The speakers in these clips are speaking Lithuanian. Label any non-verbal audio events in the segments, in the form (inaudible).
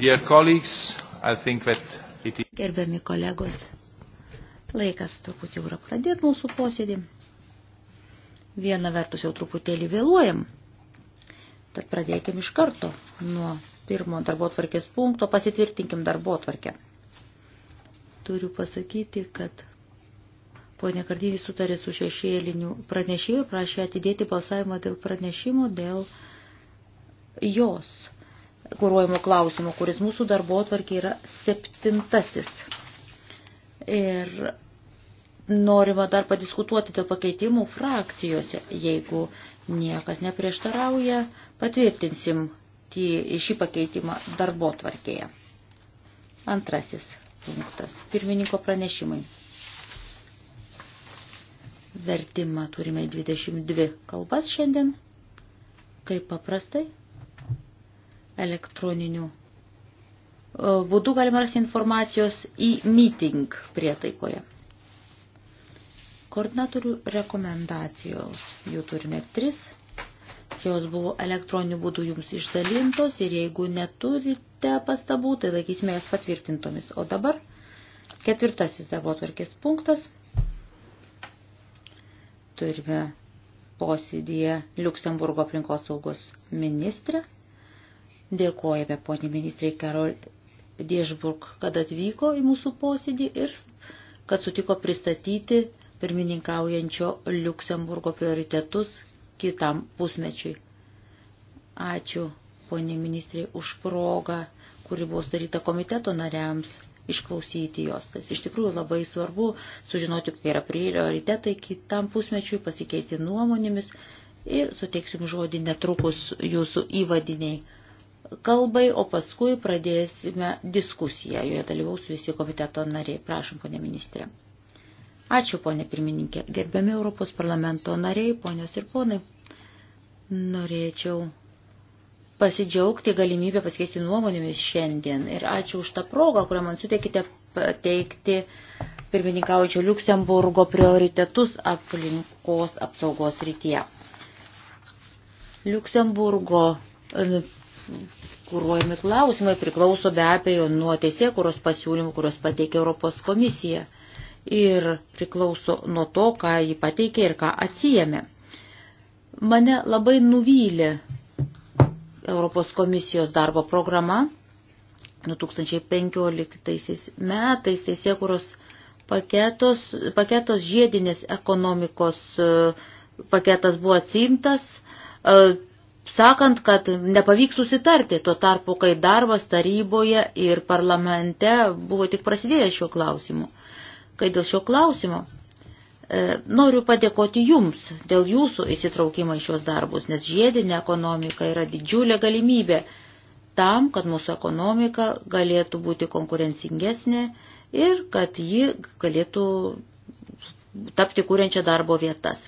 Dear colleagues, I think that it is... Gerbiami kolegos, laikas turbūt jau yra pradėti mūsų posėdį. Viena vertus jau truputėlį vėluojam, tad pradėkim iš karto nuo pirmo darbo tvarkės punkto, pasitvirtinkim darbo tvarkę. Turiu pasakyti, kad Pone Kardyvis sutarė su šešėliniu pranešėju, prašė atidėti balsavimą dėl pranešimo, dėl jos kūruojimo klausimo, kuris mūsų darbo atvarkė yra septintasis. Ir norima dar padiskutuoti dėl pakeitimų frakcijose, jeigu niekas neprieštarauja, patvirtinsim tį, šį pakeitimą darbo tvarkėje. Antrasis punktas. Pirmininko pranešimai. Vertimą turime 22 kalbas šiandien, kaip paprastai, elektroniniu e, būdu galima rasti informacijos į e meeting prietaikoje. Koordinatorių rekomendacijos, jų turime tris, jos buvo elektroniniu būdu jums išdalintos ir jeigu neturite pastabų, tai laikysime jas patvirtintomis. O dabar ketvirtasis darbo tvarkės punktas – turime posėdėje Luksemburgo aplinkos saugos ministrę. Dėkojame poniai ministrai Karol Diežburg, kad atvyko į mūsų posėdį ir kad sutiko pristatyti pirmininkaujančio Luksemburgo prioritetus kitam pusmečiui. Ačiū poniai ministrai už progą, kuri buvo sudaryta komiteto nariams išklausyti jos. Tas iš tikrųjų labai svarbu sužinoti, kokie yra prioritetai kitam pusmečiui, pasikeisti nuomonėmis ir suteiksim žodį netrukus jūsų įvadiniai kalbai, o paskui pradėsime diskusiją. Joje dalyvaus visi komiteto nariai. Prašom, ponė ministrė. Ačiū, ponė pirmininkė. Gerbiami Europos parlamento nariai, ponios ir ponai. Norėčiau pasidžiaugti galimybę pasikeisti nuomonėmis šiandien. Ir ačiū už tą progą, kurią man suteikite pateikti pirmininkaujančio Luksemburgo prioritetus aplinkos apsaugos rytyje. Luksemburgo kūruojami klausimai priklauso be abejo nuo teisė, kurios pasiūlymų, kurios pateikė Europos komisija ir priklauso nuo to, ką jį pateikė ir ką atsijėmė. Mane labai nuvylė Europos komisijos darbo programa 2015 metais teisėkuros paketos, paketos žiedinės ekonomikos e, paketas buvo atsimtas, e, sakant, kad nepavyks susitarti, tuo tarpu, kai darbas taryboje ir parlamente buvo tik prasidėjęs šiuo klausimu. Kai dėl šio klausimo E, noriu padėkoti Jums dėl Jūsų įsitraukimo į šios darbus, nes žiedinė ekonomika yra didžiulė galimybė tam, kad mūsų ekonomika galėtų būti konkurencingesnė ir kad ji galėtų tapti kūrenčią darbo vietas.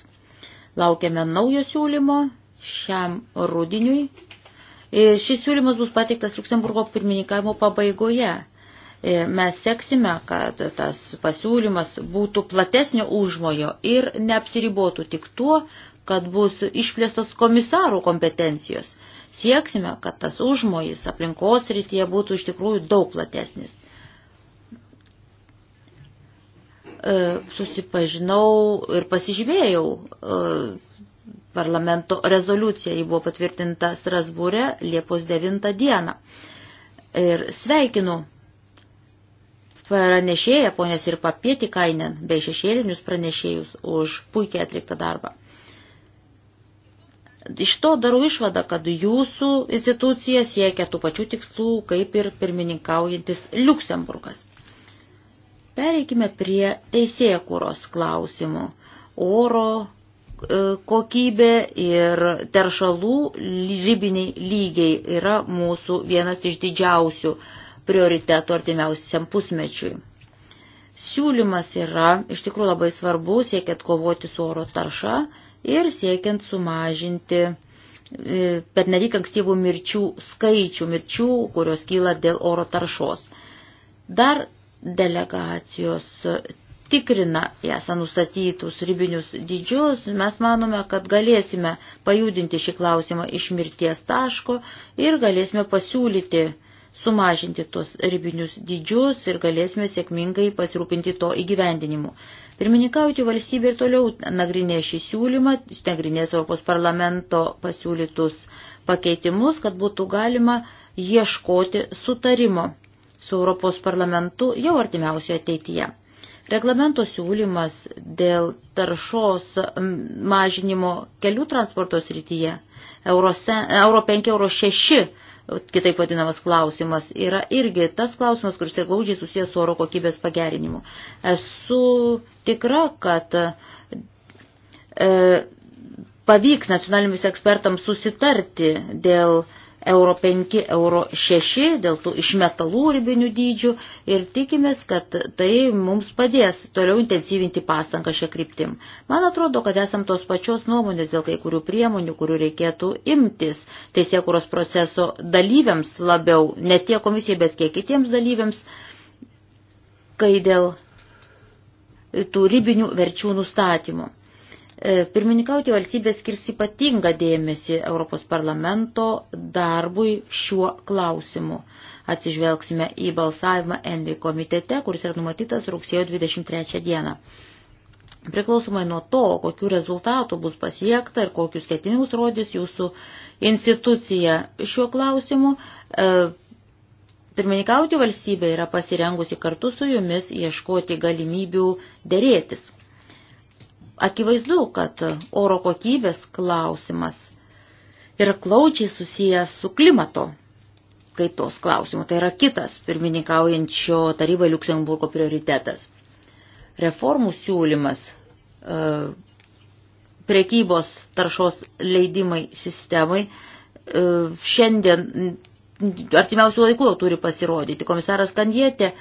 Laukiame naujo siūlymo šiam rudiniui. E, šis siūlymas bus pateiktas Luksemburgo pirmininkavimo pabaigoje. E, mes seksime, kad tas pasiūlymas būtų platesnio užmojo ir neapsiribotų tik tuo, kad bus išplėstos komisarų kompetencijos. Sieksime, kad tas užmojis aplinkos rytyje būtų iš tikrųjų daug platesnis. E, susipažinau ir pasižymėjau e, parlamento rezoliucija, ji buvo patvirtinta Strasbūre Liepos 9 dieną. Ir sveikinu pranešėją ponės ir papietį kainen bei šešėlinius pranešėjus už puikiai atliktą darbą. Iš to darau išvadą, kad jūsų institucija siekia tų pačių tikslų, kaip ir pirmininkaujantis Luksemburgas. Pereikime prie teisėkūros klausimų. Oro e, kokybė ir teršalų ribiniai lygiai yra mūsų vienas iš didžiausių uh, prioritetų artimiausiam pusmečiui. Siūlymas yra iš tikrųjų labai svarbu siekiant kovoti su oro tarša ir siekiant sumažinti e, per nelik ankstyvų mirčių skaičių, mirčių, kurios kyla dėl oro taršos. Dar delegacijos tikrina esą nustatytus ribinius dydžius, mes manome, kad galėsime pajudinti šį klausimą iš mirties taško ir galėsime pasiūlyti sumažinti tuos ribinius dydžius ir galėsime sėkmingai pasirūpinti to įgyvendinimu. Pirmininkauti valstybė ir toliau nagrinės šį siūlymą, nagrinės Europos parlamento pasiūlytus pakeitimus, kad būtų galima ieškoti sutarimo su Europos parlamentu jau artimiausioje ateityje. Reglamento siūlymas dėl taršos mažinimo kelių transporto srityje Euro 5, Euro 5, Euro 6 kitaip vadinamas klausimas, yra irgi tas klausimas, kuris ir glaudžiai susijęs su oro kokybės pagerinimu. Esu tikra, kad e, pavyks nacionaliniams ekspertams susitarti dėl e, euro 5, euro 6 dėl tų išmetalų ribinių dydžių ir tikimės, kad tai mums padės toliau intensyvinti pastangą šią kryptim. Man atrodo, kad esam tos pačios nuomonės dėl kai kurių priemonių, kurių reikėtų imtis teisėkuros proceso dalyviams labiau, ne tie komisijai, bet kiek kitiems dalyviams, kai dėl tų ribinių verčių nustatymų. E, pirmininkauti valstybės skirs ypatingą dėmesį Europos parlamento darbui šiuo klausimu. Atsižvelgsime į balsavimą Envi komitete, kuris yra numatytas rugsėjo 23 dieną. Priklausomai nuo to, kokiu rezultatu bus pasiekta ir kokius ketinimus rodys jūsų institucija šiuo klausimu, e, pirmininkauti valstybė yra pasirengusi kartu su jumis ieškoti galimybių dėrėtis. Akivaizdu, kad oro kokybės klausimas yra klaučiai susijęs su klimato kaitos klausimu. Tai yra kitas pirmininkaujančio tarybai Luksemburgo prioritetas. Reformų siūlymas, e, priekybos taršos leidimai sistemai e, šiandien artimiausių laikų jau turi pasirodyti. Komisaras Kandietė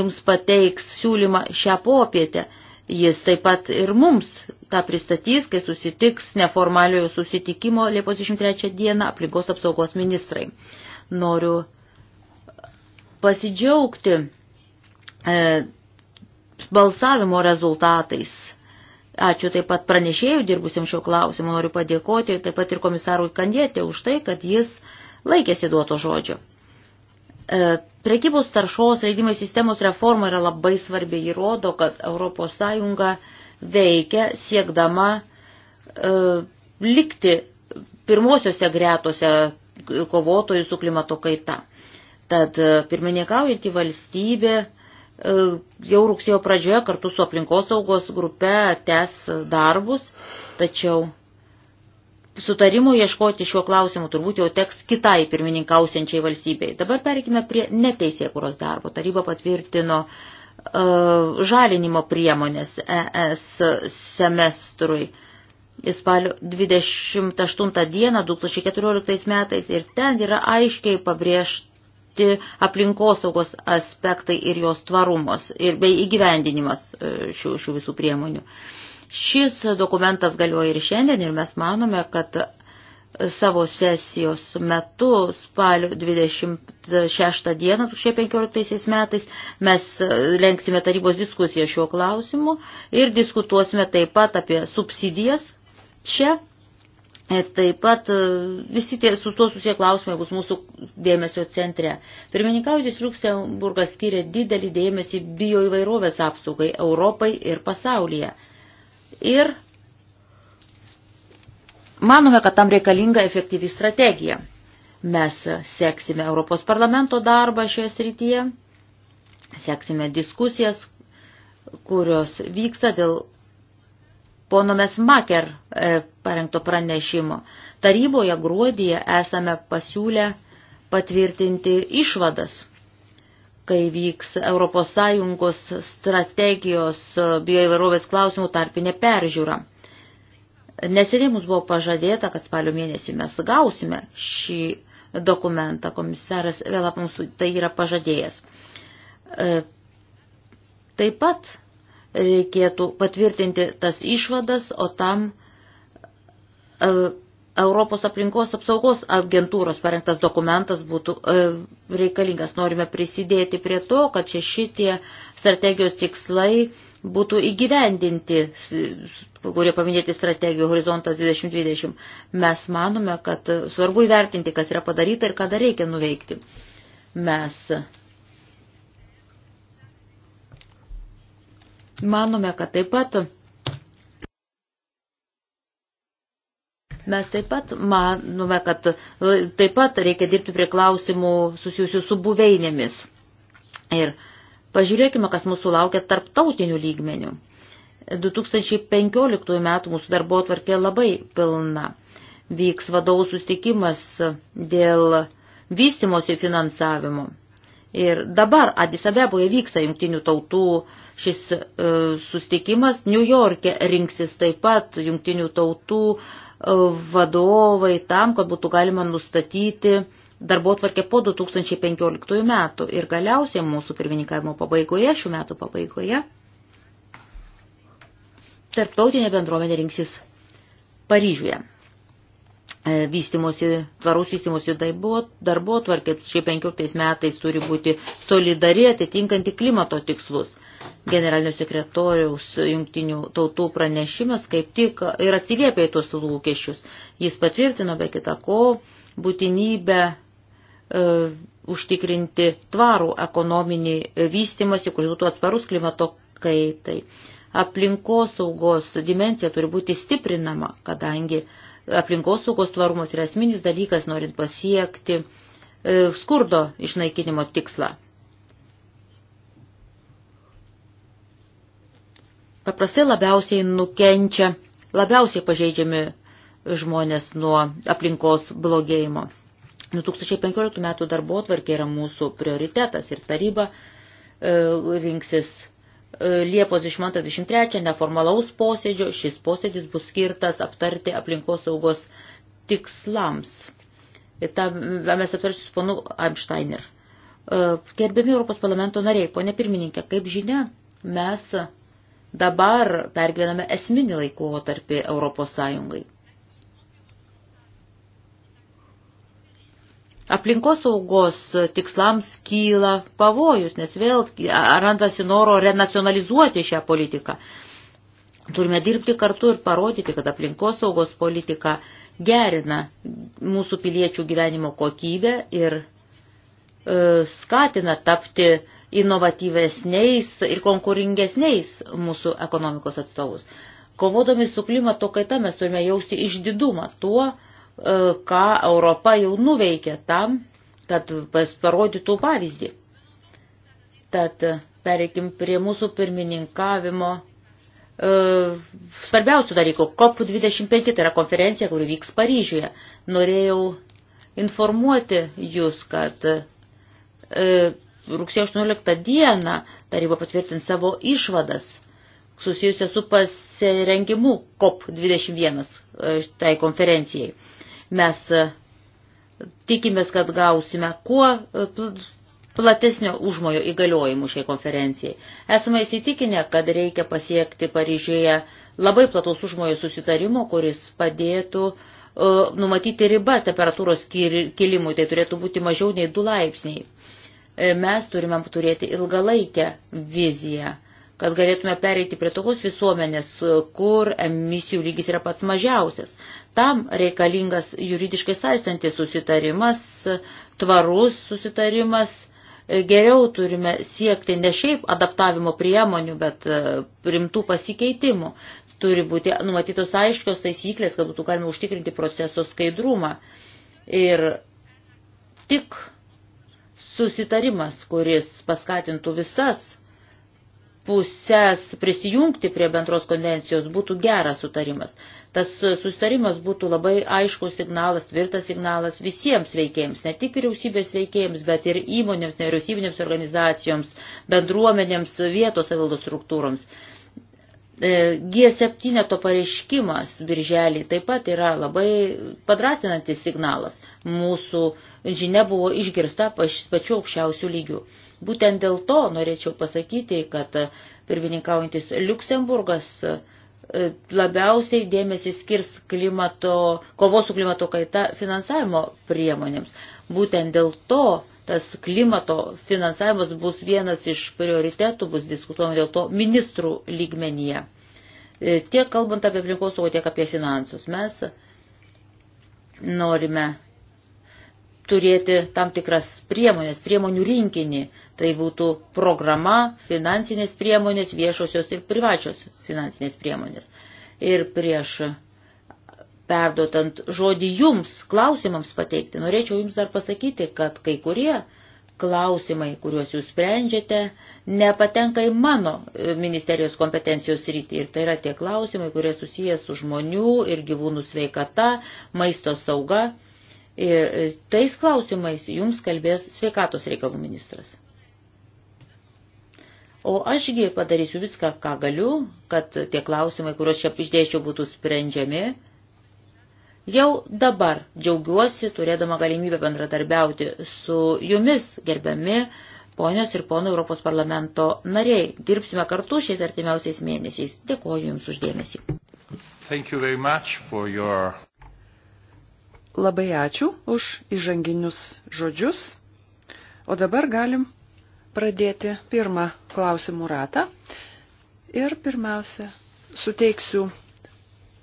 jums pateiks siūlymą šią popietę Jis taip pat ir mums tą pristatys, kai susitiks neformaliojo susitikimo Liepos 23 dieną aplinkos apsaugos ministrai. Noriu pasidžiaugti e, balsavimo rezultatais. Ačiū taip pat pranešėjų dirbusim šio klausimu. Noriu padėkoti taip pat ir komisarui Kandėtė už tai, kad jis laikėsi duoto žodžio. E, prekybos taršos leidimai sistemos reforma yra labai svarbi. Ji rodo, kad ES veikia siekdama e, likti pirmosiose gretose kovotojų su klimato kaita. Tad e, pirmininkaujantį valstybę e, jau rugsėjo pradžioje kartu su aplinkosaugos grupe tęs darbus, tačiau sutarimo ieškoti šiuo klausimu turbūt jau teks kitai pirmininkausiančiai valstybei. Dabar pereikime prie neteisėkuros darbo. Taryba patvirtino uh, žalinimo priemonės ES semestrui. Spalio 28 dieną 2014 metais ir ten yra aiškiai pabrėžti aplinkosaugos aspektai ir jos tvarumos ir bei įgyvendinimas e, šių, šių visų priemonių. Uh, Šis dokumentas galioja ir šiandien ir mes manome, kad savo sesijos metu spalio 26 dieną 2015 metais mes lenksime tarybos diskusiją šiuo klausimu ir diskutuosime taip pat apie subsidijas čia. Ir taip pat e, visi tie su to susiję klausimai bus mūsų dėmesio centre. Pirmininkaujantis Liuksemburgas skiria didelį dėmesį bioįvairovės apsaugai Europai ir pasaulyje ir manome, kad tam reikalinga efektyvi strategija. Mes seksime Europos parlamento darbą šioje srityje, seksime diskusijas, kurios vyksta dėl pono Mesmaker e, parengto pranešimo. Taryboje gruodyje esame pasiūlę patvirtinti išvadas kai vyks ES strategijos bioįvairovės klausimų tarpinė peržiūra. Neseniai mums buvo pažadėta, kad spalio mėnesį mes gausime šį dokumentą. Komisaras vėl mums tai yra pažadėjęs. E, taip pat reikėtų patvirtinti tas išvadas, o tam e, Europos aplinkos apsaugos agentūros parengtas dokumentas būtų e, reikalingas. Norime prisidėti prie to, kad čia šitie strategijos tikslai būtų įgyvendinti, kurie paminėti strategijų horizontas 2020. Mes manome, kad svarbu įvertinti, kas yra padaryta ir ką dar reikia nuveikti. Mes manome, kad taip pat Mes taip pat manome, kad e, taip pat reikia dirbti prie klausimų susijusių su buveinėmis. Ir pažiūrėkime, kas mūsų laukia tarptautinių lygmenių. 2015 metų mūsų darbo atvarkė labai pilna. Vyks vadovų sustikimas dėl vystimosi finansavimo. Ir dabar Adisabeboje vyksta jungtinių tautų šis e, sustikimas, New York'e rinksis taip pat jungtinių tautų e, vadovai tam, kad būtų galima nustatyti darbo tvarkę po 2015 metų. Ir galiausiai mūsų pirmininkavimo pabaigoje, šių metų pabaigoje, tarptautinė bendruomenė rinksis Paryžiuje. E, vystimosi, tvarus vystimosi darbo, darbo tvarkė, šie 15 metais turi būti solidari atitinkanti klimato tikslus. Generalinio sekretoriaus jungtinių tautų pranešimas kaip tik ir atsiliepia į tuos lūkesčius. Jis patvirtino be kita ko būtinybę e, užtikrinti tvarų ekonominį vystimąsi, kuris būtų atsparus klimato kaitai. Aplinkosaugos dimencija turi būti stiprinama, kadangi e, aplinkosaugos tvarumas yra esminis dalykas, norint pasiekti e, skurdo išnaikinimo tikslą. Paprastai labiausiai nukenčia, labiausiai pažeidžiami žmonės nuo aplinkos blogėjimo. 2015 metų darbo tvarkė yra mūsų prioritetas ir taryba e, rinksis Liepos 23 neformalaus posėdžio šis posėdis bus skirtas aptarti aplinkos saugos tikslams. Ir tą mes aptarsiu su ponu Amsteiner. E, gerbiami Europos parlamento nariai, ponė pirmininkė, kaip žinia, mes dabar pergyvename esminį laikotarpį Europos Sąjungai. aplinkos saugos tikslams kyla pavojus, nes vėl randasi noro renacionalizuoti šią politiką. Turime dirbti kartu ir parodyti, kad aplinkos saugos politika gerina mūsų piliečių gyvenimo kokybę ir e, skatina tapti inovatyvesniais ir konkuringesniais mūsų ekonomikos atstovus. Kovodami su klimato kaita mes turime jausti išdidumą tuo, E, ką Europa jau nuveikė tam, kad parodytų pavyzdį. Tad pereikim prie mūsų pirmininkavimo e, svarbiausių dalykų. COP25 tai yra konferencija, kuri vyks Paryžiuje. Norėjau informuoti jūs, kad e, rugsėjo 18 dieną taryba patvirtins savo išvadas susijusią su pasirengimu COP21 e, tai konferencijai. Mes e, tikimės, kad gausime kuo e, platesnio užmojo įgaliojimų šiai konferencijai. Esame įsitikinę, kad reikia pasiekti Paryžėje labai plataus užmojo susitarimo, kuris padėtų uh, numatyti ribas temperatūros kilimui, tai turėtų būti mažiau nei 2 laipsniai. Mes turime turėti ilgalaikę viziją, kad galėtume pereiti prie tokios visuomenės, kur emisijų lygis yra pats mažiausias. Tam reikalingas juridiškai saistantis susitarimas, tvarus susitarimas. Geriau turime siekti ne šiaip adaptavimo priemonių, bet e, rimtų pasikeitimų. Turi būti numatytos aiškios taisyklės, kad būtų galima užtikrinti proceso skaidrumą. Ir tik susitarimas, kuris paskatintų visas pusės prisijungti prie bendros konvencijos, būtų geras sutarimas tas sustarimas būtų labai aiškus signalas, tvirtas signalas visiems veikėjams, ne tik vyriausybės veikėjams, bet ir įmonėms, nevyriausybinėms organizacijoms, bendruomenėms, vietos savildos struktūroms. E, G7 to pareiškimas birželį taip pat yra labai padrasinantis signalas. Mūsų žinia buvo išgirsta pačiu aukščiausių lygių. Būtent dėl to norėčiau pasakyti, kad pirmininkaujantis Luksemburgas uh, E, labiausiai dėmesį skirs klimato, kovos su klimato kaita finansavimo priemonėms. Būtent dėl to tas klimato finansavimas bus vienas iš prioritetų, bus diskutuojama dėl to ministrų lygmenyje. E, tiek kalbant apie aplinkosaugą, tiek apie finansus. Mes norime turėti tam tikras priemonės, priemonių rinkinį. Tai būtų programa, finansinės priemonės, viešosios ir privačios finansinės priemonės. Ir prieš perduotant žodį jums, klausimams pateikti, norėčiau jums dar pasakyti, kad kai kurie klausimai, kuriuos jūs sprendžiate, nepatenka į mano ministerijos kompetencijos rytį. Ir tai yra tie klausimai, kurie susijęs su žmonių ir gyvūnų sveikata, maisto sauga Ir e, tais klausimais jums kalbės sveikatos reikalų ministras. O ašgi padarysiu viską, ką galiu, kad tie klausimai, kuriuos čia išdėščiau, būtų sprendžiami. Jau dabar džiaugiuosi, turėdama galimybę bendradarbiauti su jumis, gerbiami ponios ir pono Europos parlamento nariai. Dirbsime kartu šiais artimiausiais mėnesiais. Dėkuoju Jums uždėmesį. Your... Labai ačiū už įžanginius žodžius. O dabar galim pradėti pirmą klausimų ratą. Ir pirmiausia, suteiksiu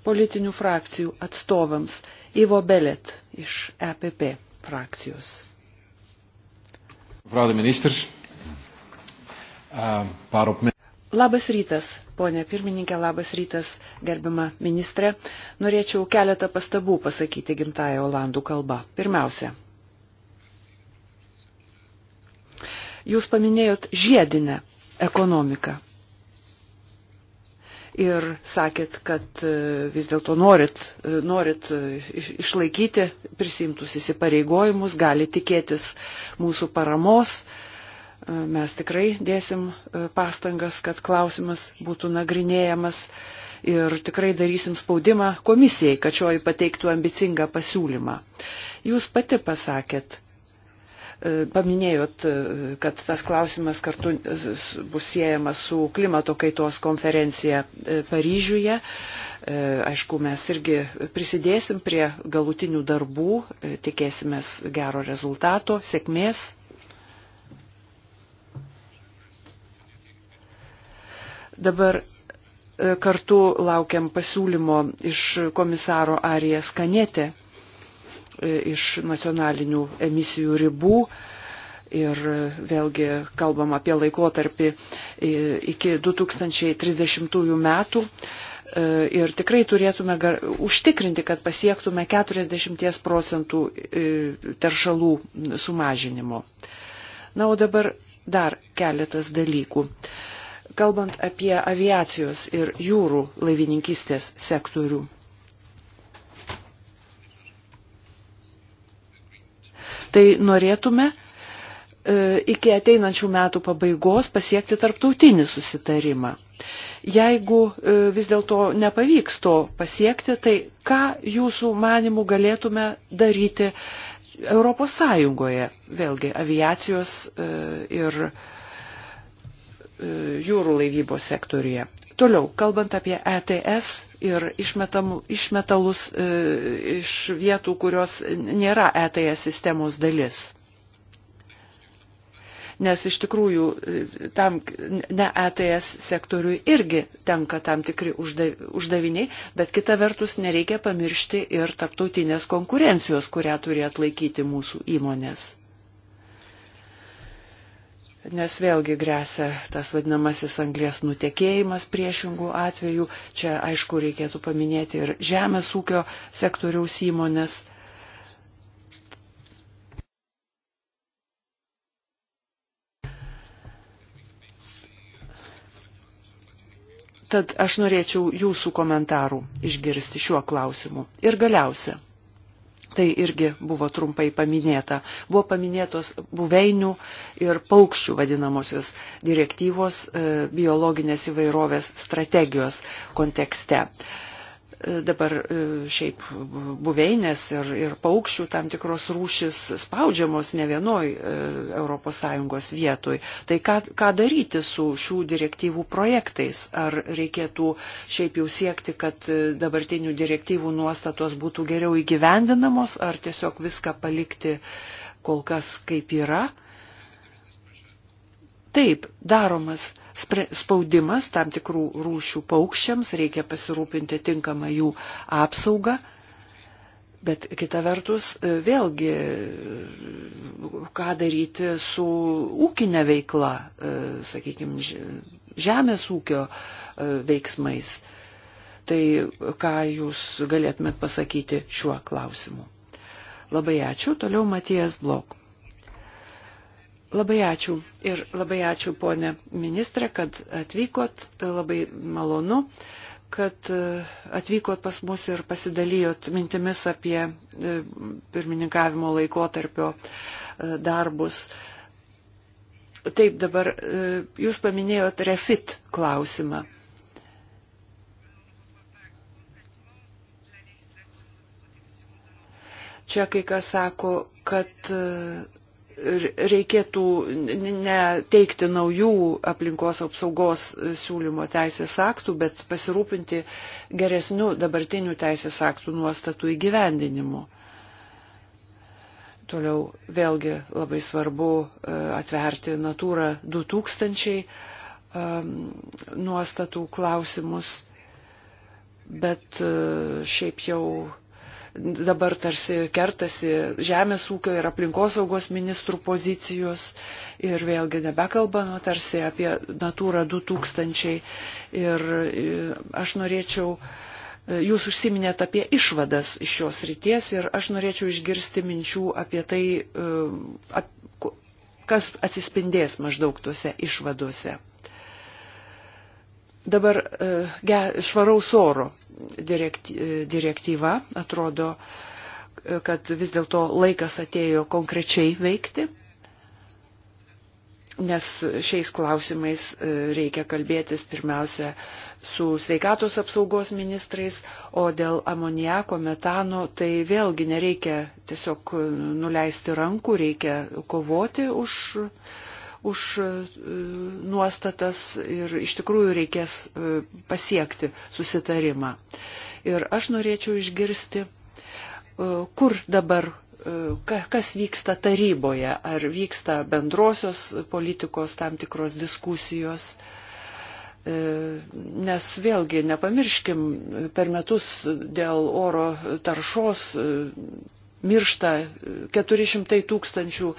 politinių frakcijų atstovams Ivo Belet iš EPP frakcijos. Mevrouw de minister, een paar opmerkingen. Labas rytas, ponė pirmininkė, labas rytas, gerbima ministrė. Norėčiau keletą pastabų pasakyti gimtają olandų kalbą. Pirmiausia, jūs paminėjot žiedinę ekonomiką. Ir sakėt, kad e, vis dėlto norit, e, norit e, išlaikyti prisimtus įsipareigojimus, gali tikėtis mūsų paramos Mes tikrai dėsim e, pastangas, kad klausimas būtų nagrinėjamas ir tikrai darysim spaudimą komisijai, kad šioji pateiktų ambicingą pasiūlymą. Jūs pati pasakėt, e, paminėjot, e, kad tas klausimas kartu bus siejamas su klimato kaitos konferencija Paryžiuje. Aišku, mes irgi prisidėsim prie galutinių darbų, tikėsimės gero rezultato, sėkmės Dabar e, kartu laukiam pasiūlymo iš komisaro Arijas Kanėtė e, iš nacionalinių emisijų ribų. Ir e, vėlgi kalbam apie laikotarpį iki 2030 metų. Ir tikrai turėtume gar... užtikrinti, kad pasiektume 40 procentų teršalų sumažinimo. Na, o dabar dar keletas dalykų. Uh, kalbant apie aviacijos ir jūrų laivininkystės sektorių. Tai norėtume e, iki ateinančių metų pabaigos pasiekti tarptautinį susitarimą. Jeigu e, vis dėlto nepavyks to pasiekti, tai ką jūsų manimų galėtume daryti Europos Sąjungoje, vėlgi aviacijos e, ir E, jūrų laivybos sektoriuje. Toliau, kalbant apie ETS ir išmetalus e, iš vietų, kurios nėra ETS sistemos dalis nes iš tikrųjų e, tam ne ETS sektoriui irgi tenka tam tikri uždaviniai, bet kita vertus nereikia pamiršti ir tarptautinės konkurencijos, kurią turi atlaikyti mūsų įmonės nes vėlgi grėsia tas vadinamasis anglės nutekėjimas priešingų atvejų. Čia aišku reikėtų paminėti ir žemės ūkio sektoriaus įmonės. Tad aš norėčiau jūsų komentarų išgirsti šiuo klausimu. Ir galiausia, tai irgi buvo trumpai paminėta. Buvo paminėtos buveinių ir paukščių vadinamosios direktyvos e, biologinės įvairovės strategijos kontekste dabar e, šiaip buveinės ir, ir paukščių tam tikros rūšis spaudžiamos ne vienoj ES vietoj. Tai ką, ką daryti su šių direktyvų projektais? Ar reikėtų šiaip jau siekti, kad e, dabartinių direktyvų nuostatos būtų geriau įgyvendinamos, ar tiesiog viską palikti kol kas kaip yra? Taip, daromas spaudimas tam tikrų rūšių paukščiams, reikia pasirūpinti tinkamą jų apsaugą, bet kita vertus e, vėlgi, e, ką daryti su ūkinė veikla, e, sakykime, žemės ūkio veiksmais. Tai ką jūs galėtumėt pasakyti šiuo klausimu? Labai ačiū, toliau Matijas Blok. Labai ačiū ir labai ačiū ponė ministrė, kad atvykot, labai malonu, kad e, atvykot pas mus ir pasidalijot mintimis apie e, pirmininkavimo laikotarpio e, darbus. Taip, dabar jūs paminėjot refit klausimą. Čia kai kas sako, kad reikėtų neteikti naujų aplinkos apsaugos e, siūlymo teisės aktų, bet pasirūpinti geresnių dabartinių teisės aktų nuostatų įgyvendinimu. Toliau vėlgi labai svarbu e, atverti Natūra 2000 nuostatų klausimus, bet e, šiaip jau dabar tarsi kertasi žemės ūkio ir aplinkosaugos ministrų pozicijos ir vėlgi nebekalbama tarsi apie Natūrą 2000. Ir e, aš norėčiau, e, jūs užsiminėt apie išvadas iš šios ryties ir aš norėčiau išgirsti minčių apie tai, e, kas atsispindės maždaug tuose išvaduose. Dabar e, ge, švaraus oro e, direktyva atrodo, e, kad vis dėlto laikas atėjo konkrečiai veikti, nes šiais klausimais reikia kalbėtis pirmiausia su sveikatos apsaugos ministrais, o dėl amoniako, metano, tai vėlgi nereikia tiesiog nuleisti rankų, reikia kovoti už už e, nuostatas ir iš tikrųjų reikės e, pasiekti susitarimą. Ir aš norėčiau išgirsti, e, kur dabar kas vyksta taryboje, ar vyksta bendrosios politikos tam tikros diskusijos. Nes vėlgi nepamirškim, per metus dėl oro taršos miršta 400 tūkstančių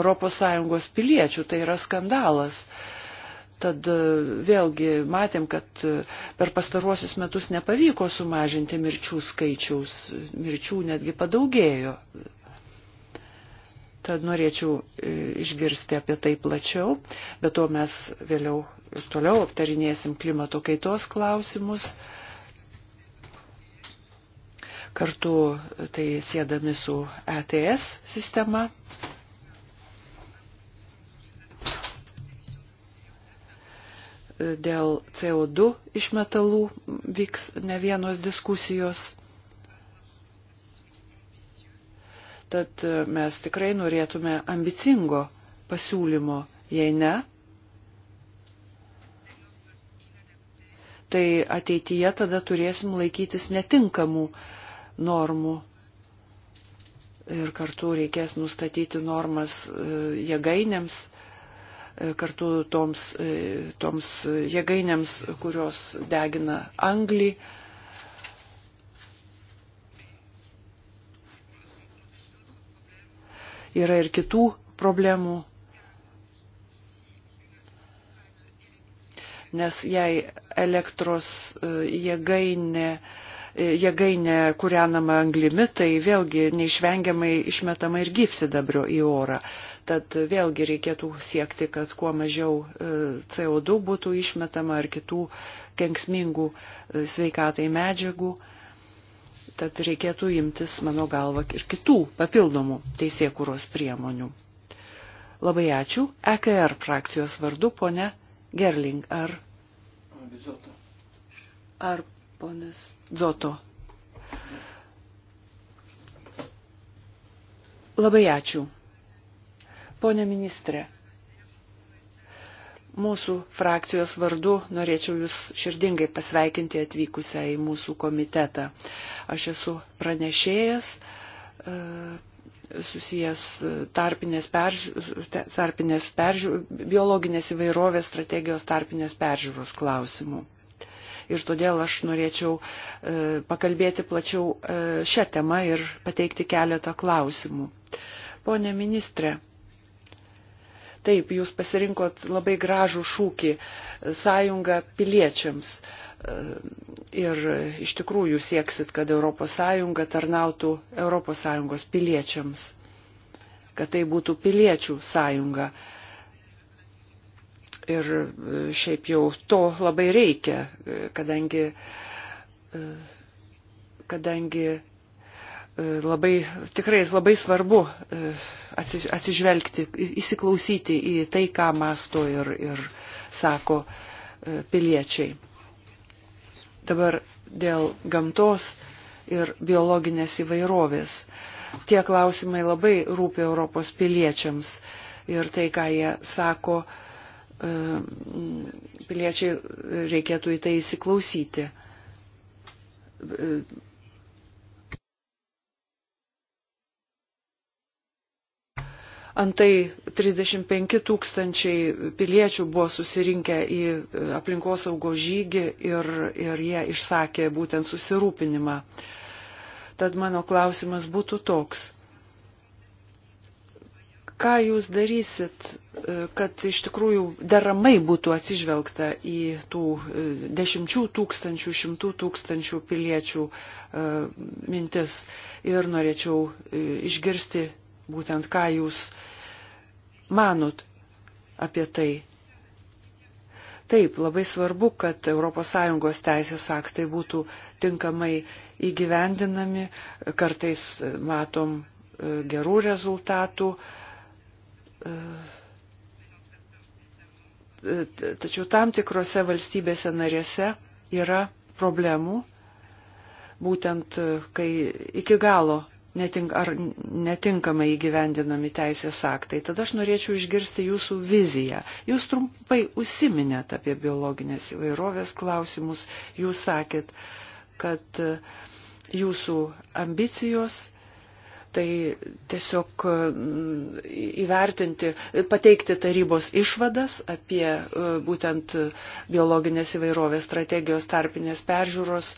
ES piliečių, tai yra skandalas. Tad e, vėlgi matėm, kad e, per pastaruosius metus nepavyko sumažinti mirčių skaičiaus, mirčių netgi padaugėjo. Tad norėčiau e, išgirsti apie tai plačiau, bet to mes vėliau ir toliau aptarinėsim klimato kaitos klausimus kartu tai sėdami su ETS sistema. Dėl CO2 iš metalų vyks ne vienos diskusijos. Tad e, mes tikrai norėtume ambicingo pasiūlymo, jei ne, tai ateityje tada turėsim laikytis netinkamų uh, normų ir kartu reikės nustatyti normas e, jėgainėms, e, kartu toms, e, toms jėgainėms, kurios degina anglį. Yra ir kitų problemų, nes jei elektros jėgainė ne E, jėgainė kūrenama anglimi, tai vėlgi neišvengiamai išmetama ir gyvsidabrio į orą. Tad vėlgi reikėtų siekti, kad kuo mažiau e, CO2 būtų išmetama ar kitų kenksmingų e, sveikatai medžiagų. Tad reikėtų imtis, mano galva, ir kitų papildomų teisėkūros priemonių. Labai ačiū. EKR frakcijos vardu, ponė Gerling, ar. Ar ponas Zoto. Labai ačiū. Pone ministrė, mūsų frakcijos vardu norėčiau Jūs širdingai pasveikinti atvykusią į mūsų komitetą. Aš esu pranešėjas e, susijęs tarpinės, perži... tarpinės perži... biologinės įvairovės strategijos tarpinės peržiūros klausimų ir todėl aš norėčiau e, pakalbėti plačiau e, šią temą ir pateikti keletą klausimų. Pone ministre, taip, jūs pasirinkot labai gražų šūkį sąjunga piliečiams e, ir iš tikrųjų sieksit, kad ES tarnautų ES piliečiams, kad tai būtų piliečių sąjunga. Ir e, šiaip jau to labai reikia, e, kadangi, e, kadangi labai, tikrai labai svarbu atsižvelgti, įsiklausyti į tai, ką masto ir, ir sako piliečiai. Dabar dėl gamtos ir biologinės įvairovės. Tie klausimai labai rūpi Europos piliečiams ir tai, ką jie sako, uh, E, piliečiai reikėtų į tai įsiklausyti. E, Antai 35 tūkstančiai piliečių buvo susirinkę į aplinkosaugos žygį ir, ir jie išsakė būtent susirūpinimą. Tad mano klausimas būtų toks ką jūs darysit, e, kad iš tikrųjų deramai būtų atsižvelgta į tų e, dešimčių tūkstančių, šimtų tūkstančių piliečių e, mintis ir norėčiau išgirsti būtent, ką jūs manot apie tai. Taip, labai svarbu, kad ES teisės aktai būtų tinkamai įgyvendinami, kartais matom gerų rezultatų, Tačiau tam tikrose valstybėse narėse yra problemų, būtent kai iki galo netink, ar netinkamai įgyvendinami teisės aktai. Tada aš norėčiau išgirsti jūsų viziją. Jūs trumpai užsiminėt apie biologinės įvairovės klausimus, jūs sakėt, kad jūsų ambicijos tai tiesiog e, įvertinti, pateikti tarybos išvadas apie e, būtent biologinės įvairovės strategijos tarpinės peržiūros e,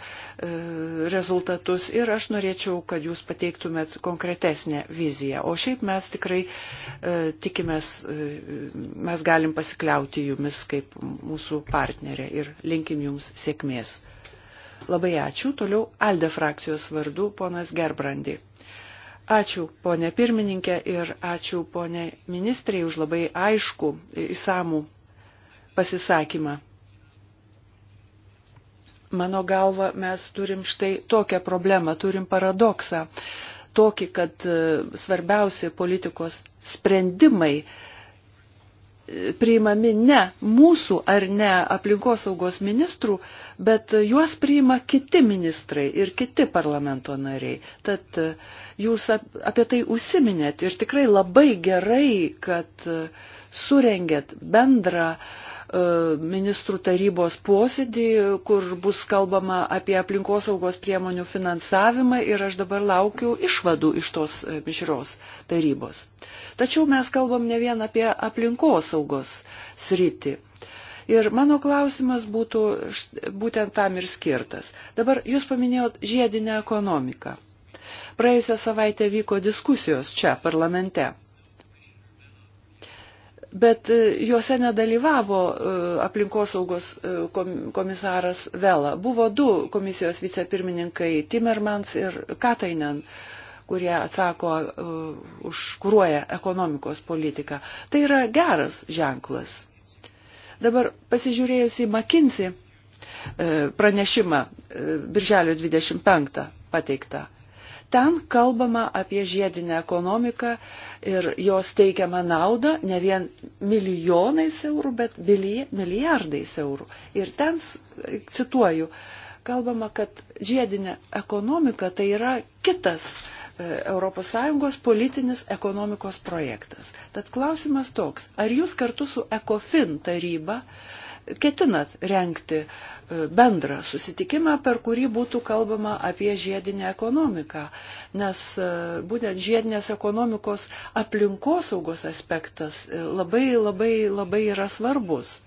rezultatus ir aš norėčiau, kad jūs pateiktumėt konkretesnę viziją. O šiaip mes tikrai tikimės, mes galim pasikliauti jumis kaip mūsų partnerė ir linkim jums sėkmės. Labai ačiū. Toliau Alde frakcijos vardu ponas Gerbrandi. Ačiū ponė pirmininkė ir ačiū ponė ministrė už labai aišku įsamų pasisakymą. Mano galva, mes turim štai tokią problemą, turim paradoksą. Tokį, kad e, svarbiausi politikos sprendimai priimami ne mūsų ar ne aplinkosaugos ministrų, bet juos priima kiti ministrai ir kiti parlamento nariai. Tad e, jūs apie tai užsiminėt ir tikrai labai gerai, kad uh, surengėt bendrą e, ministrų tarybos posėdį, kur bus kalbama apie aplinkosaugos priemonių finansavimą ir aš dabar laukiu išvadų iš tos e, mišros tarybos. Tačiau mes kalbam ne vien apie aplinkosaugos sritį. Ir mano klausimas būtų būtent tam ir skirtas. Dabar jūs paminėjot žiedinę ekonomiką. Praėjusią savaitę vyko diskusijos čia parlamente bet e, juose nedalyvavo e, aplinkosaugos e, komisaras Vela. Buvo du komisijos vicepirmininkai Timmermans ir Katainen kurie atsako uh, už kūruoja ekonomikos politiką. Tai yra geras ženklas. Dabar pasižiūrėjus į McKinsey pranešimą Birželio 25 pateiktą. Ten kalbama apie žiedinę ekonomiką ir jos teikiamą naudą ne vien milijonais eurų, bet milijardais eurų. Ir ten, cituoju, kalbama, kad žiedinė ekonomika tai yra kitas ES politinis ekonomikos projektas. Tad klausimas toks, ar jūs kartu su ECOFIN taryba uh, ketinat renkti e, bendrą susitikimą, per kurį būtų kalbama apie žiedinę ekonomiką, nes e, būtent žiedinės ekonomikos aplinkosaugos aspektas e, labai labai labai yra svarbus.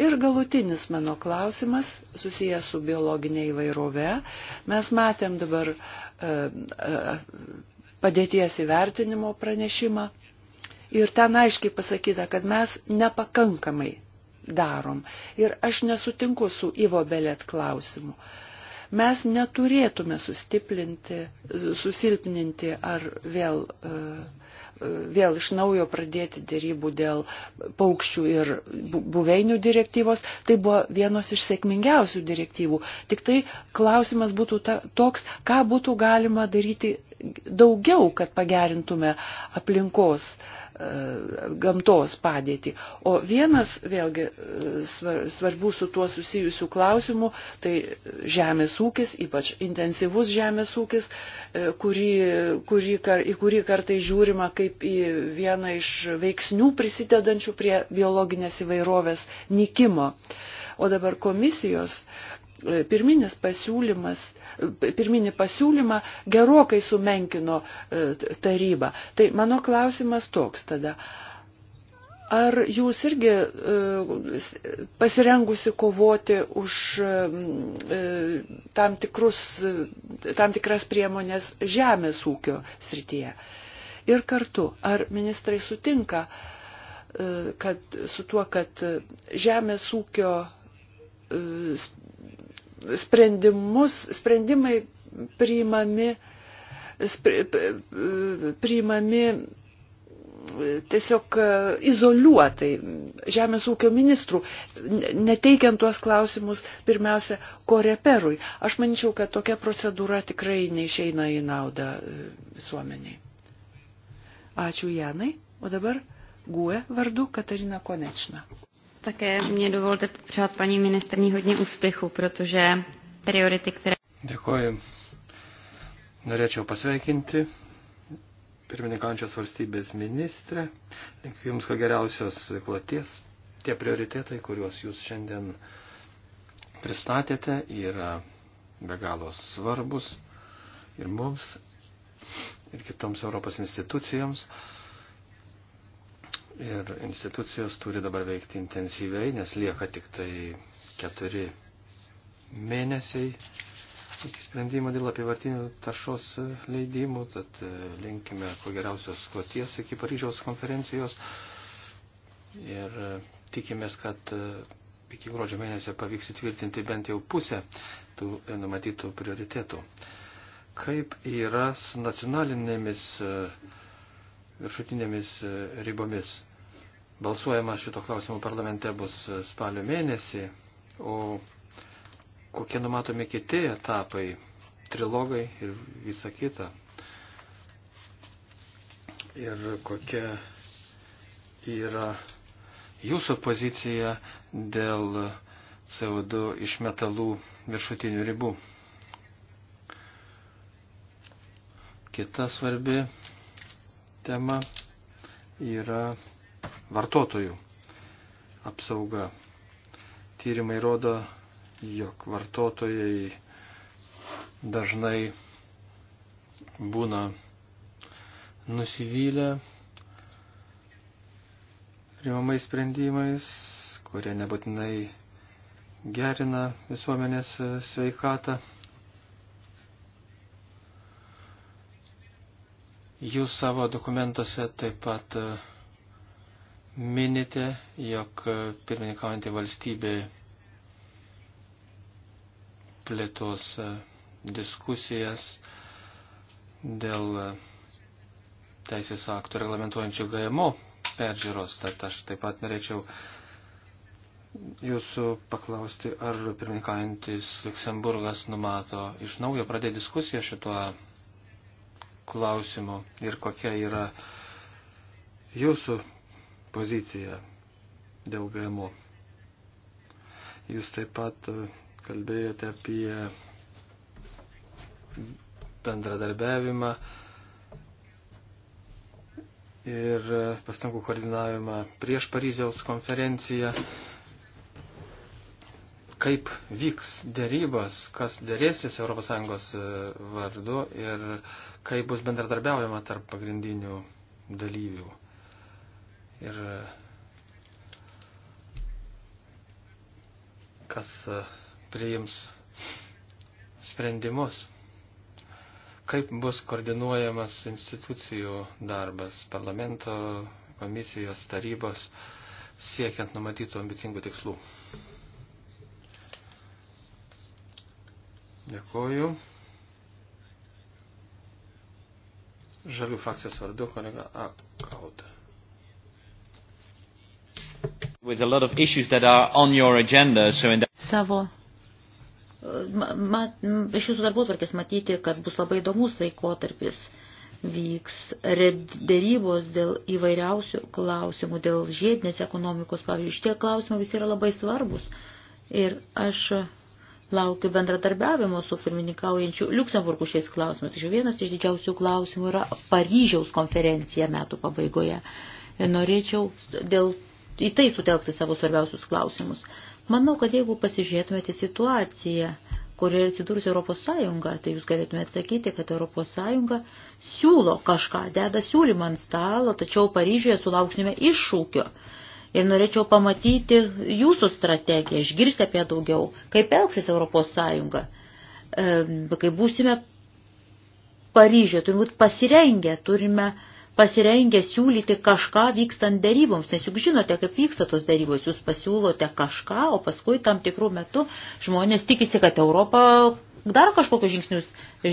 Ir galutinis mano klausimas susijęs su biologinė įvairove. Mes matėm dabar padėties įvertinimo pranešimą. Ir ten aiškiai pasakyta, kad mes nepakankamai darom. Ir aš nesutinku su Ivo Belėt klausimu. Mes neturėtume sustiprinti, susilpninti ar vėl, e, vėl iš naujo pradėti dėrybų dėl paukščių ir buveinių direktyvos. Tai buvo vienos iš sėkmingiausių direktyvų. Tik tai klausimas būtų ta, toks, ką būtų galima daryti daugiau, kad pagerintume aplinkos uh, E, gamtos padėtį. O vienas vėlgi e, svarbių su tuo susijusių klausimų, tai žemės ūkis, ypač intensyvus žemės ūkis, e, kurį, kurį, į kurį kartai žiūrima kaip į vieną iš veiksnių prisidedančių prie biologinės įvairovės nikimo. O dabar komisijos E, pirminis pasiūlymas, e, pirminį pasiūlymą gerokai sumenkino e, tarybą. Tai mano klausimas toks tada. Ar jūs irgi pasirengusi kovoti už tam, tikrus, tam tikras priemonės žemės ūkio srityje? Ir kartu, ar ministrai sutinka kad, su tuo, kad žemės ūkio sprendimus, sprendimai priimami, spri, priimami tiesiog izoliuotai žemės ūkio ministrų, neteikiant tuos klausimus pirmiausia koreperui. Aš manyčiau, kad tokia procedūra tikrai neišeina į naudą visuomeniai. Ačiū Janai, o dabar Gue vardu Katarina Konečna. Také mě dovolte popřát paní ministrní hodně úspěchu, protože priority, které... Dėkuoju. Norėčiau pasveikinti pirmininkančios valstybės ministrę. Linkiu Jums ko geriausios kloties. Tie prioritetai, kuriuos Jūs šiandien pristatėte, yra eh, be galo svarbus ir mums, ir kitoms Europos institucijoms ir institucijos turi dabar veikti intensyviai, nes lieka tik tai keturi mėnesiai iki sprendimo dėl apivartinių taršos leidimų, tad e, linkime kuo geriausios kloties iki Paryžiaus konferencijos ir e, tikimės, kad e, iki gruodžio mėnesio pavyks įtvirtinti bent jau pusę tų numatytų prioritetų. Kaip yra su nacionalinėmis uh, viršutinėmis e, ribomis. Balsuojama šito klausimo parlamente bus e, spalio mėnesį, o kokie numatomi kiti etapai, trilogai ir visa kita. Ir kokia yra jūsų pozicija dėl CO2 iš metalų viršutinių ribų. Kita svarbi tema yra vartotojų apsauga. Tyrimai rodo, jog vartotojai dažnai būna nusivylę primamais sprendimais, kurie nebūtinai gerina visuomenės sveikatą. Jūs savo dokumentuose taip pat e, minite, jog e, pirmininkaujantį valstybę plėtos e, diskusijas dėl teisės aktų reglamentuojančių GMO peržiūros. Tad aš taip pat norėčiau jūsų paklausti, ar pirmininkaujantis Luksemburgas numato iš naujo pradėti diskusiją šituo klausimu ir kokia yra jūsų pozicija dėl GMO. Jūs taip pat e, kalbėjote apie bendradarbiavimą ir e, pastangų koordinavimą prieš Paryžiaus konferenciją kaip vyks dėrybos, kas dėrėsis ES e, vardu ir kaip bus bendradarbiaujama tarp pagrindinių dalyvių. Ir e, kas e, priims sprendimus, kaip bus koordinuojamas institucijų darbas, parlamento, komisijos, tarybos, siekiant numatytų ambicingų tikslų. Dėkoju. Žalių frakcijos vardu kolega Akaut. Savo mat, iš jūsų darbotvarkės matyti, kad bus labai įdomus laikotarpis. Vyks dėrybos dėl įvairiausių klausimų, dėl žiedinės ekonomikos, pavyzdžiui, šitie klausimai visi yra labai svarbus. Ir aš Laukiu bendradarbiavimo su pirmininkaujančiu Luksemburgu šiais klausimais. Tačiau vienas iš didžiausių klausimų yra Paryžiaus konferencija metų pabaigoje. Norėčiau dėl, į tai sutelkti savo svarbiausius klausimus. Manau, kad jeigu pasižiūrėtumėte situaciją, kurioje atsidūrusi Europos Sąjunga, tai jūs galėtumėte sakyti, kad Europos Sąjunga siūlo kažką, deda siūlymą ant stalo, tačiau Paryžiuje sulauksime iššūkio ir norėčiau pamatyti jūsų strategiją, išgirsti apie daugiau, kaip elgsis Europos Sąjunga, kai būsime Paryžioje, turime būti pasirengę, turime pasirengę siūlyti kažką vykstant daryboms, nes juk žinote, kaip vyksta tos darybos, jūs pasiūlote kažką, o paskui tam tikrų metų žmonės tikisi, kad Europa dar kažkokius žingsnius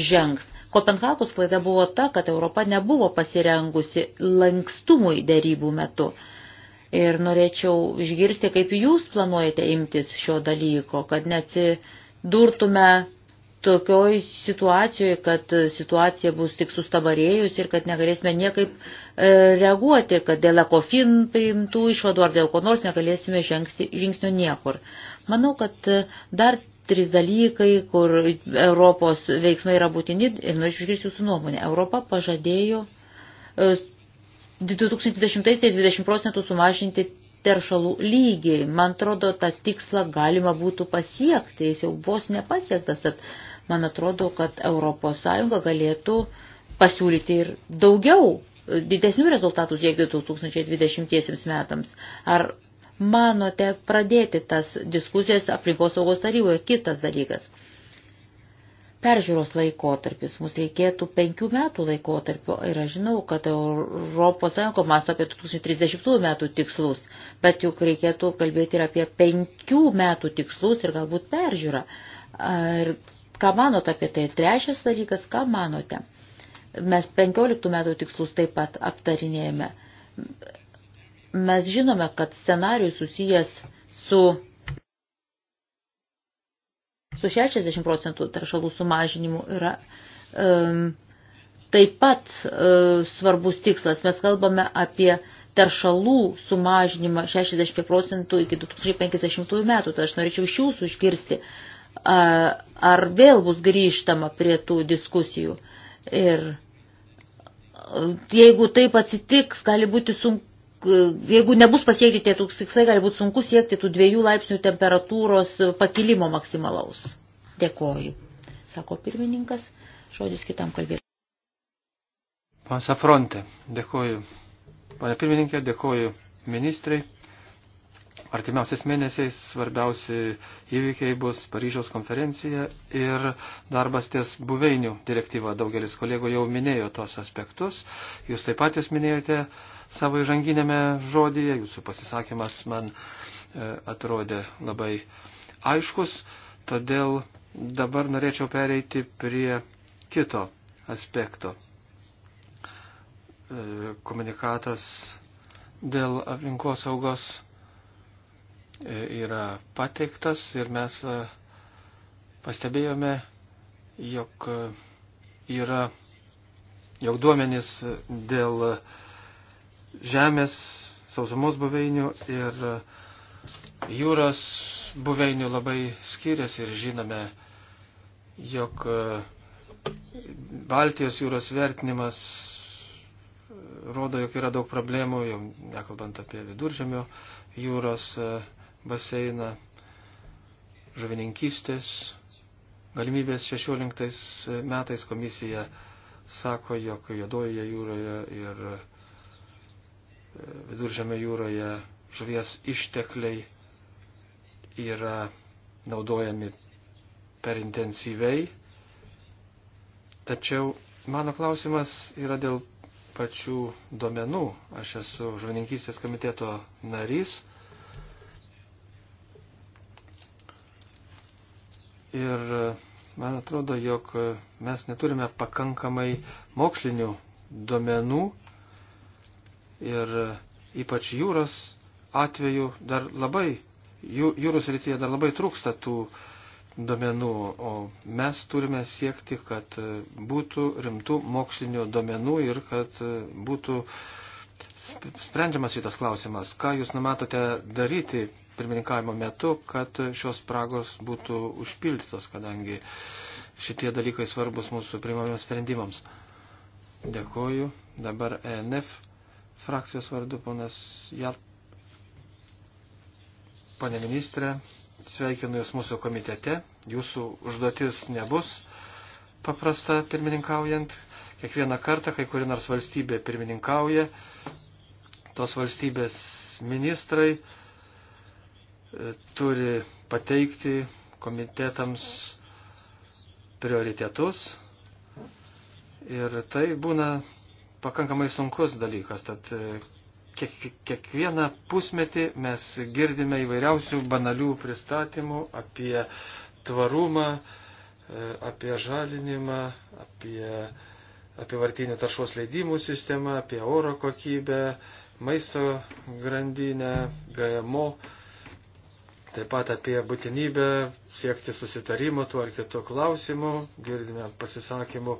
žengs. Kopenhagos klaida buvo ta, kad Europa nebuvo pasirengusi lankstumui darybų metu. Uh, Ir norėčiau išgirsti, kaip jūs planuojate imtis šio dalyko, kad neatsidurtume tokioj situacijoje, kad situacija bus tik sustabarėjus ir kad negalėsime niekaip e, reaguoti, kad dėl ekofin priimtų išvadų ar dėl ko nors negalėsime žengsti, žingsnio niekur. Manau, kad e, dar trys dalykai, kur Europos veiksmai yra būtini ir norėčiau išgirsti jūsų nuomonę. Europa pažadėjo e, 2010-20 tai procentų sumažinti teršalų lygį. Man atrodo, tą tikslą galima būtų pasiekti, jis jau vos nepasiektas, tad man atrodo, kad ES galėtų pasiūlyti ir daugiau e, didesnių rezultatų siekti 2020 metams. Ar manote pradėti tas diskusijas aplinkos saugos taryboje? Kitas dalykas peržiūros laikotarpis, mums reikėtų penkių metų laikotarpio ir aš žinau, kad ES masto apie 2030 metų tikslus, bet juk reikėtų kalbėti ir apie penkių metų tikslus ir galbūt peržiūrą. Ir ką manot apie tai? Trečias dalykas, ką manote? Mes 15 metų tikslus taip pat aptarinėjame. Mes žinome, kad scenarius susijęs su su 60 procentų taršalų sumažinimu yra um, taip pat um, svarbus tikslas. Mes kalbame apie teršalų sumažinimą 60 procentų iki 2050 metų. Tai aš norėčiau iš jūsų išgirsti, ar vėl bus grįžtama prie tų diskusijų. Ir e, jeigu taip atsitiks, gali būti sunku jeigu nebus pasiekti tie tikslai, gali būti sunku siekti tų dviejų laipsnių temperatūros pakilimo maksimalaus. Dėkoju, sako pirmininkas, žodis kitam kalbės. Pasafronte, dėkoju. Pane pirmininkė, dėkoju ministrai. Artimiausiais mėnesiais svarbiausi įvykiai bus Paryžiaus konferencija ir darbas ties buveinių direktyva. Daugelis kolegų jau minėjo tos aspektus. Jūs taip pat jūs minėjote savo įžanginėme žodyje. Jūsų pasisakymas man e, atrodė labai aiškus. Todėl dabar norėčiau pereiti prie kito aspekto. E, komunikatas dėl aplinkosaugos yra pateiktas ir mes e, pastebėjome, jog e, yra, jog duomenys dėl žemės, sausumos buveinių ir e, jūros buveinių labai skiriasi ir žinome, jog Baltijos jūros vertinimas rodo, jog yra daug problemų, jau nekalbant apie viduržemio jūros baseiną, žuvininkystės galimybės 16 e, metais komisija sako, jog Jodoje jūroje ir e, Viduržėme jūroje žuvies ištekliai yra naudojami per intensyviai. Tačiau mano klausimas yra dėl pačių duomenų. Aš esu žuvininkystės komiteto narys Ir man atrodo, jog mes neturime pakankamai mokslinių duomenų ir ypač jūros atveju dar labai, jūros rytyje dar labai trūksta tų duomenų, o mes turime siekti, kad būtų rimtų mokslinių duomenų ir kad būtų sprendžiamas šitas klausimas. Ką jūs numatote daryti pirmininkavimo metu, kad šios spragos būtų užpildytos, kadangi šitie dalykai svarbus mūsų primamiams sprendimams. Dėkoju. Dabar ENF frakcijos vardu ponas Jal. Pane ministrė, sveikinu Jūs mūsų komitete. Jūsų užduotis nebus paprasta pirmininkaujant. Kiekvieną kartą, kai kuri nors valstybė pirmininkauja, tos valstybės ministrai turi pateikti komitetams prioritetus ir tai būna pakankamai sunkus dalykas. Tad e, kiek, kiekvieną pusmetį mes girdime įvairiausių banalių pristatymų apie tvarumą, e, apie žalinimą, apie, apie vartinių taršos leidimų sistemą, apie oro kokybę, maisto grandinę, GMO taip pat apie būtinybę siekti susitarimo tuo ar kitu klausimu, girdime pasisakymų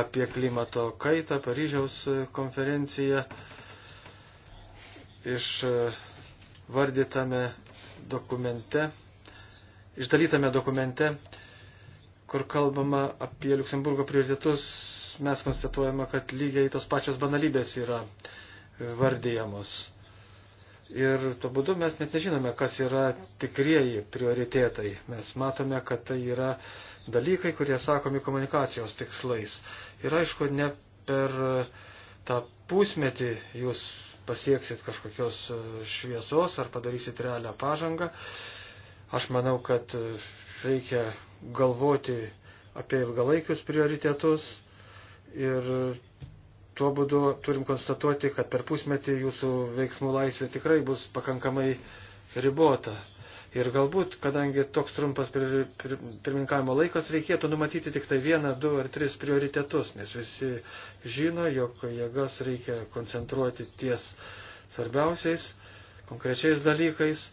apie klimato kaitą, Paryžiaus konferenciją išvardytame e, dokumente, išdalytame dokumente, kur kalbama apie Luksemburgo prioritetus, mes konstatuojame, kad lygiai tos pačios banalybės yra e, vardyjamos. Ir tuo būdu mes net nežinome, kas yra tikrieji prioritėtai. Mes matome, kad tai yra dalykai, kurie sakomi komunikacijos tikslais. Ir aišku, ne per tą pusmetį jūs pasieksit kažkokios e, šviesos ar padarysit realią pažangą. Aš manau, kad e, reikia galvoti apie ilgalaikius prioritetus ir tuo būdu turim konstatuoti, kad per pusmetį jūsų veiksmų laisvė tikrai bus pakankamai ribota. Ir galbūt, kadangi toks trumpas pirmininkavimo laikas, reikėtų numatyti tik tai vieną, du ar tris prioritetus, nes visi žino, jog jėgas reikia koncentruoti ties svarbiausiais, konkrečiais dalykais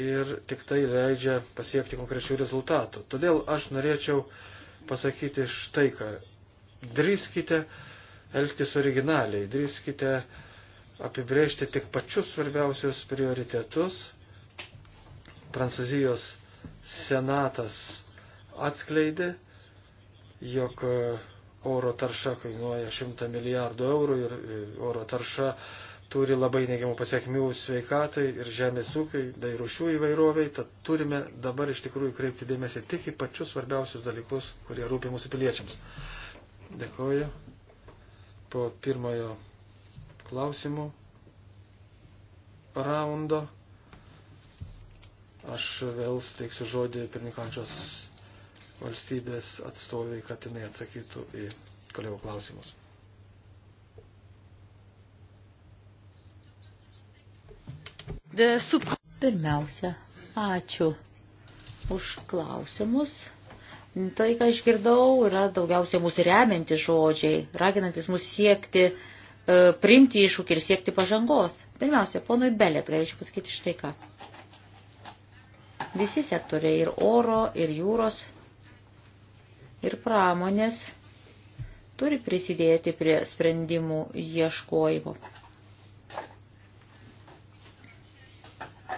ir tik tai leidžia pasiekti konkrečių rezultatų. Todėl aš norėčiau pasakyti štai ką. Drįskite elgtis originaliai, drįskite apibrėžti tik pačius svarbiausius prioritetus. Prancūzijos senatas atskleidė, jog e, oro tarša kainuoja 100 milijardų eurų ir e, oro tarša turi labai neigiamų pasiekmių sveikatai ir žemės ūkiui, bei rušių įvairoviai, tad turime dabar iš tikrųjų kreipti dėmesį tik į pačius svarbiausius dalykus, kurie rūpi mūsų piliečiams. Dėkuoju po pirmojo klausimų raundo. Aš vėl steiksiu žodį pirmininkančios valstybės atstoviai, kad jinai atsakytų į kolegų klausimus. Pirmiausia, ačiū už klausimus. Tai, ką išgirdau, yra daugiausiai mūsų remianti žodžiai, raginantis mūsų siekti, e, priimti iššūkį ir siekti pažangos. Pirmiausia, ponui Belėt, galėčiau pasakyti štai ką. Visi sektoriai ir oro, ir jūros, ir pramonės turi prisidėti prie sprendimų ieškojimo.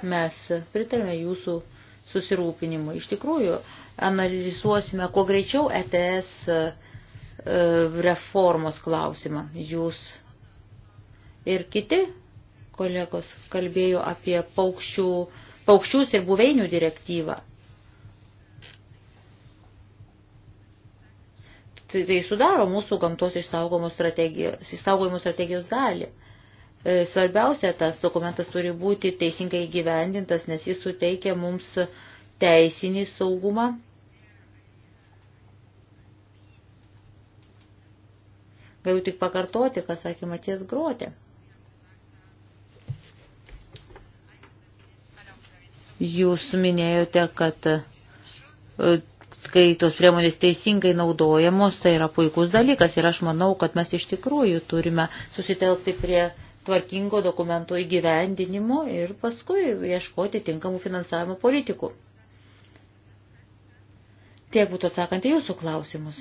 Mes pritarėme jūsų susirūpinimu. Iš tikrųjų, analizuosime kuo greičiau ETS e, e, reformos klausimą. Jūs ir kiti kolegos kalbėjo apie paukščių, paukščius ir buveinių direktyvą. Tai, tai sudaro mūsų gamtos išsaugojimo strategijos, išsaugojimo strategijos dalį. E, svarbiausia, tas dokumentas turi būti teisingai gyvendintas, nes jis suteikia mums uh, teisinį saugumą. Galiu tik pakartoti, ką sakė Matės Grotė. Jūs minėjote, kad e, kai tos priemonės teisingai naudojamos, tai yra puikus dalykas ir aš manau, kad mes iš tikrųjų turime susitelkti prie tvarkingo dokumento įgyvendinimo ir paskui ieškoti tinkamų finansavimo politikų. Tiek būtų atsakant į jūsų klausimus.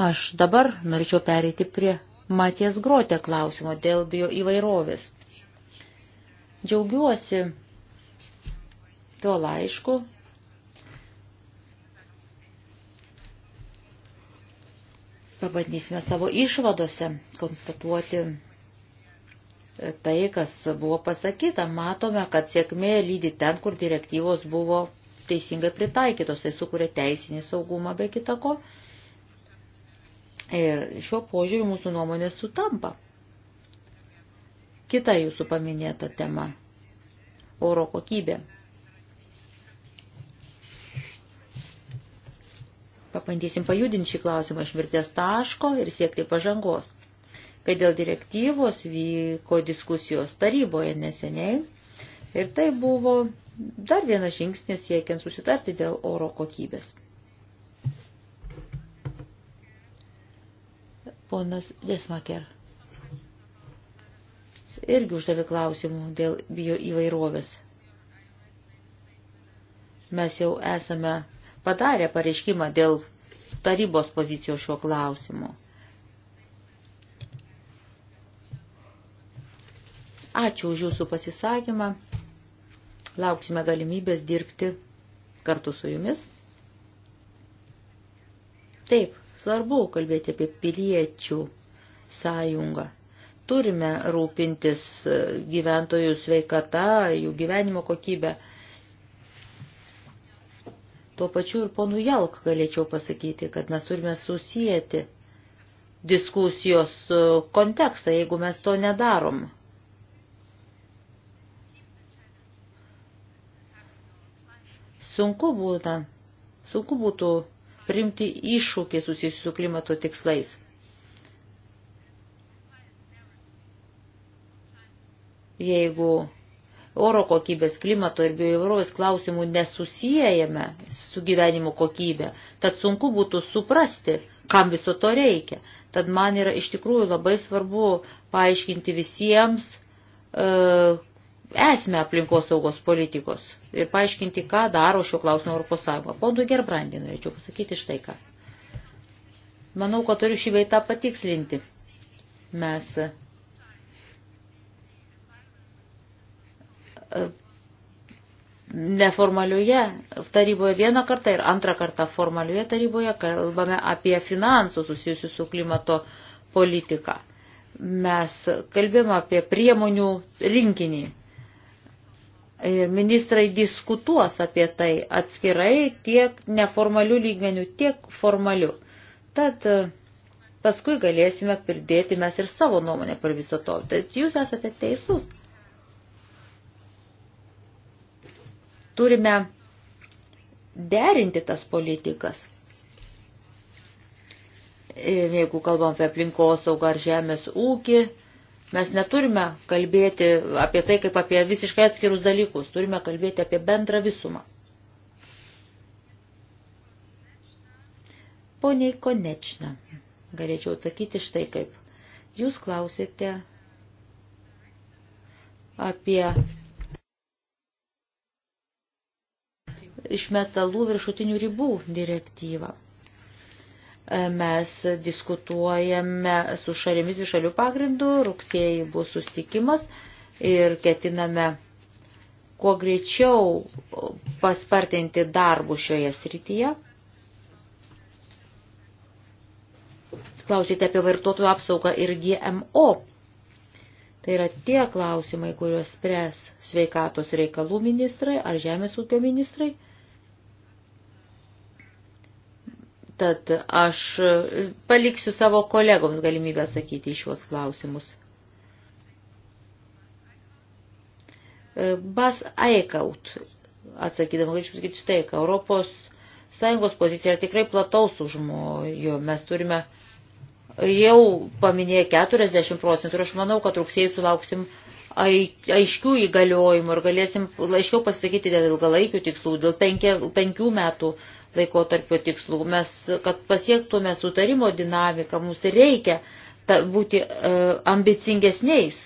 Aš dabar norėčiau pereiti prie Matės Grotė klausimo dėl bio įvairovės. Džiaugiuosi tuo laišku. Pabandysime savo išvadose konstatuoti tai, kas buvo pasakyta. Matome, kad sėkmė lydi ten, kur direktyvos buvo teisingai pritaikytos, tai sukuria teisinį saugumą be kitako. Ir šiuo požiūriu mūsų nuomonės sutampa. Kita jūsų paminėta tema – oro kokybė. Pabandysim pajudinti šį klausimą iš mirties taško ir siekti pažangos. Kai dėl direktyvos vyko diskusijos taryboje neseniai – Ir tai buvo dar vienas žingsnis siekiant susitarti dėl oro kokybės. Ponas Desmaker irgi uždavė klausimų dėl bio įvairovės. Mes jau esame padarę pareiškimą dėl tarybos pozicijos šiuo klausimu. Ačiū už jūsų pasisakymą. Lauksime galimybės dirbti kartu su jumis. Taip, svarbu kalbėti apie piliečių sąjungą. Turime rūpintis gyventojų sveikata, jų gyvenimo kokybę. Tuo pačiu ir ponų Jalk galėčiau pasakyti, kad mes turime susijęti diskusijos kontekstą, jeigu mes to nedarom. Sunku būtų, sunku būtų primti iššūkį susijusiu su klimato tikslais. Jeigu oro kokybės, klimato ir bioįvairovės klausimų nesusijęjame su gyvenimo kokybė, tad sunku būtų suprasti, kam viso to reikia. Tad man yra iš tikrųjų labai svarbu paaiškinti visiems, e, esmę aplinkos saugos politikos ir paaiškinti, ką daro šio klausimo Europos Sąjunga. Ponui Gerbrandį norėčiau pasakyti štai ką. Manau, kad turiu šį veitą patikslinti. Mes e, neformalioje taryboje vieną kartą ir antrą kartą formalioje taryboje kalbame apie finansų susijusių su klimato politika. Mes kalbėjome apie priemonių rinkinį Ministrai diskutuos apie tai atskirai tiek neformalių lygmenių, tiek formalių. Tad e, paskui galėsime pridėti mes ir savo nuomonę per viso to. Tad jūs esate teisus. Turime derinti tas politikas e, jeigu kalbam apie aplinkosaugą ar žemės ūkį, Mes neturime kalbėti apie tai kaip apie visiškai atskirus dalykus, turime kalbėti apie bendrą visumą. Poniai Konečna, galėčiau atsakyti štai kaip. Jūs klausėte apie iš metalų viršutinių ribų direktyvą mes diskutuojame su šalimis iš šalių pagrindų, rugsėjai bus susitikimas ir ketiname kuo greičiau paspartinti darbų šioje srityje. Klausėte apie vartotojų apsaugą ir GMO. Tai yra tie klausimai, kuriuos spres sveikatos reikalų ministrai ar žemės ūkio ministrai. Tad aš paliksiu savo kolegoms galimybę atsakyti į šiuos klausimus. Bas Aikaut, atsakydama, galėčiau pasakyti štai, ką Europos Sąjungos pozicija yra tikrai plataus užmojo. Mes turime jau paminėję 40 procentų ir aš manau, kad rugsėjai sulauksim aiškių įgaliojimų ir galėsim aiškiau pasakyti dėl ilgalaikių tikslų, dėl penkia, penkių metų laikotarpio tikslų. Mes, kad pasiektume sutarimo dinamiką, mums reikia ta, būti e, ambicingesniais.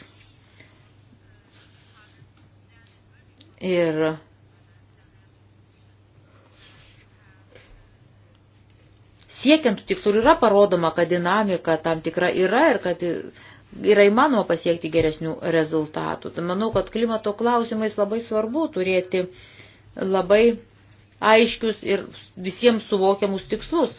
Ir siekiant tikslų yra parodoma, kad dinamika tam tikra yra ir kad yra įmanoma pasiekti geresnių rezultatų. Tai manau, kad klimato klausimais labai svarbu turėti labai aiškius ir visiems suvokiamus tikslus.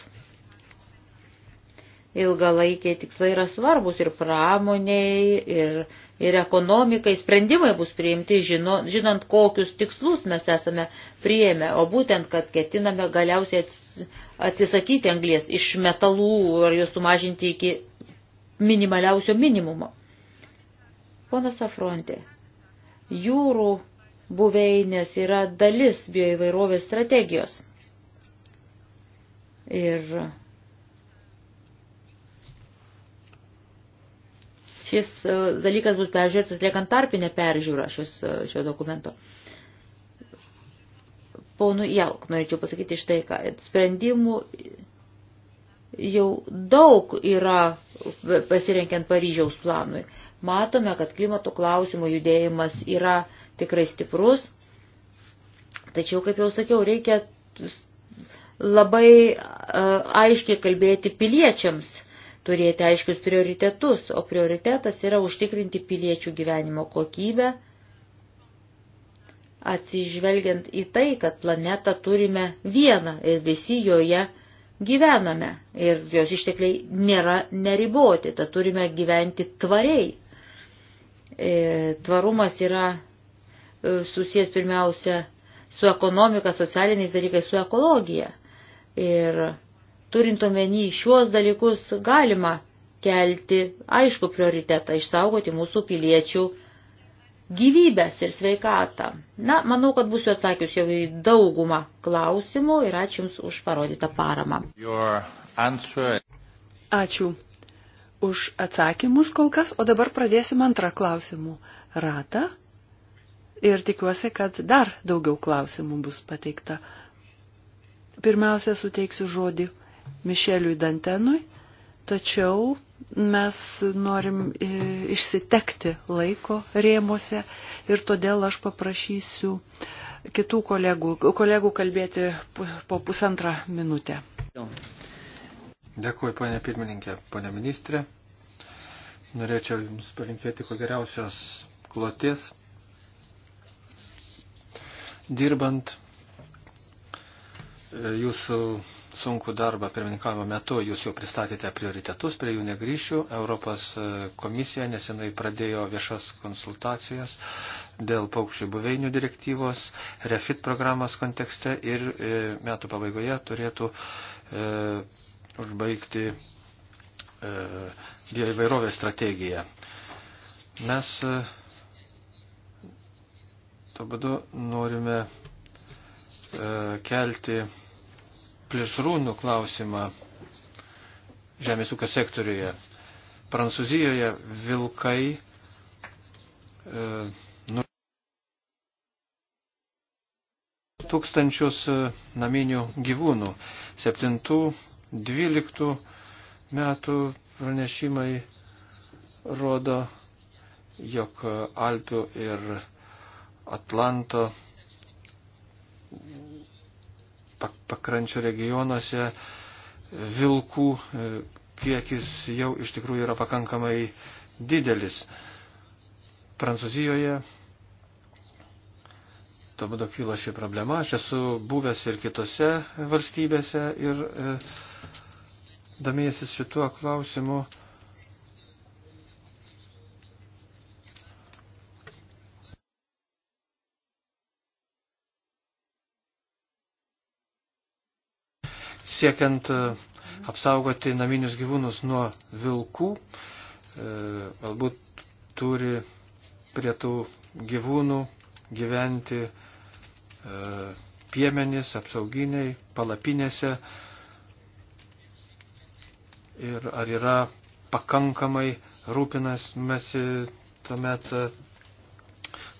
Ilgalaikiai tikslai yra svarbus ir pramoniai, ir, ir ekonomikai. Sprendimai bus priimti, žino, žinant, kokius tikslus mes esame priėmę, o būtent, kad ketiname galiausiai atsisakyti anglės iš metalų ar juos sumažinti iki minimaliausio minimumo. Ponas Afrontė, jūrų buveinės yra dalis bioįvairovės strategijos. Ir šis e, dalykas bus peržiūrėtas atliekant tarpinę peržiūrą šios, e, šio dokumento. Ponu Jalk, norėčiau pasakyti štai ką, sprendimų jau daug yra pasirenkiant Paryžiaus planui. Matome, kad klimato klausimų judėjimas yra uh, tikrai stiprus. Tačiau, kaip jau sakiau, reikia labai e, aiškiai kalbėti piliečiams, turėti aiškius prioritetus, o prioritetas yra užtikrinti piliečių gyvenimo kokybę, atsižvelgiant į tai, kad planetą turime vieną ir visi joje gyvename ir jos ištekliai nėra neriboti, tad turime gyventi tvariai. E, tvarumas yra susijęs pirmiausia su ekonomika, socialiniais dalykais, su ekologija. Ir turint omeny šiuos dalykus galima kelti aišku prioritetą išsaugoti mūsų piliečių gyvybės ir sveikatą. Na, manau, kad būsiu atsakius jau į daugumą klausimų ir ačiū Jums už parodytą paramą. Ačiū už atsakymus kol kas, o dabar pradėsim antrą klausimų ratą ir tikiuosi, kad dar daugiau klausimų bus pateikta. Pirmiausia, suteiksiu žodį Mišeliui Dantenui, tačiau mes norim e, išsitekti laiko rėmose ir todėl aš paprašysiu kitų kolegų, kolegų kalbėti po pusantrą minutę. Dėkuoju, ponė pirmininkė, ponė ministrė. Norėčiau Jums palinkėti ko geriausios kloties dirbant e, jūsų sunku darbą pirmininkavimo metu, jūs jau pristatėte prioritetus, prie jų negryšiu. Europos e, komisija nesenai pradėjo viešas konsultacijas dėl paukščių buveinių direktyvos, refit programos kontekste ir e, metų pabaigoje turėtų e, užbaigti e, bioįvairovės strategiją. Mes e, Tuo būdu norime e, kelti plėšrūnų klausimą žemės ūkio sektoriuje. Prancūzijoje vilkai e, nu, tūkstančius e, naminių gyvūnų. 7-12 metų pranešimai rodo, jog Alpių ir Atlanto pakrančio regionuose vilkų e, kiekis jau iš tikrųjų yra pakankamai didelis. Prancūzijoje tuo būdu kyla ši problema. Aš esu buvęs ir kitose valstybėse ir e, domėjęsis šituo klausimu. E, siekiant e, apsaugoti naminius gyvūnus nuo vilkų, e, galbūt turi prie tų gyvūnų gyventi e, piemenys, apsauginiai, palapinėse. Ir ar yra pakankamai rūpinasi tuomet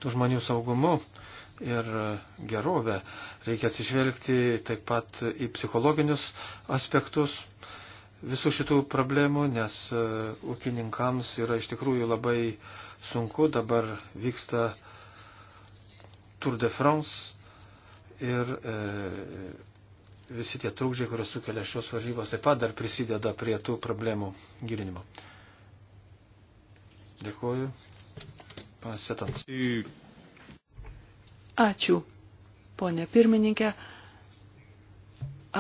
tų žmonių saugumu ir gerovę. Reikia atsižvelgti taip pat į psichologinius aspektus visų šitų problemų, nes e, ūkininkams yra iš tikrųjų labai sunku. Dabar vyksta Tour de France ir e, visi tie trūkdžiai, kurios sukelia šios varžybos, taip pat dar prisideda prie tų problemų gilinimo. Dėkuoju. Panas Setans. Ačiū, ponė pirmininkė.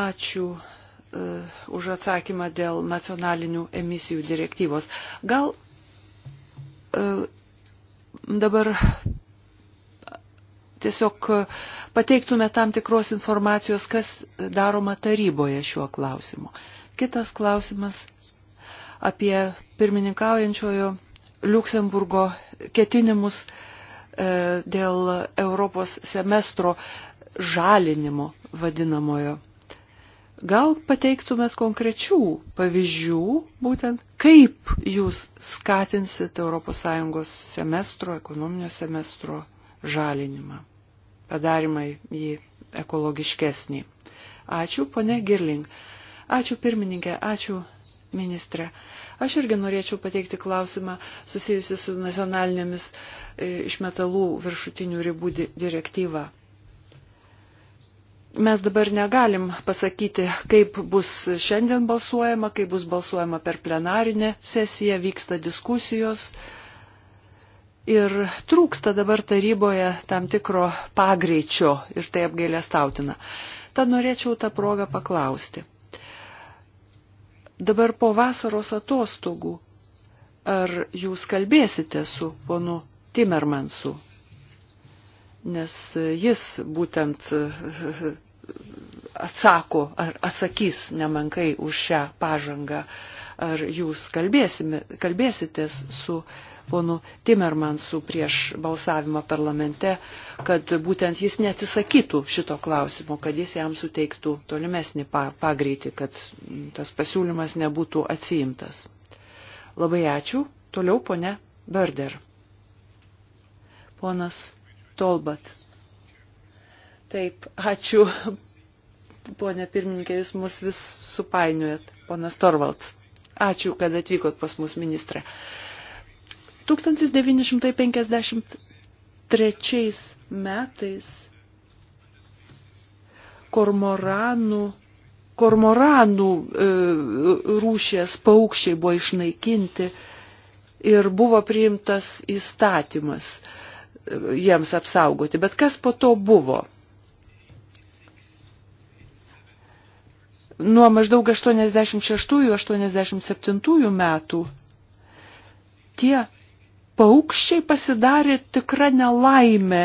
Ačiū uh, už atsakymą dėl nacionalinių emisijų direktyvos. Gal uh, dabar tiesiog pateiktume tam tikros informacijos, kas daroma taryboje šiuo klausimu. Kitas klausimas apie pirmininkaujančiojo Luksemburgo ketinimus uh, E, dėl Europos semestro žalinimo vadinamojo. Gal pateiktumėt konkrečių pavyzdžių, būtent kaip jūs skatinsit ES semestro, ekonominio semestro žalinimą, padarimą jį ekologiškesnį. Ačiū, ponė Girling. Ačiū pirmininkė, ačiū ministrė. Aš irgi norėčiau pateikti klausimą susijusi su nacionalinėmis e, išmetalų viršutinių ribų direktyva. Mes dabar negalim pasakyti, kaip bus šiandien balsuojama, kaip bus balsuojama per plenarinę sesiją, vyksta diskusijos. Ir trūksta dabar taryboje tam tikro pagreičio ir tai apgailėstautina. Tad norėčiau tą progą paklausti. Dabar po vasaros atostogų, ar jūs kalbėsite su ponu Timermansu? Nes jis būtent atsako ar atsakys nemankai už šią pažangą. Ar jūs kalbėsime, kalbėsitės su uh, ponu Timermansu prieš balsavimą parlamente, kad būtent jis neatsisakytų šito klausimo, kad jis jam suteiktų tolimesnį pagreitį, kad tas pasiūlymas nebūtų atsiimtas. Labai ačiū. Toliau ponė Berder. Ponas Tolbat. Taip, ačiū. Pone pirmininkė, jūs mus vis supainiojat, ponas Torvalds. Ačiū, kad atvykot pas mus ministrą. Uh, 1953 metais kormoranų, kormoranų e, rūšės paukščiai buvo išnaikinti ir buvo priimtas įstatymas e, jiems apsaugoti. Bet kas po to buvo? Nuo maždaug 86-87 metų tie paukščiai pasidarė tikra nelaimė.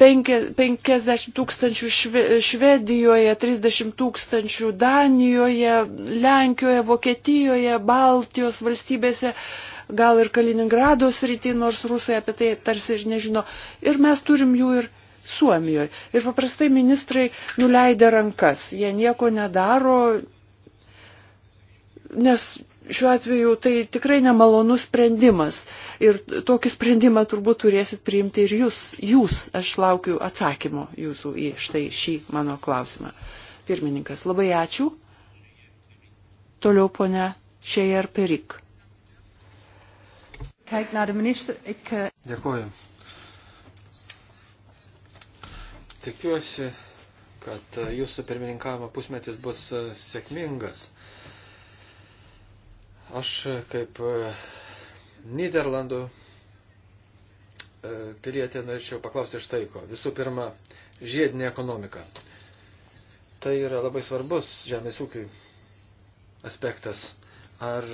50 tūkstančių Švedijoje, 30 tūkstančių Danijoje, Lenkijoje, Vokietijoje, Baltijos valstybėse, gal ir Kaliningrado srity, nors rusai apie tai tarsi ir nežino. Ir mes turim jų ir Suomijoje. Ir paprastai ministrai nuleidė rankas, jie nieko nedaro, nes šiuo atveju tai tikrai nemalonus sprendimas. Ir tokį sprendimą turbūt turėsit priimti ir jūs. Jūs, aš laukiu atsakymo jūsų į štai šį mano klausimą. Pirmininkas, labai ačiū. Toliau ponia Šejer Perik. Eh, Dėkuoju. Tikiuosi, kad eh, jūsų pirmininkavimo pusmetis bus eh, sėkmingas. Aš kaip e, Niderlandų e, pilietė norėčiau paklausti štai ko. Visų pirma, žiedinė ekonomika. Tai yra labai svarbus žemės ūkiui aspektas. Ar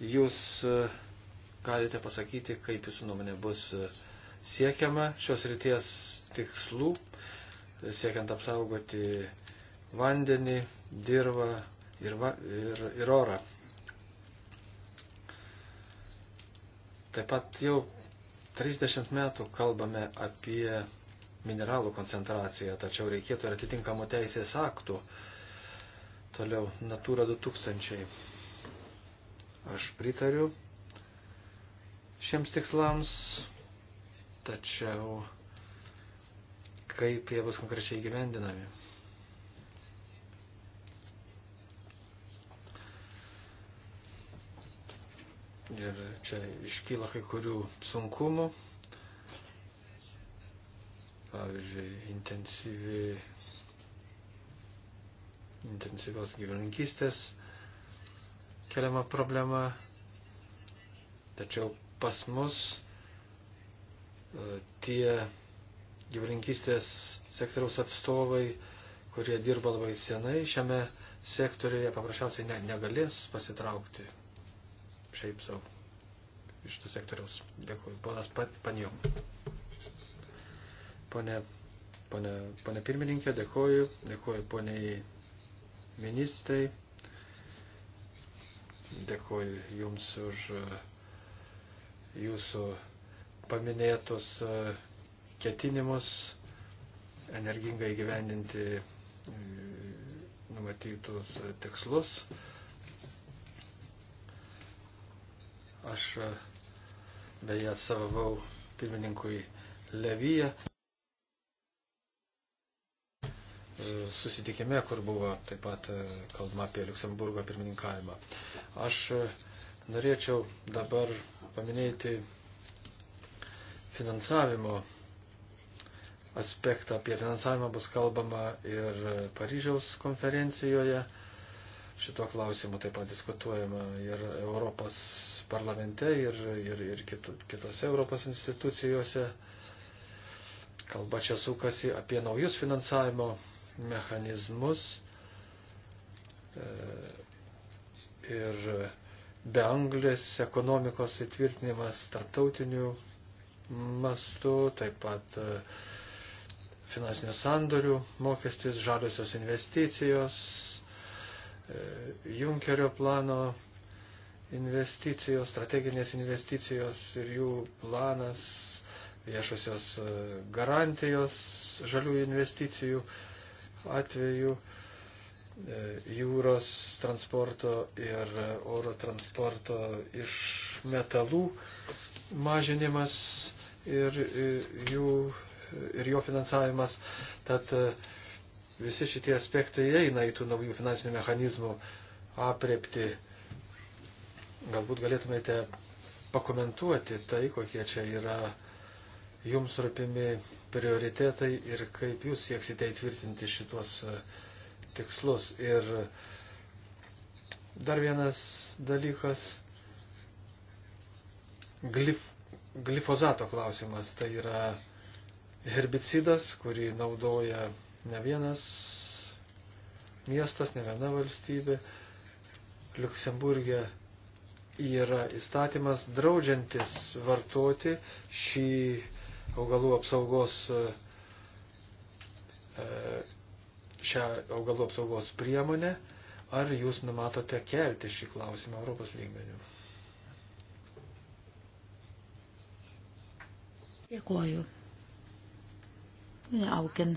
jūs e, galite pasakyti, kaip jūsų nuomonė bus siekiama šios ryties tikslų, siekiant apsaugoti vandenį, dirbą, ir, va, ir, ir orą. Taip pat jau 30 metų kalbame apie mineralų koncentraciją, tačiau reikėtų ir atitinkamų teisės aktų. Toliau Natura 2000. Aš pritariu šiems tikslams, tačiau kaip jie bus konkrečiai gyvendinami. Ir čia iškyla kai kurių sunkumų. Pavyzdžiui, intensyvi, intensyvios gyveninkystės keliama problema. Tačiau pas mus e, tie gyveninkystės sektoriaus atstovai, kurie dirba labai senai šiame sektoriuje, paprasčiausiai ne, negalės pasitraukti šiaip savo iš tų sektoriaus. Dėkui. Ponas Panijau. Pone, pone, pone pirmininkė, dėkoju. Dėkoju poniai ministrai. Dėkoju Jums už uh, Jūsų paminėtus uh, ketinimus energingai gyvendinti uh, numatytus tikslus. Aš e, beje atstovavau pirmininkui Levyje e, susitikime, kur buvo taip pat e, kalbama apie Luksemburgo pirmininkavimą. Aš norėčiau dabar paminėti finansavimo aspektą. Apie finansavimą bus kalbama ir Paryžiaus konferencijoje. Šituo klausimu taip pat diskutuojama ir Europos parlamente, ir, ir, ir kitose Europos institucijose. Kalba čia sukasi apie naujus finansavimo mechanizmus. E, ir be anglės ekonomikos įtvirtinimas tarptautinių mastų, taip pat e, finansinių sandorių mokestis, žaliosios investicijos, Junkerio plano investicijos, strateginės investicijos ir jų planas, viešosios e, garantijos žalių investicijų atveju, e, jūros transporto ir oro transporto iš metalų mažinimas ir, e, jų, ir jo finansavimas. Tad, Visi šitie aspektai eina į tų naujų finansinių mechanizmų aprepti. Galbūt galėtumėte pakomentuoti tai, kokie čia yra jums rūpimi prioritetai ir kaip jūs sieksite įtvirtinti šitos e, tikslus. Ir dar vienas dalykas glif, - glifozato klausimas. Tai yra herbicidas, kurį naudoja ne vienas miestas, ne viena valstybė. Luksemburgė yra įstatymas draudžiantis vartoti šį augalų apsaugos, e, šią augalų apsaugos priemonę. Ar jūs numatote kelti šį klausimą Europos lygmeniu? Dėkuoju. Ne aukin.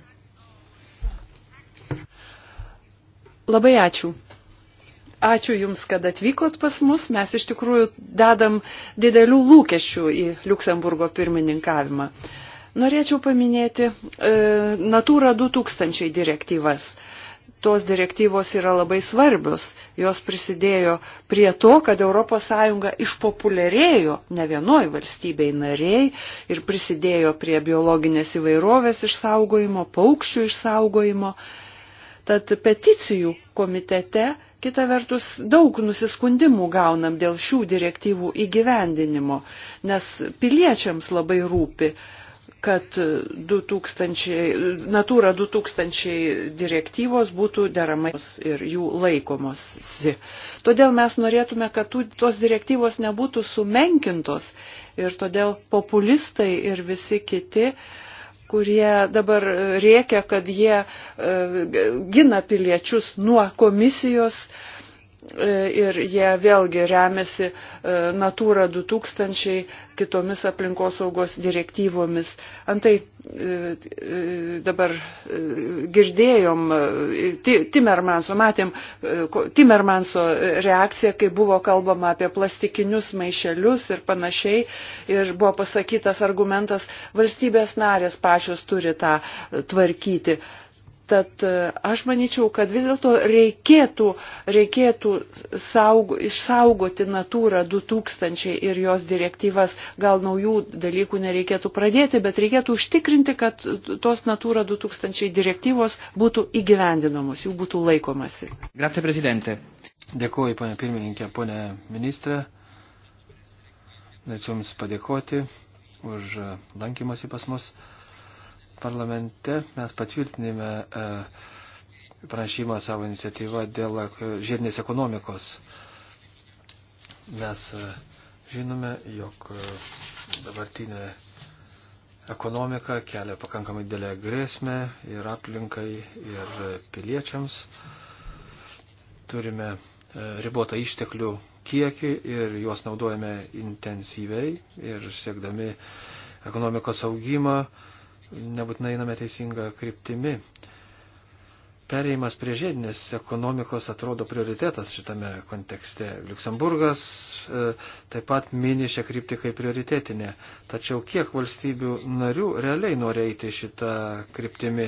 Labai ačiū. Ačiū Jums, kad atvykot pas mus. Mes iš tikrųjų dedam didelių lūkesčių į Luksemburgo pirmininkavimą. Norėčiau paminėti e, Natūra 2000 direktyvas. Tos direktyvos yra labai svarbios. Jos prisidėjo prie to, kad ES išpopuliarėjo ne vienoj valstybei nariai ir prisidėjo prie biologinės įvairovės išsaugojimo, paukščių išsaugojimo. E, Tad peticijų komitete, kita vertus, daug nusiskundimų gaunam dėl šių direktyvų įgyvendinimo, nes piliečiams labai rūpi, kad 2000, Natura 2000 direktyvos būtų deramais ir jų laikomasi. Todėl mes norėtume, kad tų, tos direktyvos nebūtų sumenkintos ir todėl populistai ir visi kiti uh, kurie dabar rėkia, kad jie e, gina piliečius nuo komisijos, uh, E, ir jie vėlgi remiasi e, Natūra 2000 kitomis aplinkosaugos direktyvomis. Antai e, dabar girdėjom Timermanso, matėm Timermanso reakciją, kai buvo kalbama apie plastikinius maišelius ir panašiai. Ir buvo pasakytas argumentas, valstybės narės pačios turi tą tvarkyti. Tad e, aš manyčiau, kad vis dėlto reikėtų, reikėtų saug, išsaugoti Natūrą 2000 ir jos direktyvas. Gal naujų dalykų nereikėtų pradėti, bet reikėtų užtikrinti, kad tos Natūra 2000 direktyvos būtų įgyvendinamos, jų būtų laikomasi. Grazie, prezidente. Dėkuoju, ponė pirmininkė, ponė ministrė. Norėčiau Jums padėkoti už lankymasi pas mus parlamente mes patvirtinime e, pranešimą savo iniciatyvą dėl žiedinės ekonomikos. Mes e, žinome, jog e, dabartinė ekonomika kelia pakankamai didelę grėsmę ir aplinkai, ir piliečiams. Turime ribotą išteklių kiekį ir juos naudojame intensyviai ir siekdami ekonomikos augimą nebūtinai einame teisinga kryptimi. Pereimas prie žiedinės ekonomikos atrodo prioritetas šitame kontekste. Luksemburgas e, taip pat mini šią kryptį kaip prioritetinę. Tačiau kiek valstybių narių realiai nori eiti šitą kryptimi?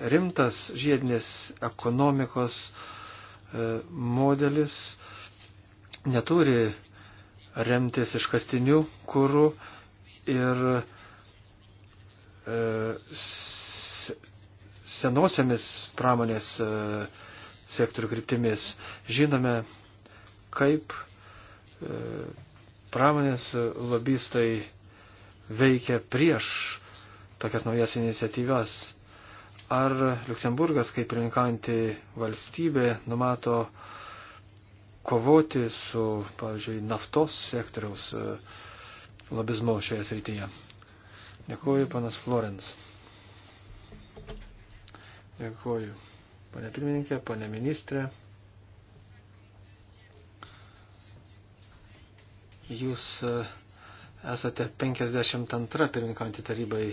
Rimtas žiedinės ekonomikos e, modelis neturi remtis iškastiniu kūru ir e, E, senosiamis pramonės e, sektorių kryptimis. Žinome, kaip e, pramonės lobistai veikia prieš tokias naujas iniciatyvas. Ar Luksemburgas, kaip rinkanti valstybė, numato kovoti su, pavyzdžiui, naftos sektoriaus lobizmu šioje srityje? Dėkuoju, panas Florence. Dėkuoju, pane pirmininkė, pane ministrė. Jūs e, esate 52 pirmininkantį tarybai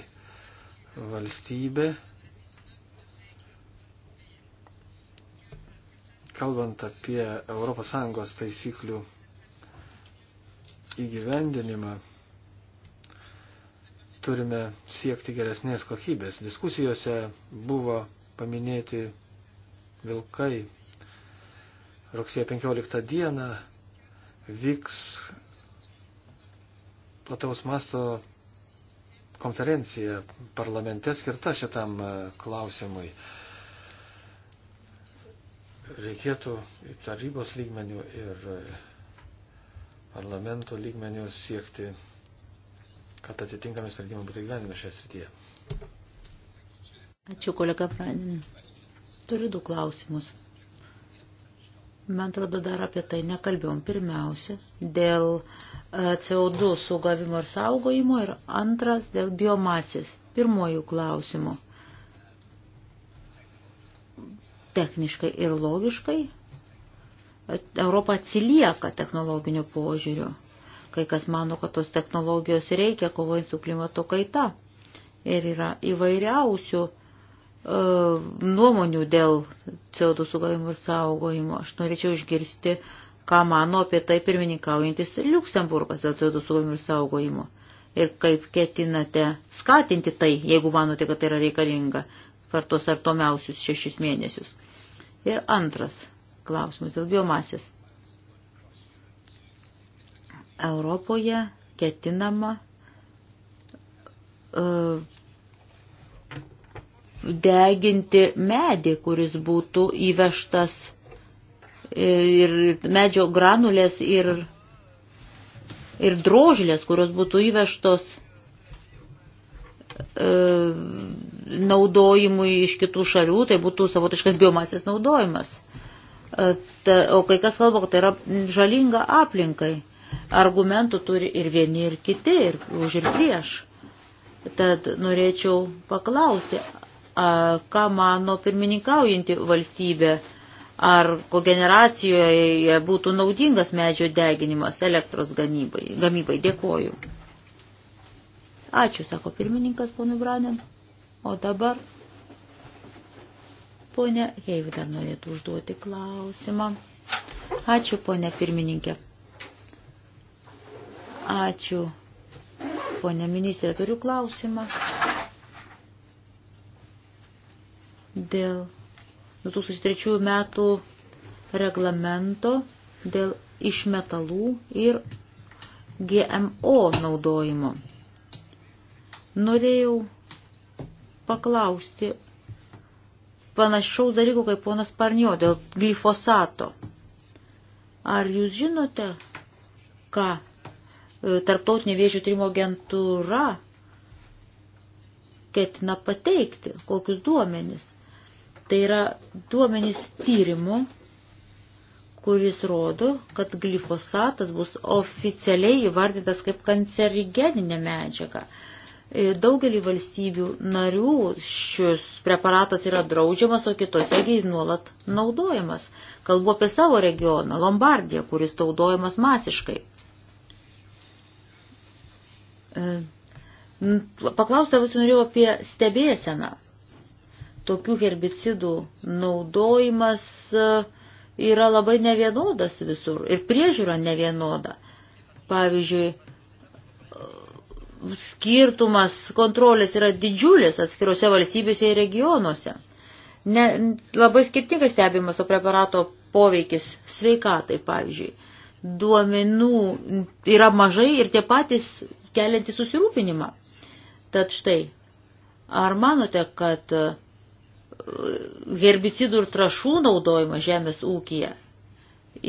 valstybė. Kalbant apie ES taisyklių įgyvendinimą, turime siekti geresnės kokybės. Diskusijose buvo paminėti vilkai. Rugsėjo 15 dieną vyks plataus masto konferencija parlamente skirta šitam e, klausimui. Reikėtų tarybos lygmenių ir e, parlamento lygmenių siekti kad atitinkami sprendimai būtų gyvenime šioje srityje. Ačiū, kolega Pradin. Turiu du klausimus. Man atrodo, dar apie tai nekalbėjom. Pirmiausia, dėl e, CO2 sugavimo ir saugojimo ir antras dėl biomasės. Pirmojų klausimų. Techniškai ir logiškai e, Europa atsilieka technologiniu požiūriu. Kai kas mano, kad tos technologijos reikia kovojant su klimato kaita. Ir yra įvairiausių e, nuomonių dėl CO2 sugavimo ir saugojimo. Aš norėčiau išgirsti, ką mano apie tai pirmininkaujantis Liuksemburgas dėl CO2 sugavimo ir saugojimo. Ir kaip ketinate skatinti tai, jeigu manote, kad tai yra reikalinga per tuos artomiausius šešis mėnesius. Ir antras klausimas dėl biomasės. Europoje ketinama uh, deginti medį, kuris būtų įvežtas e, ir medžio granulės ir, ir drožlės, kurios būtų įvežtos e, naudojimui iš kitų šalių, tai būtų savotiškas biomasės naudojimas. O kai kas kalba, kad tai yra žalinga aplinkai argumentų turi ir vieni, ir kiti, ir už ir prieš. Tad norėčiau paklausti, a, ką mano pirmininkaujanti valstybė, ar kogeneracijoje būtų naudingas medžio deginimas elektros gamybai. gamybai. Dėkoju. Ačiū, sako pirmininkas, ponui Branen. O dabar ponė Heiv dar norėtų užduoti klausimą. Ačiū, ponė pirmininkė. Ačiū. Pone ministrė, turiu klausimą dėl 2003 metų reglamento dėl išmetalų ir GMO naudojimo. Norėjau paklausti panašaus dalykų kaip ponas Parnio dėl glifosato. Ar jūs žinote, ką E, tarptautinė vėžių tyrimo agentūra ketina pateikti, kokius duomenis. Tai yra duomenys tyrimų, kuris rodo, kad glifosatas bus oficialiai įvardytas kaip kancerigeninė medžiaga. E, daugelį valstybių narių šis preparatas yra draudžiamas, o kitose jis nuolat naudojamas. Kalbu apie savo regioną, Lombardiją, kuris naudojamas masiškai. Paklausta vis norėjau apie stebėseną. Tokių herbicidų naudojimas e, yra labai nevienodas visur ir priežiūra nevienoda. Pavyzdžiui, e, skirtumas kontrolės yra didžiulis atskirose valstybėse ir regionuose. Ne, labai skirtingai stebimas to preparato poveikis sveikatai, pavyzdžiui. Duomenų yra mažai ir tie patys kelianti susirūpinimą. Tad štai, ar manote, kad e, herbicidų ir trašų naudojimas žemės ūkija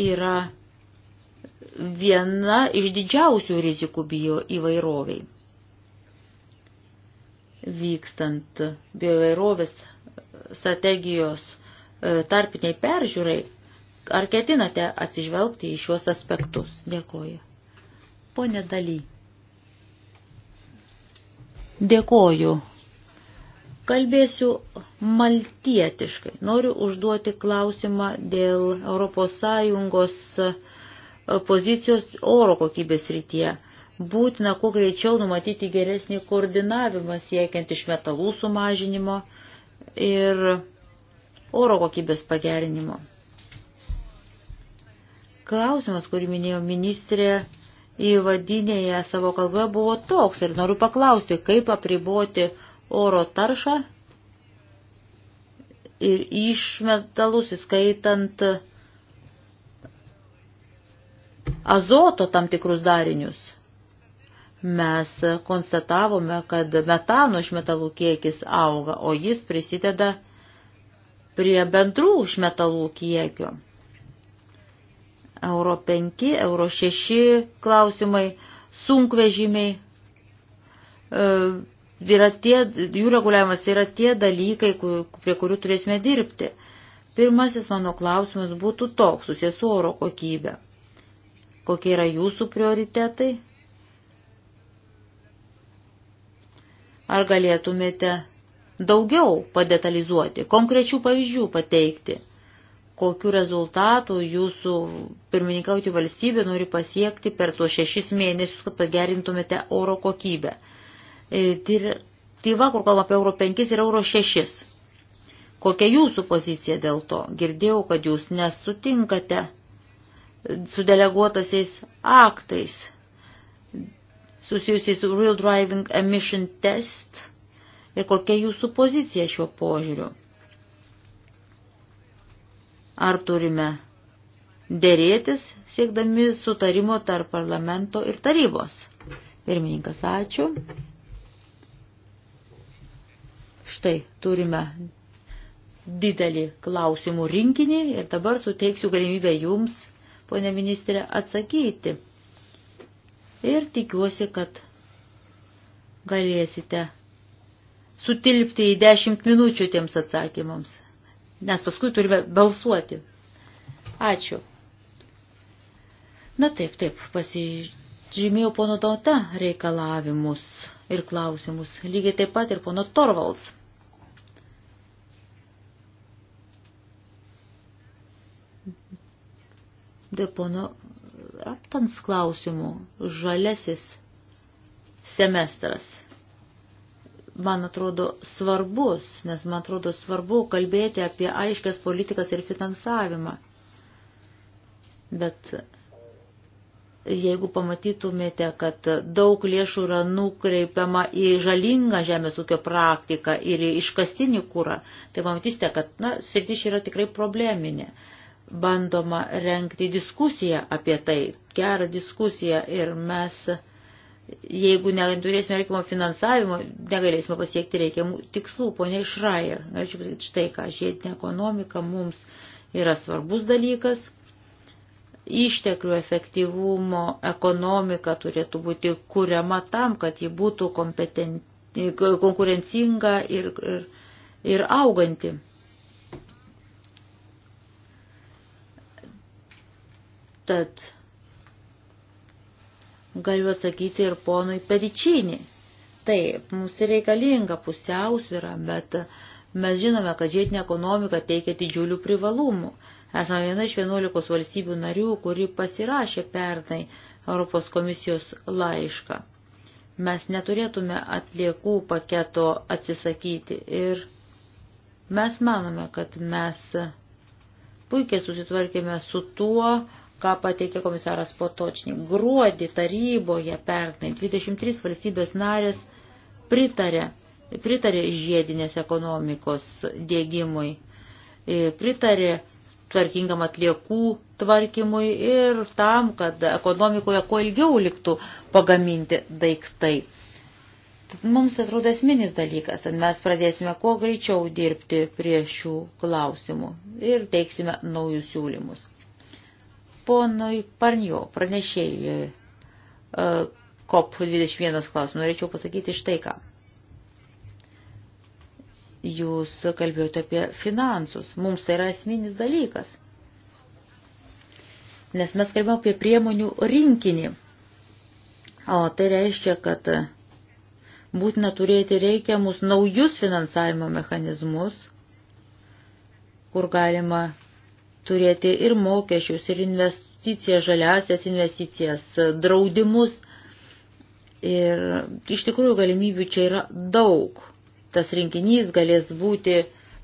yra viena iš didžiausių rizikų bio įvairoviai. Vykstant bioįvairovės strategijos e, tarpiniai peržiūrai, ar ketinate atsižvelgti į šios aspektus? Dėkoju. Pone Daly. Dėkoju. Kalbėsiu maltietiškai. Noriu užduoti klausimą dėl ES e, pozicijos oro kokybės rytyje. Būtina kuo greičiau numatyti geresnį koordinavimą siekiant iš metalų sumažinimo ir oro kokybės pagerinimo. Klausimas, kurį minėjo ministrė, įvadinėje savo kalboje buvo toks ir noriu paklausti, kaip apriboti oro taršą ir išmetalus, įskaitant azoto tam tikrus darinius. Mes konstatavome, kad metano išmetalų kiekis auga, o jis prisideda prie bendrų išmetalų kiekio. Euro 5, Euro 6 klausimai, sunkvežimiai. E, yra tie, jų reguliavimas yra tie dalykai, prie kurių turėsime dirbti. Pirmasis mano klausimas būtų toks, susijęs su oro kokybė. Kokie yra jūsų prioritetai? Ar galėtumėte daugiau padetalizuoti, konkrečių pavyzdžių pateikti? kokiu rezultatu jūsų pirmininkauti valstybė nori pasiekti per tuos šešis mėnesius, kad pagerintumėte oro kokybę. Direktyva, e, kur kalba apie euro 5 ir euro 6. Kokia jūsų pozicija dėl to? Girdėjau, kad jūs nesutinkate su deleguotasiais aktais susijusiais su Real Driving Emission Test ir kokia jūsų pozicija šiuo požiūriu. Ar turime dėrėtis siekdami sutarimo tarp parlamento ir tarybos? Pirmininkas, ačiū. Štai turime didelį klausimų rinkinį ir dabar suteiksiu galimybę jums, ponė ministrė, atsakyti. Ir tikiuosi, kad galėsite sutilpti į dešimt minučių tiems atsakymams nes paskui turime balsuoti. Ačiū. Na taip, taip, pasižymėjau pono tauta reikalavimus ir klausimus, lygiai taip pat ir pono Torvalds. Dėl pono Raptans klausimų žalesis semestras man atrodo, svarbus, nes man atrodo svarbu kalbėti apie aiškias politikas ir finansavimą. Bet jeigu pamatytumėte, kad daug lėšų yra nukreipiama į žalingą žemės ūkio praktiką ir į iškastinį kūrą, tai pamatysite, kad na, sritis yra tikrai probleminė. Bandoma renkti diskusiją apie tai, gerą diskusiją ir mes jeigu neturėsime reikimo finansavimo, negalėsime pasiekti reikiamų tikslų, ponia Išrajer. Galėčiau pasakyti štai ką, žiedinė ekonomika mums yra svarbus dalykas. Išteklių efektyvumo ekonomika turėtų būti kuriama tam, kad ji būtų konkurencinga ir, ir, ir auganti. Tad galiu atsakyti ir ponui Pedičinį. Taip, mums reikalinga pusiausvyra, bet mes žinome, kad žiedinė ekonomika teikia didžiulių privalumų. Esame viena iš 11 valstybių narių, kuri pasirašė pernai Europos komisijos laišką. Mes neturėtume atliekų paketo atsisakyti ir mes manome, kad mes puikiai susitvarkėme su tuo, ką pateikė komisaras Potočnik. Gruodį taryboje pernai 23 valstybės narės pritarė, pritarė žiedinės ekonomikos dėgymui, e, pritarė tvarkingam atliekų tvarkymui ir tam, kad ekonomikoje kuo ilgiau liktų pagaminti daiktai. Mums atrodo esminis dalykas, kad mes pradėsime kuo greičiau dirbti prie šių klausimų ir teiksime naujus siūlymus. Ponui Parnio pranešėjai e, COP21 klausimą norėčiau pasakyti štai ką. Jūs kalbėjote apie finansus. Mums tai yra esminis dalykas. Nes mes kalbėjome apie priemonių rinkinį. O tai reiškia, kad būtina turėti reikiamus naujus finansavimo mechanizmus, kur galima turėti ir mokesčius, ir investicijas, žaliasias investicijas, draudimus. Ir iš tikrųjų galimybių čia yra daug. Tas rinkinys galės būti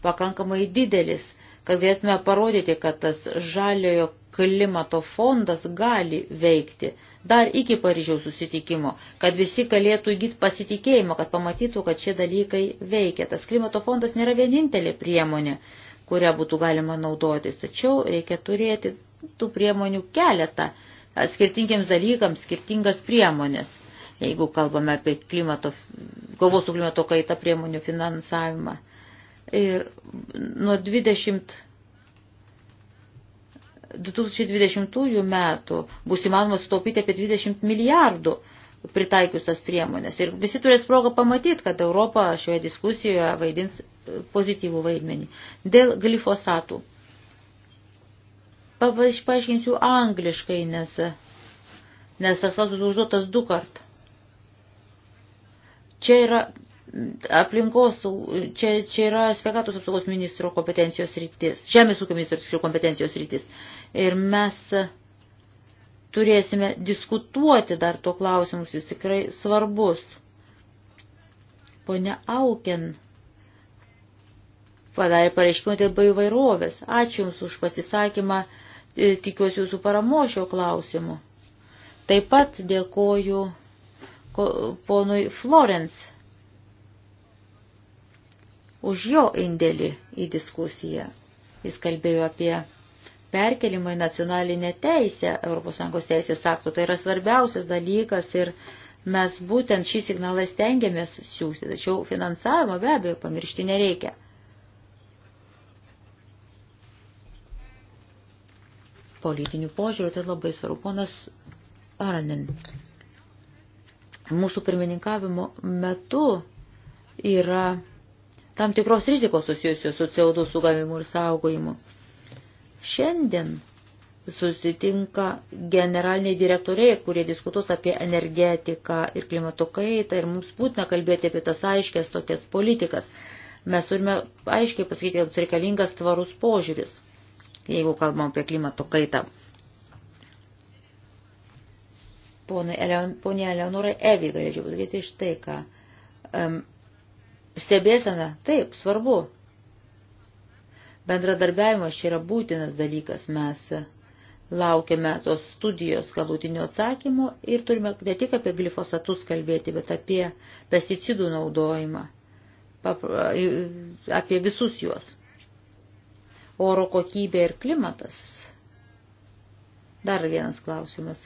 pakankamai didelis, kad galėtume parodyti, kad tas žaliojo klimato fondas gali veikti dar iki Paryžiaus susitikimo, kad visi galėtų įgyti pasitikėjimą, kad pamatytų, kad šie dalykai veikia. Tas klimato fondas nėra vienintelė priemonė kurią būtų galima naudotis. Tačiau reikia turėti tų priemonių keletą, skirtingiems dalykams skirtingas priemonės. Jeigu kalbame apie klimato, kovos su klimato kaita priemonių finansavimą. Ir nuo 20 2020 metų bus įmanoma sutaupyti apie 20 milijardų pritaikius tas priemonės. Ir visi turės progą pamatyti, kad Europa šioje diskusijoje vaidins e, pozityvų vaidmenį. Dėl glifosatų. Paaiškinsiu angliškai, nes, nes tas klausimas užduotas du kart. Čia yra aplinkos, čia, čia yra sveikatos apsaugos ministro kompetencijos rytis, žemės ūkio ministro kompetencijos rytis. Ir mes turėsime diskutuoti dar tuo klausimus, jis tikrai svarbus. Pone Auken padarė pareiškimą dėl baivairovės. Ačiū Jums už pasisakymą, e, tikiuosi Jūsų paramo šio klausimu. Taip pat dėkoju ponui Florence už jo indėlį į diskusiją. Jis kalbėjo apie perkelimą į nacionalinę teisę ES teisės aktų. Tai yra svarbiausias dalykas ir mes būtent šį signalą stengiamės siūsti, tačiau finansavimo be abejo pamiršti nereikia. Politinių požiūrių tai labai svarbu. Ponas Aranin, mūsų pirmininkavimo metu yra tam tikros rizikos susijusios su CO2 sugavimu ir saugojimu. Šiandien susitinka generaliniai direktoriai, kurie diskutuos apie energetiką ir klimato kaitą ir mums būtina kalbėti apie tas aiškės tokias politikas. Mes turime aiškiai pasakyti, kad mums reikalingas tvarus požiūris, jeigu kalbam apie klimato kaitą. Ponė Eleonorai Evi, galėčiau pasakyti iš tai, ką. Um, stebėsena, taip, svarbu, Bendradarbiavimas čia yra būtinas dalykas. Mes laukiame tos studijos galutinio atsakymo ir turime ne tik apie glifosatus kalbėti, bet apie pesticidų naudojimą, apie visus juos. Oro kokybė ir klimatas. Dar vienas klausimas.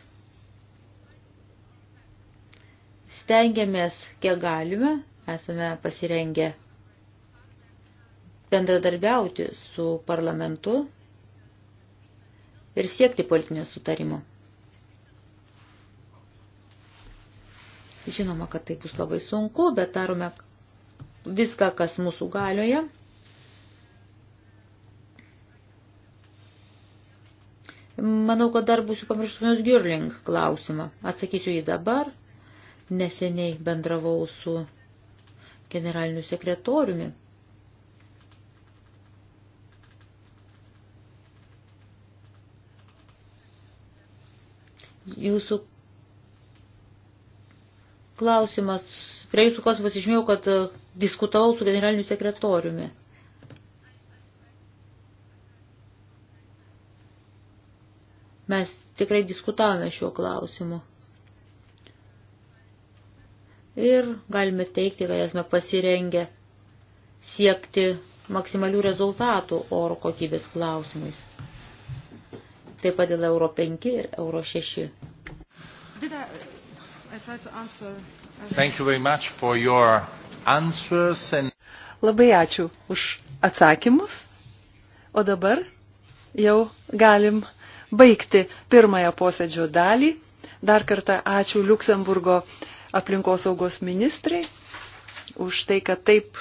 Stengiamės, kiek galime, esame pasirengę bendradarbiauti su parlamentu ir siekti politinio sutarimo. Žinoma, kad tai bus labai sunku, bet darome viską, kas mūsų galioje. Manau, kad dar būsiu pamirštumės Girling klausimą. Atsakysiu jį dabar. Neseniai bendravau su generaliniu sekretoriumi Jūsų klausimas, prie jūsų klausimas išmėjau, kad e, diskutavau su generaliniu sekretoriumi. Mes tikrai diskutavome šiuo klausimu. Ir galime teikti, kad esame pasirengę siekti maksimalių rezultatų oro kokybės klausimais taip pat dėl euro 5 ir euro 6. Did I, uh, I try to answer. Thank you very much for your answers and... Labai ačiū už atsakymus. O dabar jau galim baigti pirmąją posėdžio dalį. Dar kartą ačiū Luksemburgo aplinkosaugos ministrai už tai, kad taip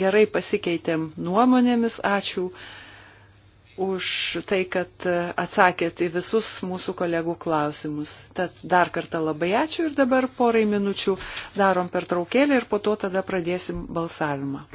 gerai pasikeitėm nuomonėmis. Ačiū už tai, kad atsakėt į visus mūsų kolegų klausimus. Tad dar kartą labai ačiū ir dabar porai minučių darom per traukėlį ir po to tada pradėsim balsavimą.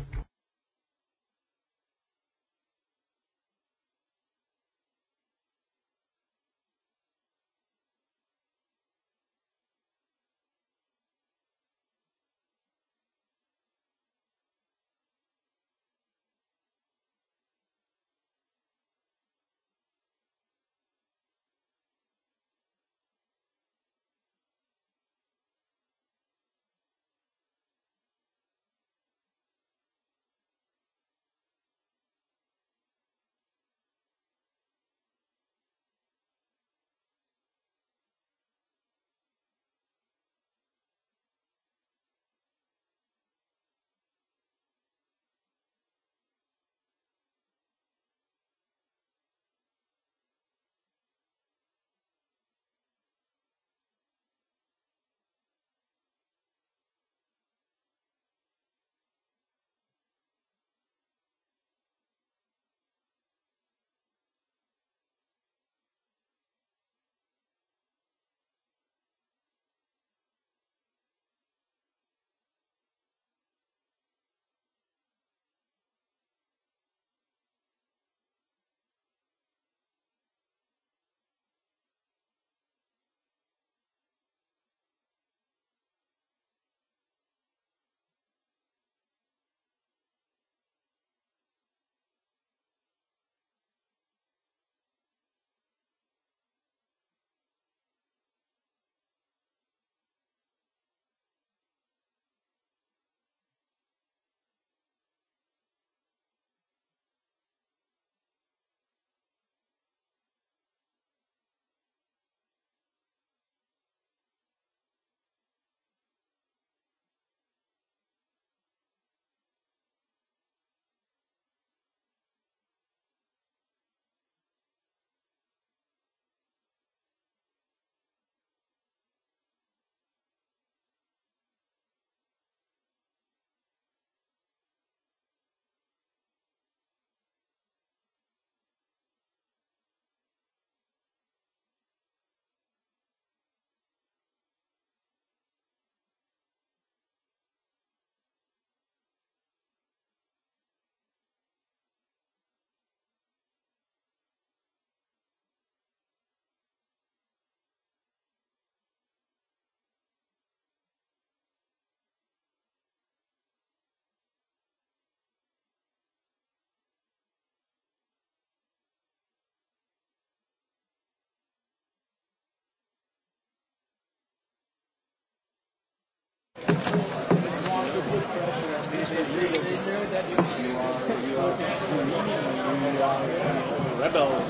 rebels.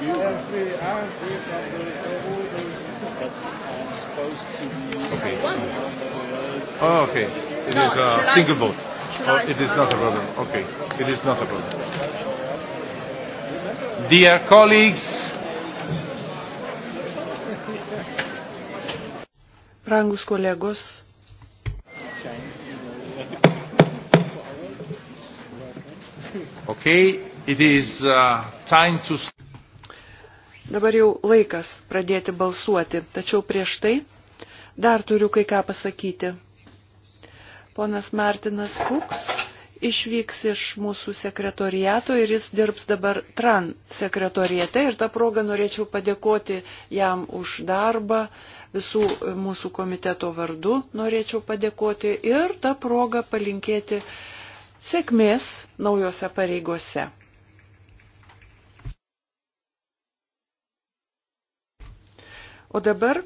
You. I am free. I am free from the, the all those. But I'm supposed to be. Okay. One. Oh, okay. It no, is a uh, July, single vote. July, oh, it is not a problem. Okay. It is not a problem. Dear colleagues. Brangus kolegos. Okay. Uh, to... Dabar jau laikas pradėti balsuoti, tačiau prieš tai dar turiu kai ką pasakyti. Ponas Martinas Fuchs išvyks iš mūsų sekretoriato ir jis dirbs dabar TRAN sekretoriete ir tą progą norėčiau padėkoti jam už darbą, visų mūsų komiteto vardu norėčiau padėkoti ir tą progą palinkėti sėkmės naujose pareigose. O dabar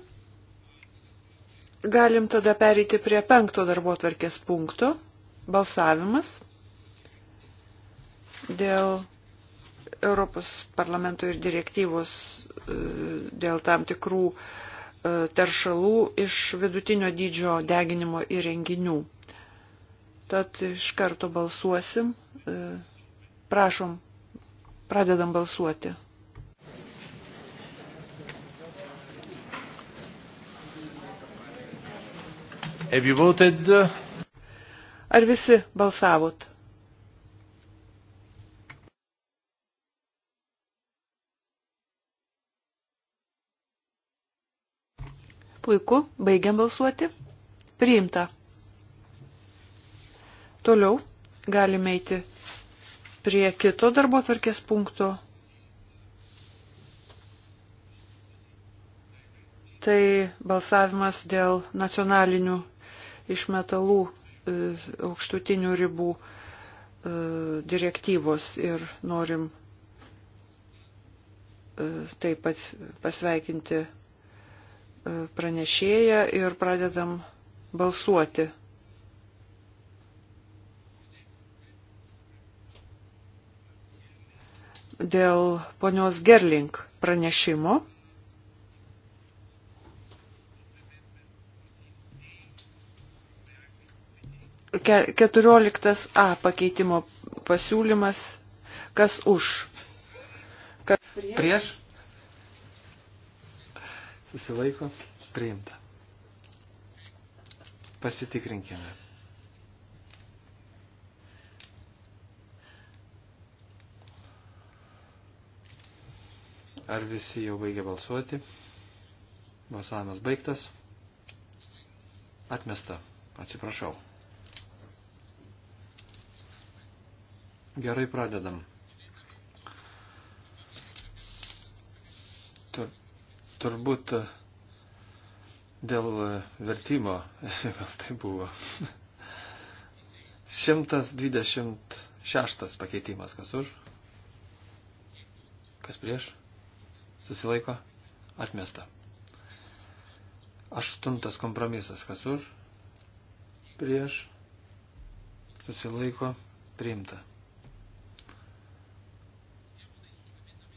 galim tada pereiti prie penkto darbo tvarkės punkto - balsavimas dėl Europos parlamento ir direktyvos e, dėl tam tikrų e, teršalų iš vidutinio dydžio deginimo įrenginių. Tad iš karto balsuosim. E, prašom, pradedam balsuoti. Have you voted? Ar visi balsavot? Puiku, baigiam balsuoti. Priimta. Toliau galime eiti prie kito darbo tvarkės punkto. Tai balsavimas dėl nacionalinių iš metalų e, aukštutinių ribų e, direktyvos ir norim e, taip pat pasveikinti pranešėją ir pradedam balsuoti. Dėl ponios Gerling pranešimo 14a pakeitimo pasiūlymas, kas už. Kas prieš? prieš? Susilaiko priimta. Pasitikrinkime. Ar visi jau baigė balsuoti? Balsavimas baigtas. Atmesta. Atsiprašau. Gerai pradedam. Tur, turbūt dėl vertimo, gal (laughs) tai buvo. 126 (laughs) pakeitimas, kas už? Kas prieš? Susilaiko? Atmesta. Aštuntas kompromisas, kas už? Prieš? Susilaiko? Priimta.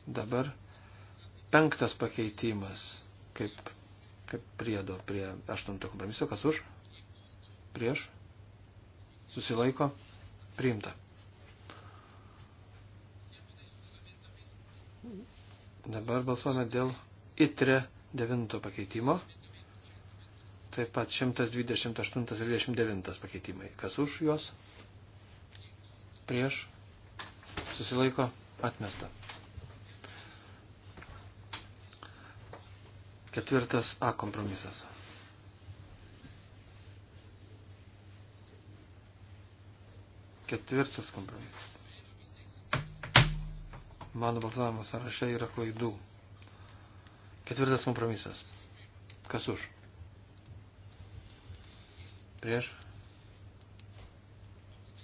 Dabar penktas pakeitimas, kaip, kaip priedo prie aštunto kompromiso, kas už, prieš, susilaiko, priimta. Dabar balsuojame dėl itre devinto pakeitimo. Taip pat 128 ir 29 pakeitimai. Kas už juos? Prieš? Susilaiko? Atmesta. Ketvirtas A kompromisas. Ketvirtas kompromisas. Mano balsavimo sąraše yra klaidų. Ketvirtas kompromisas. Kas už? Prieš?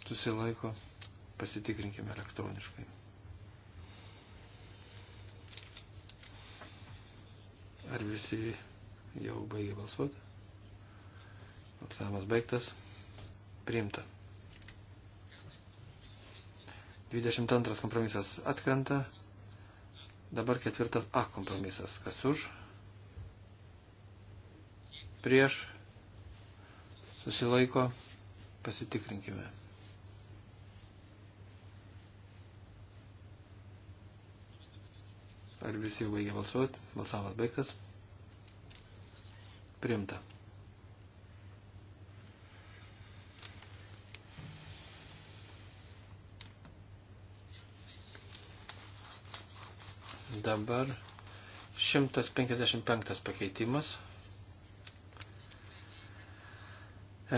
Susilaiko. Pasitikrinkime elektroniškai. Ar visi jau baigė balsuoti? Balsavimas baigtas. Priimta. 22 kompromisas atkrenta. Dabar ketvirtas A kompromisas. Kas už? Prieš. Susilaiko. Pasitikrinkime. Ar visi jau baigė balsuoti? Balsavimas baigtas. Priimta. Dabar 155 pakeitimas.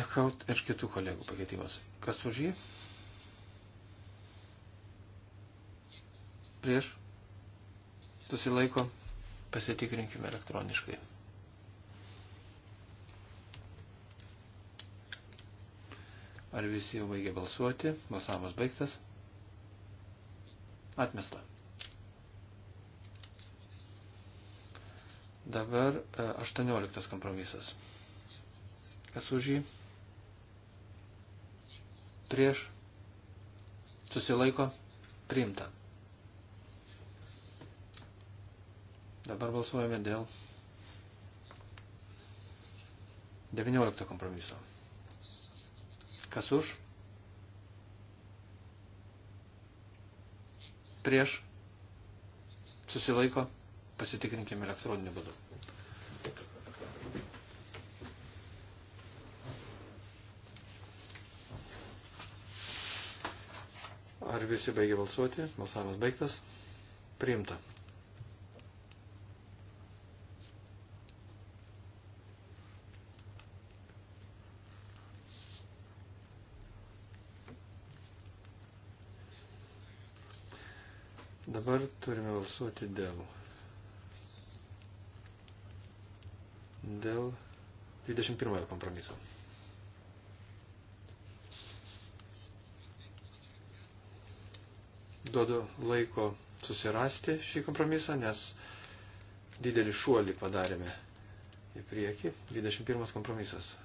Echaut ir kitų kolegų pakeitimas. Kas už jį? Prieš? susilaiko, pasitikrinkime elektroniškai. Ar visi jau baigė balsuoti? Balsavimas baigtas. Atmesta. Dabar 18 e, kompromisas. Kas už jį? Prieš. Susilaiko. Priimta. Dabar balsuojame dėl 19 kompromiso. Kas už? Prieš? Susilaiko? Pasitikrinkime elektroninį būdų. Ar visi baigė balsuoti? Balsavimas baigtas. Priimta. Dabar turime balsuoti dėl. Dėl 21 kompromiso. Duodu laiko susirasti šį kompromisą, nes didelį šuolį padarėme į priekį. 21 kompromisas.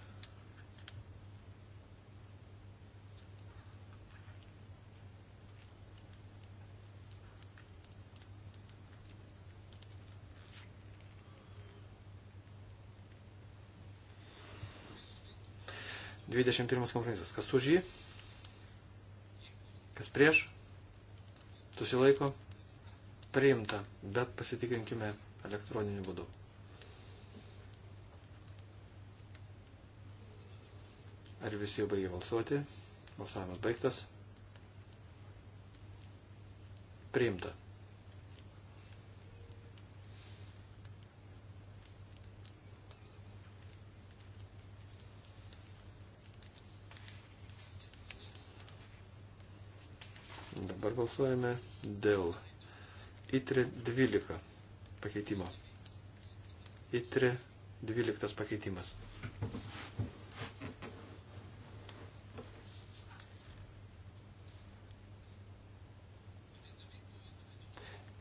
21 kompromisas. Kas už jį? Kas prieš? Susilaiko? Priimta, bet pasitikrinkime elektroniniu būdu. Ar visi jau baigė balsuoti? Balsavimas baigtas. Priimta. Balsuojame dėl ITRE 12 pakeitimo. ITRE 12 pakeitimas.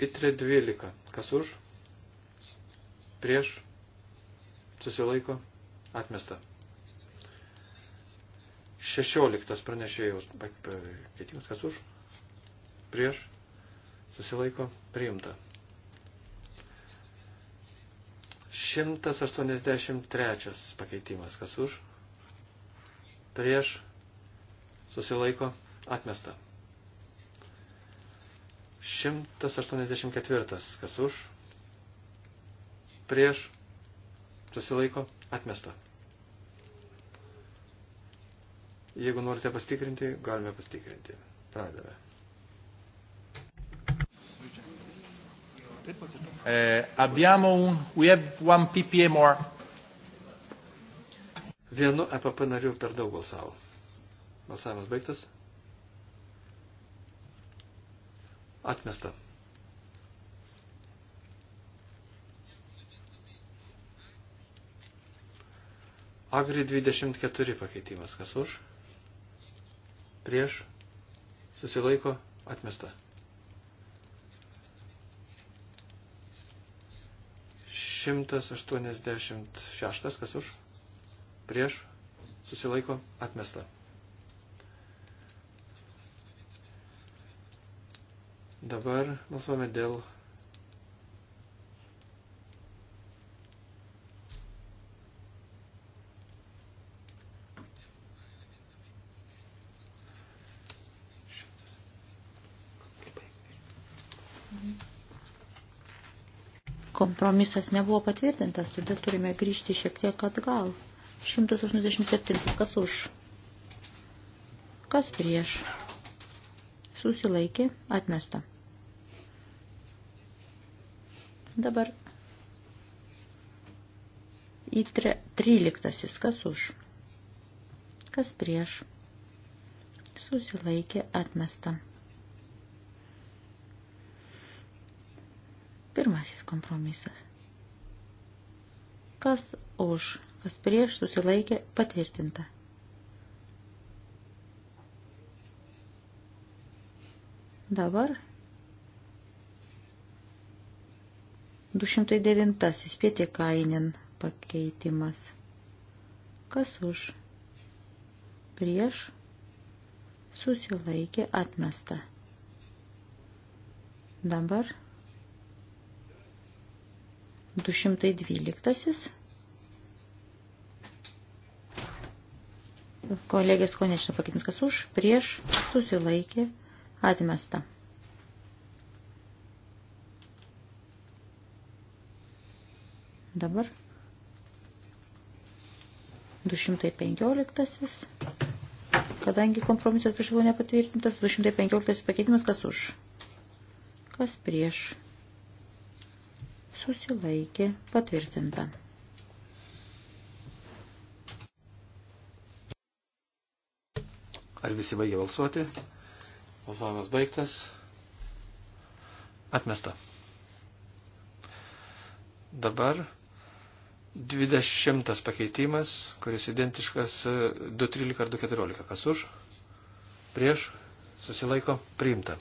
ITRE 12. Kas už? Prieš? Susilaiko? Atmesta. 16 pranešėjos pakeitimas. Kas už? prieš, susilaiko priimta. 183 pakeitimas, kas už, prieš, susilaiko atmesta. 184, kas už, prieš, susilaiko atmesta. Jeigu norite pastikrinti, galime pastikrinti. Pradedame. Eh, abbiamo un... We have one PPA more. Vienu EPP nariu per daug balsavo. Balsavimas baigtas. Atmesta. Agri 24 pakeitimas. Kas už? Prieš? Susilaiko? Atmesta. 186, kas už, prieš, susilaiko, atmesta. Dabar balsuojame dėl Kompromisas nebuvo patvirtintas, todėl turime grįžti šiek tiek atgal. 187. Kas už? Kas prieš? Susilaikė, atmesta. Dabar į tre, tryliktasis, kas už, kas prieš, susilaikė atmestą. Pirmasis kompromisas. Kas už, kas prieš susilaikė patvirtinta. Dabar 209. Spėti kainin pakeitimas. Kas už? Prieš susilaikė atmesta. Dabar 210. 212. Kolegės konečio pakeitimas kas už, prieš, susilaikė, atmesta. Dabar 215. Kadangi kompromisas prieš buvo nepatvirtintas, 215 pakeitimas kas už, kas prieš, susilaikė patvirtinta. Ar visi baigė balsuoti? Balsavimas baigtas. Atmesta. Dabar 20 pakeitimas, kuris identiškas 2.13 e, ar 2.14. Kas už? Prieš? Susilaiko? Priimta.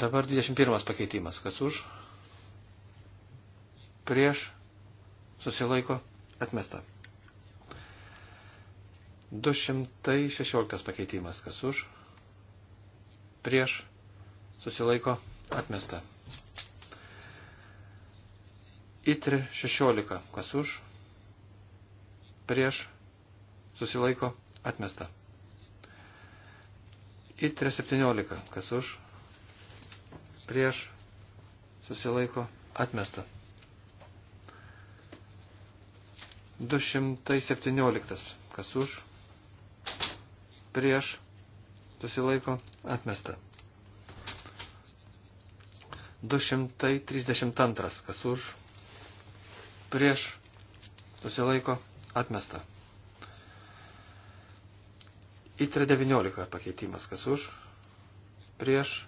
Dabar 21 pakeitimas. Kas už? Prieš susilaiko atmesta. 216 pakeitimas. Kas už? Prieš susilaiko atmesta. Itri 16. Kas už? Prieš susilaiko atmesta. Itri 17. Kas už? prieš susilaiko atmesta. 217. Kas už? Prieš susilaiko atmesta. 232. Kas už? Prieš susilaiko atmesta. Įtre 19 pakeitimas. Kas už? Prieš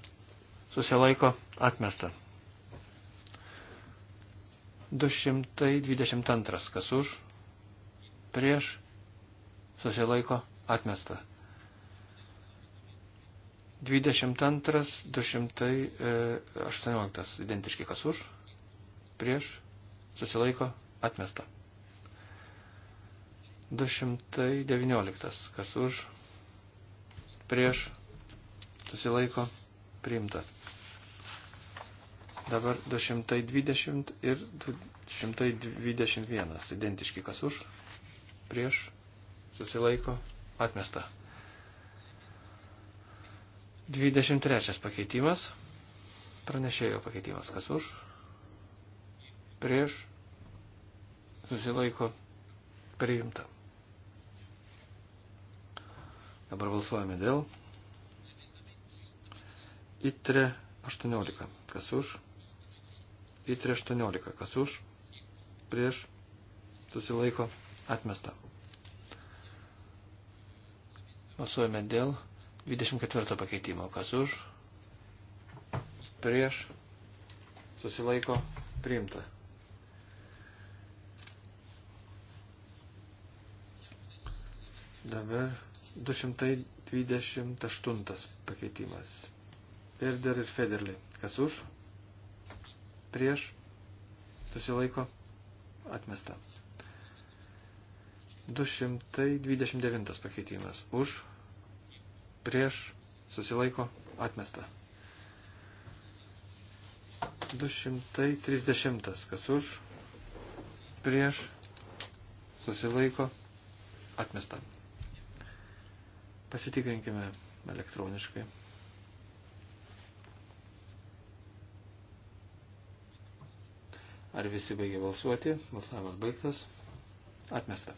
susilaiko atmesta. 222. Kas už, prieš, susilaiko atmesta. 22, 218. Identiški kas už, prieš, susilaiko atmesta. 219. Kas už, prieš, susilaiko priimta. Dabar 220 ir 221. Identiški kas už, prieš, susilaiko, atmesta. 23 pakeitimas, pranešėjo pakeitimas kas už, prieš, susilaiko, priimta. Dabar balsuojame dėl. Itre 18. Kas už? į 318. Kas už, prieš, susilaiko, atmesta. Balsuojame dėl 24 pakeitimo. Kas už, prieš, susilaiko, priimta. Dabar 228 pakeitimas. Perder ir Federlį. Kas už? prieš, susilaiko, atmesta. 229 pakeitimas. Už, prieš, susilaiko, atmesta. 230. Kas už, prieš, susilaiko, atmesta. Pasitikrinkime elektroniškai. Ar visi baigė balsuoti? Balsavimas baigtas. Atmesta.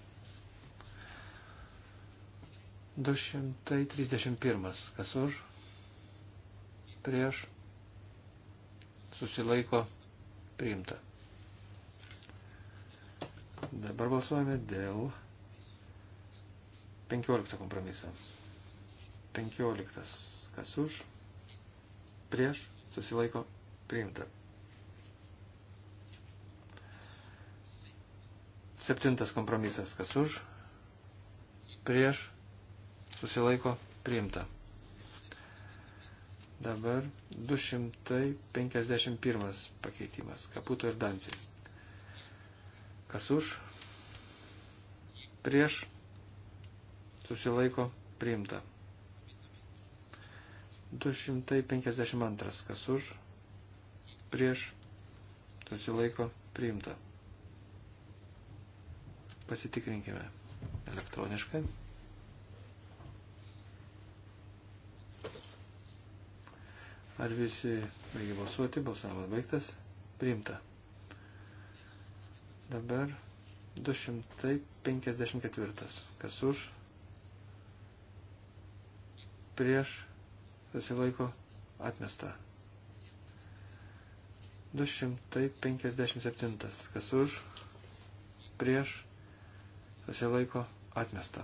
231. Kas už? Prieš. Susilaiko. Priimta. Dabar balsuojame dėl 15 kompromiso. 15. Kas už? Prieš. Susilaiko. Priimta. Septintas kompromisas, kas už, prieš, susilaiko, priimta. Dabar 251 pakeitimas, kaputo ir dancį. Kas už, prieš, susilaiko, priimta. 252, kas už, prieš, susilaiko, priimta. Pasitikrinkime elektroniškai. Ar visi baigė balsuoti? Balsavimas baigtas. Priimta. Dabar 254. Kas už? Prieš susilaiko atmesta. 257. Kas už? Prieš susilaiko atmesta.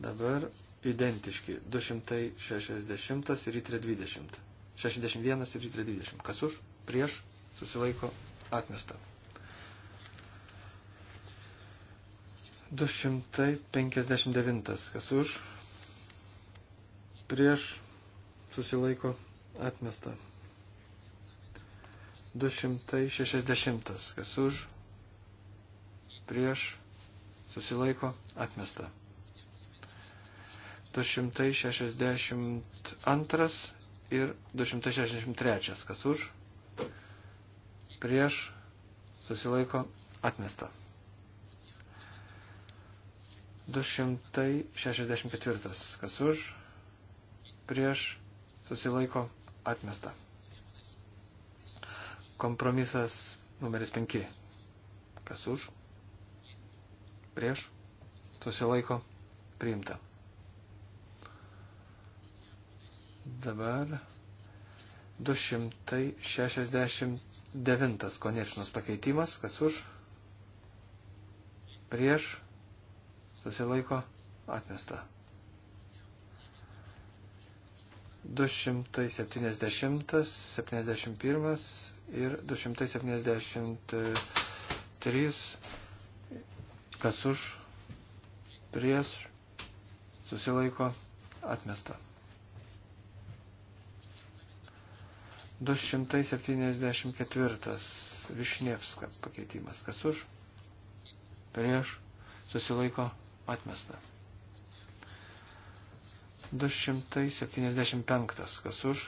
Dabar identiški 260 ir 320. 61 ir 320. Kas už, prieš, susilaiko atmesta. 259. Kas už, prieš, susilaiko atmesta. 260. Kas už, prieš susilaiko atmesta. 262 ir 263, kas už, prieš susilaiko atmesta. 264, kas už, prieš susilaiko atmesta. Kompromisas numeris 5, kas už, prieš, susilaiko, priimta. Dabar 269 konečnus pakeitimas, kas už, prieš, susilaiko, atmesta. 270, 71 ir 273 Kas už, prieš, susilaiko, atmesta. 274 Višnievska pakeitimas. Kas už, prieš, susilaiko, atmesta. 275 kas už,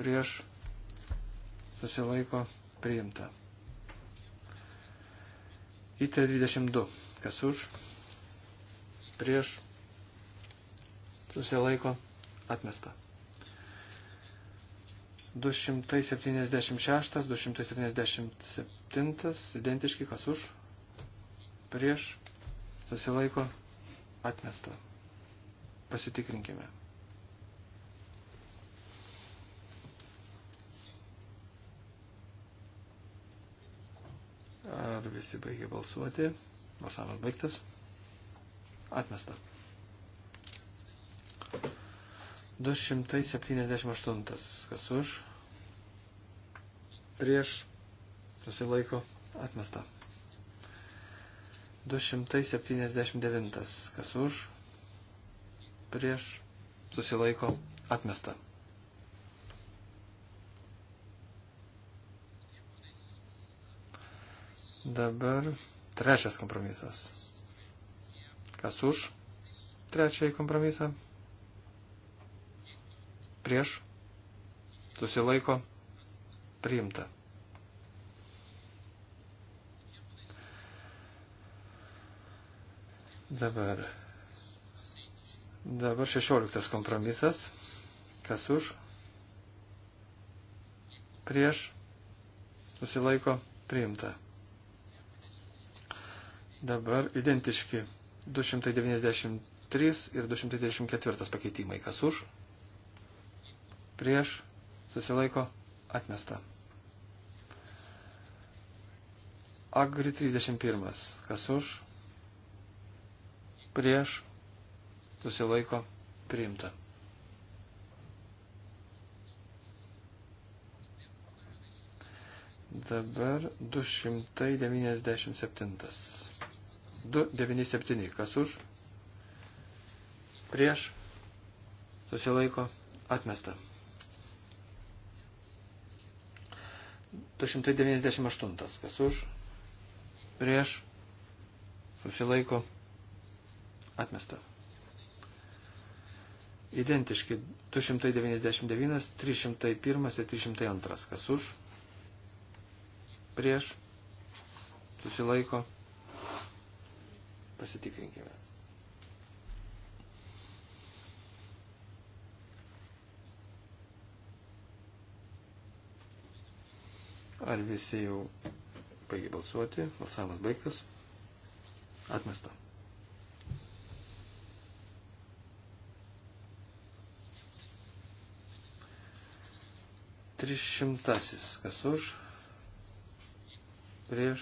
prieš, susilaiko, priimta. IT22. Kas už? Prieš. Susilaiko. Atmesta. 276, 277, identiški, kas už, prieš, susilaiko, atmesta. Pasitikrinkime. Ar visi baigė balsuoti? Balsavimas baigtas. Atmesta. 278. Kas už? Prieš. Susilaiko. Atmesta. 279. Kas už? Prieš. Susilaiko. Atmesta. Dabar trečias kompromisas. Kas už trečiąjį kompromisą? Prieš? Susilaiko? Priimta. Dabar. Dabar šešioliktas kompromisas. Kas už? Prieš? Susilaiko? Priimta. Dabar identiški 293 ir 294 pakeitimai. Kas už? Prieš susilaiko atmesta. Agri 31. Kas už? Prieš susilaiko priimta. Dabar 297. 297. Kas už? Prieš. Susilaiko. Atmesta. 298. Kas už? Prieš. Susilaiko. Atmesta. Identiški 299, 301 ir 302. Kas už? prieš, susilaiko, pasitikrinkime. Ar visi jau baigė balsuoti? Balsavimas baigtas. Atmesta. Trišimtasis. Kas už? prieš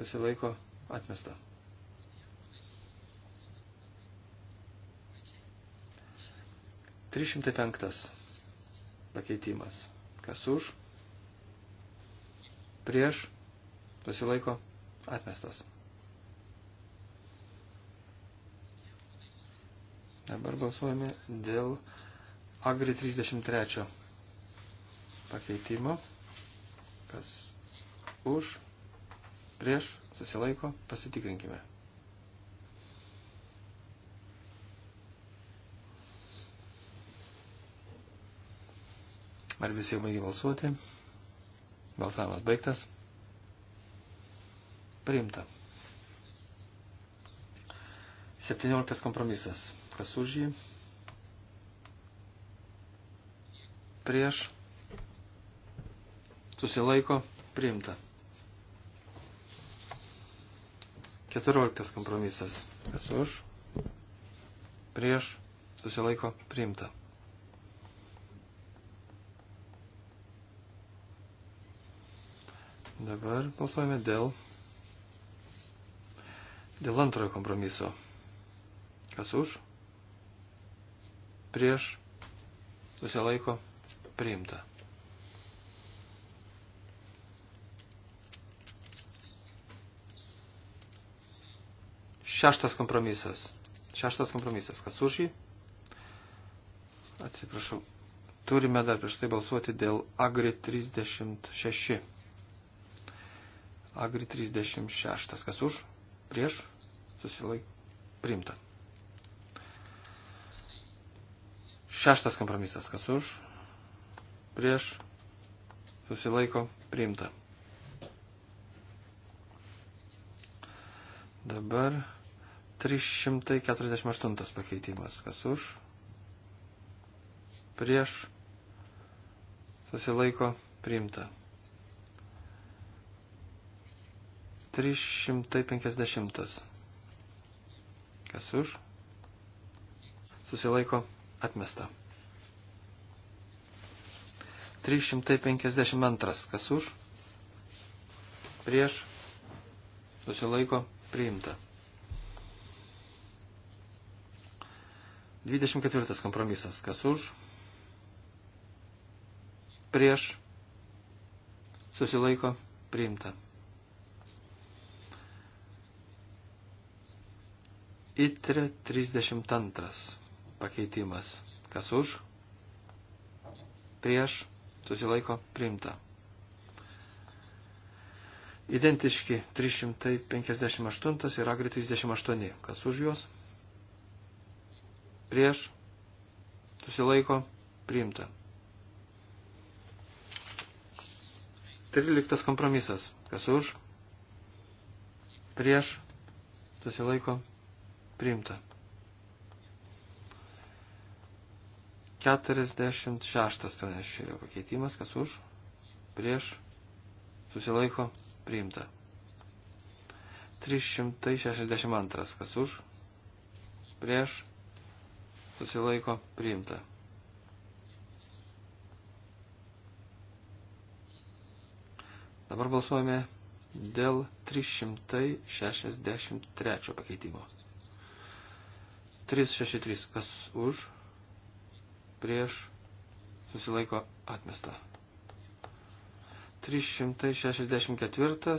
susilaiko atmesta. Trišimtai penktas pakeitimas. Kas už, prieš, susilaiko, atmestas. Dabar balsuojame dėl Agri 33 pakeitimo. Kas už, prieš, susilaiko, pasitikrinkime. Ar visi jau baigė balsuoti? Balsavimas baigtas. Priimta. 17 kompromisas. Kas už jį? Prieš. Susilaiko. Priimta. 14 kompromisas. Kas už? Prieš susilaiko priimta. Dabar balsuojame dėl, dėl antrojo kompromiso. Kas už? Prieš susilaiko priimta. Šeštas kompromisas. Šeštas kompromisas. Kas už jį? Atsiprašau. Turime dar prieš tai balsuoti dėl Agri 36. Agri 36. Kas už? Prieš? Susilaik. Primta. Šeštas kompromisas. Kas už? Prieš? Susilaiko. Primta. Dabar 348 pakeitimas. Kas už? Prieš. Susilaiko priimta. 350. Kas už? Susilaiko atmesta. 352. Kas už? Prieš. Susilaiko priimta. 24 kompromisas. Kas už? Prieš. Susilaiko. Priimta. Itre 32 pakeitimas. Kas už? Prieš. Susilaiko. Priimta. Identiški 358 ir agri 38. Kas už juos? prieš, susilaiko, priimta. 13 kompromisas. Kas už, prieš, susilaiko, priimta. 46 pranešėjo pakeitimas, kas už, prieš, susilaiko, priimta. 362, kas už, prieš, susilaiko priimta. Dabar balsuojame dėl 363 pakeitimo. 363, kas už, prieš, susilaiko atmesta. 364,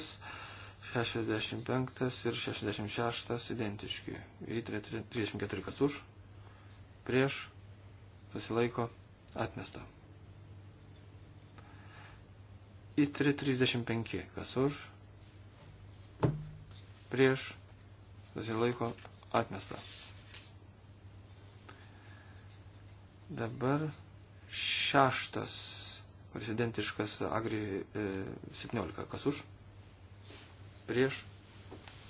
65 ir 66 identiški. Ir 34, kas už, prieš, susilaiko, atmesta. Į 335, kas už, prieš, susilaiko, atmesta. Dabar šeštas, kuris identiškas Agri e, 17, kas už, prieš,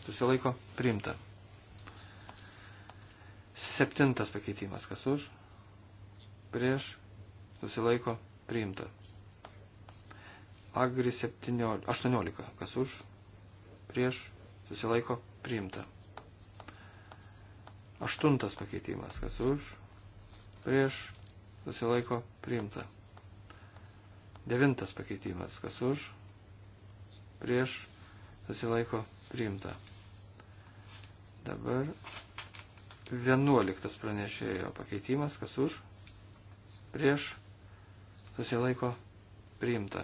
susilaiko, priimta. Septintas pakeitimas, kas už, prieš, susilaiko, priimta. Agri 17, 18, kas už, prieš, susilaiko, priimta. Aštuntas pakeitimas, kas už, prieš, susilaiko, priimta. Devintas pakeitimas, kas už, prieš, susilaiko, priimta. Dabar 11 pranešėjo pakeitimas, kas už, prieš, susilaiko, priimta.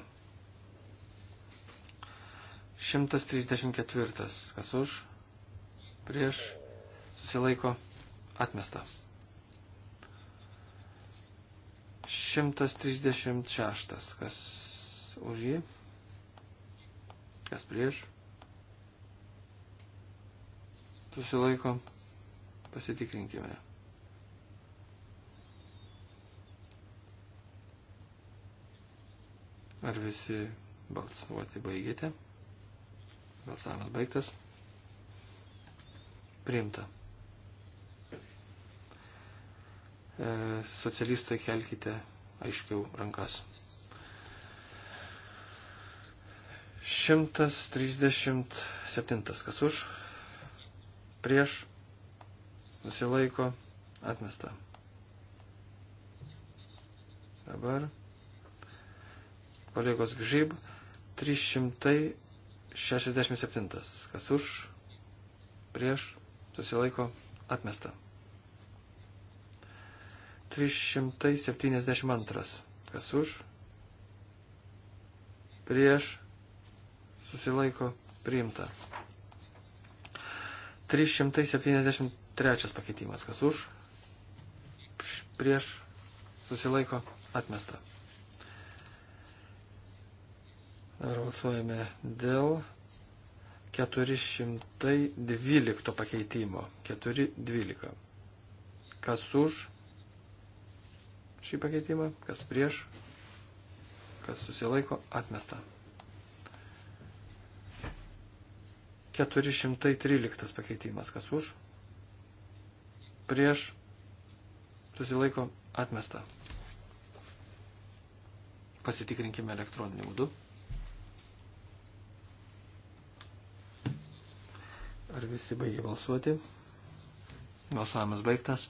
134, kas už, prieš, susilaiko, atmesta. 136, kas už jį, kas prieš, susilaiko, atmesta Pasitikrinkime. Ar visi balsuoti baigėte? Balsavimas baigtas. Priimta. E, socialistai kelkite aiškiau rankas. 137. Kas už? Prieš susilaiko atmesta. Dabar kolegos Gžyb 367. Kas už, prieš, susilaiko atmesta. 372. Kas už, prieš, susilaiko priimta. 373 Trečias pakeitimas, kas už, prieš, susilaiko, atmesta. Ir balsuojame dėl 412 pakeitimo. 412. Kas už šį pakeitimą, kas prieš, kas susilaiko, atmesta. 413 pakeitimas, kas už, prieš susilaiko atmesta. Pasitikrinkime elektroninį būdu. Ar visi baigė balsuoti? Balsavimas baigtas.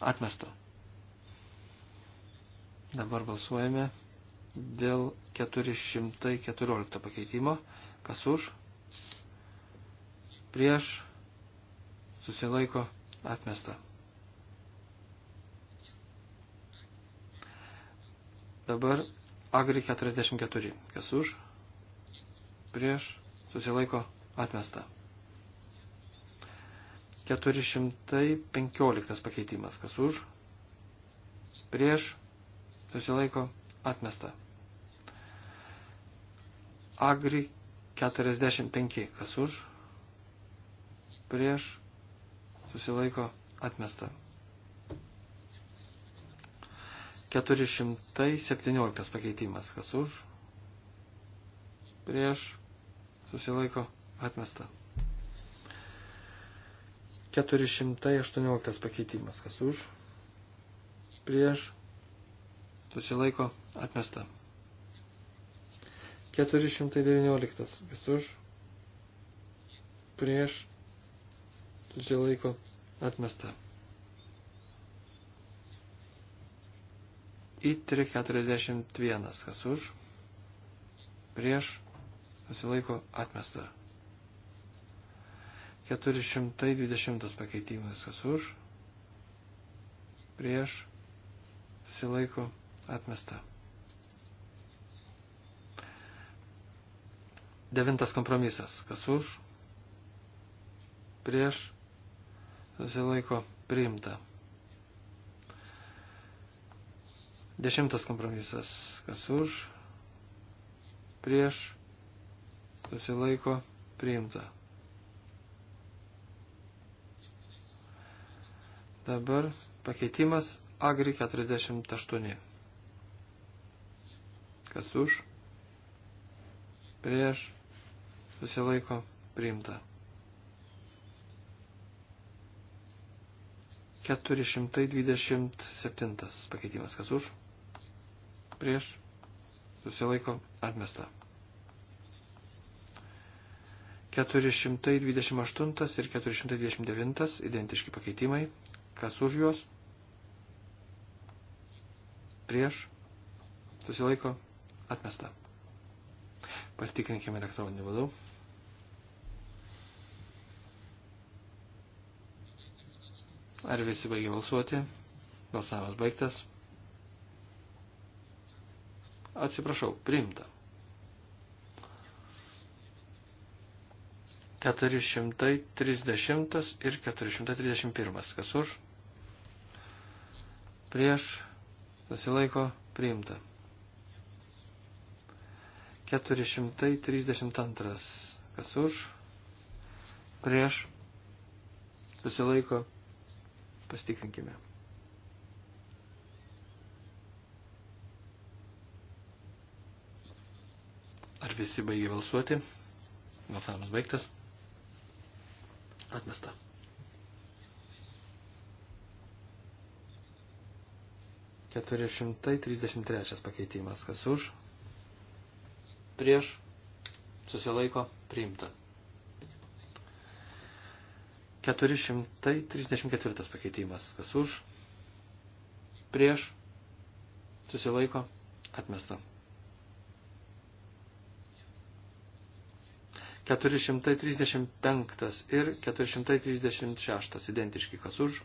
Atmesta. Dabar balsuojame dėl 414 pakeitimo. Kas už? Prieš susilaiko atmesta Atmesta. Dabar Agri 44. Kas už? Prieš susilaiko atmesta. 415 pakeitimas. Kas už? Prieš susilaiko atmesta. Agri 45. Kas už? Prieš susilaiko atmesta. 417 pakeitimas. Kas už? Prieš. Susilaiko. Atmesta. 418 pakeitimas. Kas už? Prieš. Susilaiko. Atmesta. 419. Kas už? Prieš lapkričio laiko atmesta. Į 341, kas už, prieš, susilaiko atmesta. 420 pakeitimas, kas už, prieš, susilaiko atmesta. Devintas kompromisas, kas už, prieš, susilaiko priimta. Dešimtas kompromisas. Kas už, prieš, susilaiko priimta. Dabar pakeitimas Agri 48. Kas už, prieš, susilaiko priimta. 427 pakeitimas. Kas už? Prieš. Susilaiko. Atmesta. 428 ir 429 identiški pakeitimai. Kas už juos? Prieš. Susilaiko. Atmesta. Pasitikrinkime elektroninį vadovą. Ar visi baigė balsuoti? Balsavimas baigtas. Atsiprašau, priimta. 430 ir 431. Kas už? Prieš susilaiko priimta. 432. Kas už? Prieš susilaiko priimta Pastikrinkime. Ar visi baigė balsuoti? Balsavimas baigtas. Atmesta. Keturi šimtai trisdešimt trečias pakeitimas. Kas už? Prieš? Susilaiko? Priimta. 434 pakeitimas. Kas už? Prieš? Susilaiko? Atmesta. 435 ir 436 identiški. Kas už?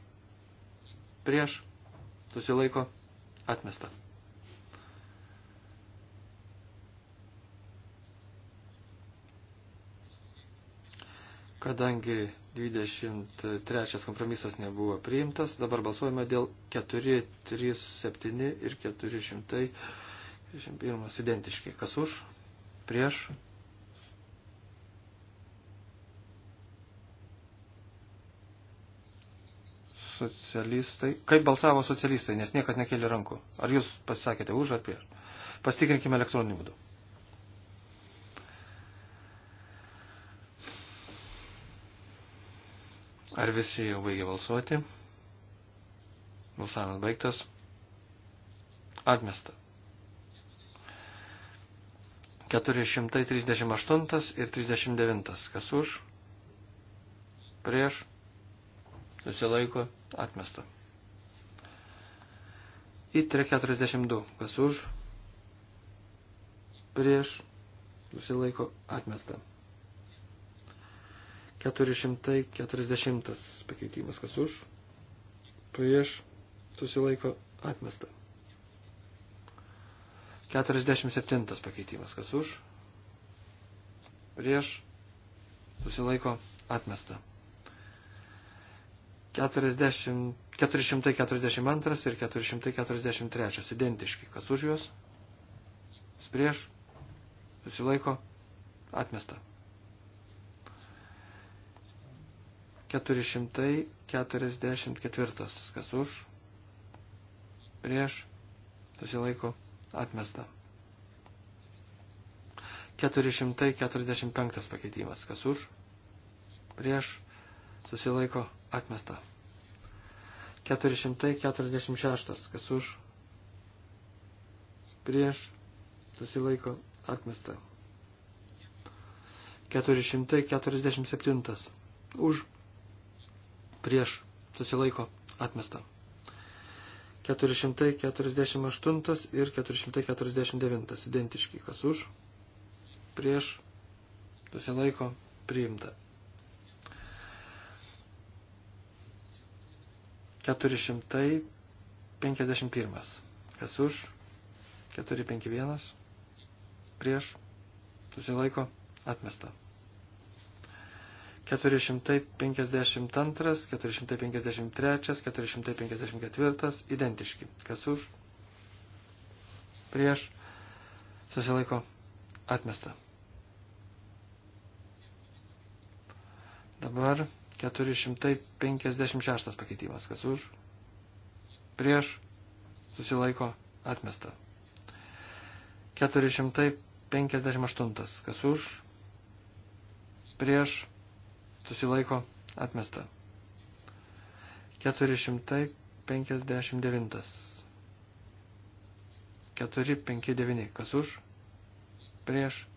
Prieš? Susilaiko? Atmesta. Kadangi 23 kompromisas nebuvo priimtas, dabar balsuojame dėl 437 ir 421 identiškai. Kas už? Prieš? Socialistai. Kaip balsavo socialistai, nes niekas nekėlė rankų. Ar jūs pasisakėte už ar prieš? Pastikrinkime elektroniniu būdu. Ar visi jau baigė balsuoti? Balsavimas baigtas. Atmesta. 438 ir 39. Kas už? Prieš? Susilaiko? Atmesta. Į 342. Kas už? Prieš? Susilaiko? Atmesta. 440 pakeitimas, kas už, prieš, susilaiko atmesta. 47 pakeitimas, kas už, prieš, susilaiko atmesta. 40, 442 ir 443 identiški, kas už juos, prieš, susilaiko atmesta. 444. Kas už, prieš, susilaiko, atmesta. 445 pakeitimas. Kas už, prieš, susilaiko, atmesta. 446. Kas už, prieš, susilaiko, atmesta. 447. Už prieš susilaiko atmesta. 448 ir 449 identiški, kas už, prieš susilaiko priimta. 451, kas už, 451, prieš susilaiko atmesta. 452, 453, 454 identiški. Kas už? Prieš susilaiko atmesta. Dabar 456 pakeitimas. Kas už? Prieš susilaiko atmesta. 458. Kas už? Prieš susilaiko atmesta. 459. 459. Kas už, prieš,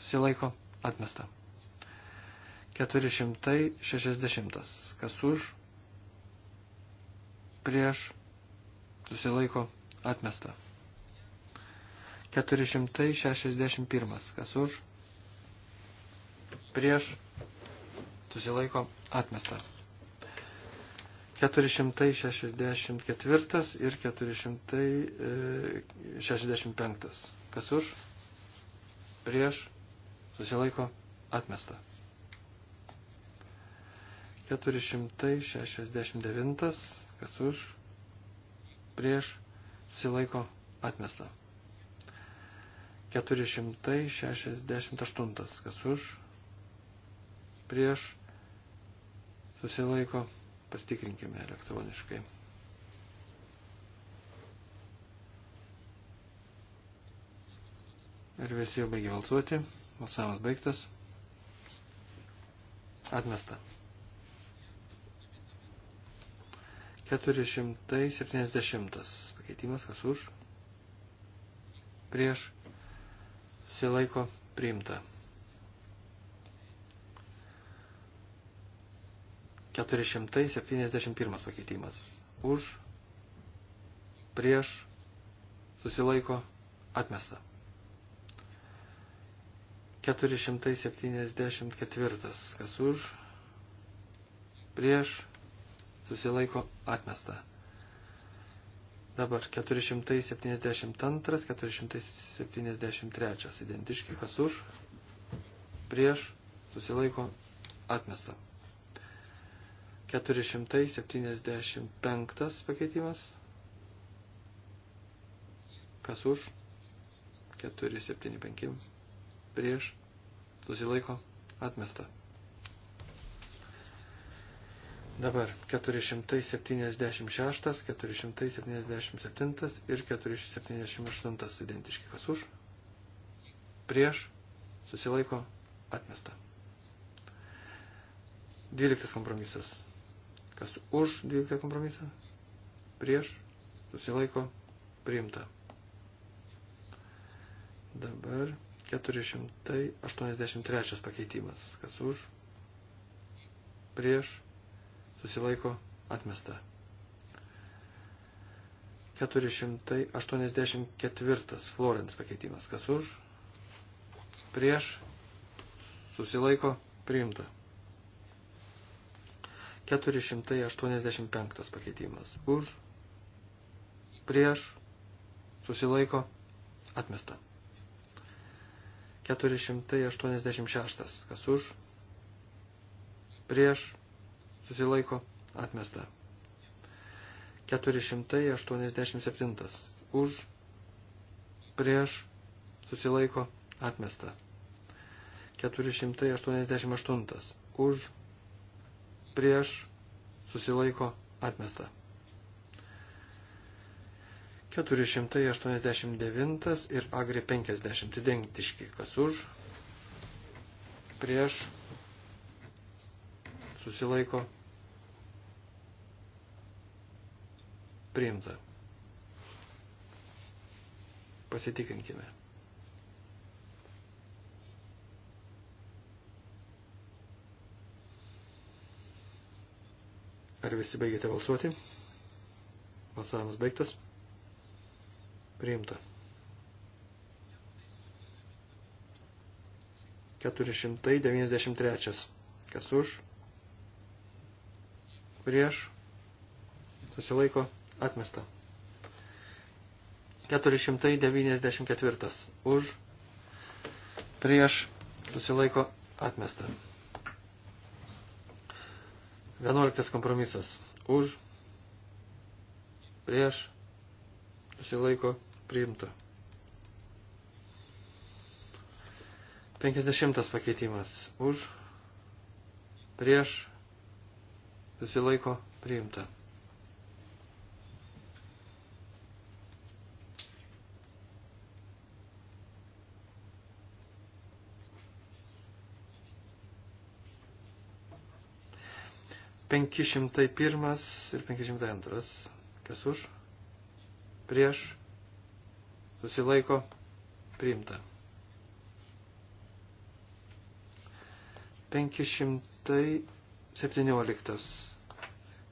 susilaiko atmesta. 460. Kas už, prieš, susilaiko atmesta. 461. Kas už, prieš, susilaiko atmesta. 464 ir 465. E, Kas už? Prieš susilaiko atmesta. 469. Kas už? Prieš susilaiko atmesta. 468. Kas už? Prieš susilaiko, pastikrinkime elektroniškai. Ir visi jau baigė valsuoti. Valsavimas baigtas. Atmesta. 470 pakeitimas, kas už, prieš, susilaiko, priimta. 471 pakeitimas. Už, prieš, susilaiko, atmesta. 474. Kas už, prieš, susilaiko, atmesta. Dabar 472, 473. Identiški, kas už, prieš, susilaiko, atmesta. 475 pakeitimas. Kas už? 475. Prieš. Susilaiko. Atmesta. Dabar 476, 477 ir 478 identiški. Kas už? Prieš. Susilaiko. Atmesta. 12 kompromisas Kas už 12 kompromisą? Prieš? Susilaiko? Priimta. Dabar 483 pakeitimas. Kas už? Prieš? Susilaiko? Atmesta. 484 Florence pakeitimas. Kas už? Prieš? Susilaiko? Priimta. 485 pakeitimas. Už, prieš, susilaiko, atmesta. 486. Kas už, prieš, susilaiko, atmesta. 487. Už, prieš, susilaiko, atmesta. 488. Už, prieš, susilaiko, atmesta. 489 ir agri 50 identiški, kas už, prieš, susilaiko, priimta. Pasitikrinkime. Ar visi baigėte balsuoti? Balsavimas baigtas. Priimta. 493. Kas už? Prieš? Susilaiko? Atmesta. 494. Už? Prieš? Susilaiko? Atmesta. Vienuoliktas kompromisas. Už, prieš, susilaiko, priimta. Penkisdešimtas pakeitimas. Už, prieš, susilaiko, priimta. 501 ir 502. Kas už? Prieš? Susilaiko? Priimta. 517.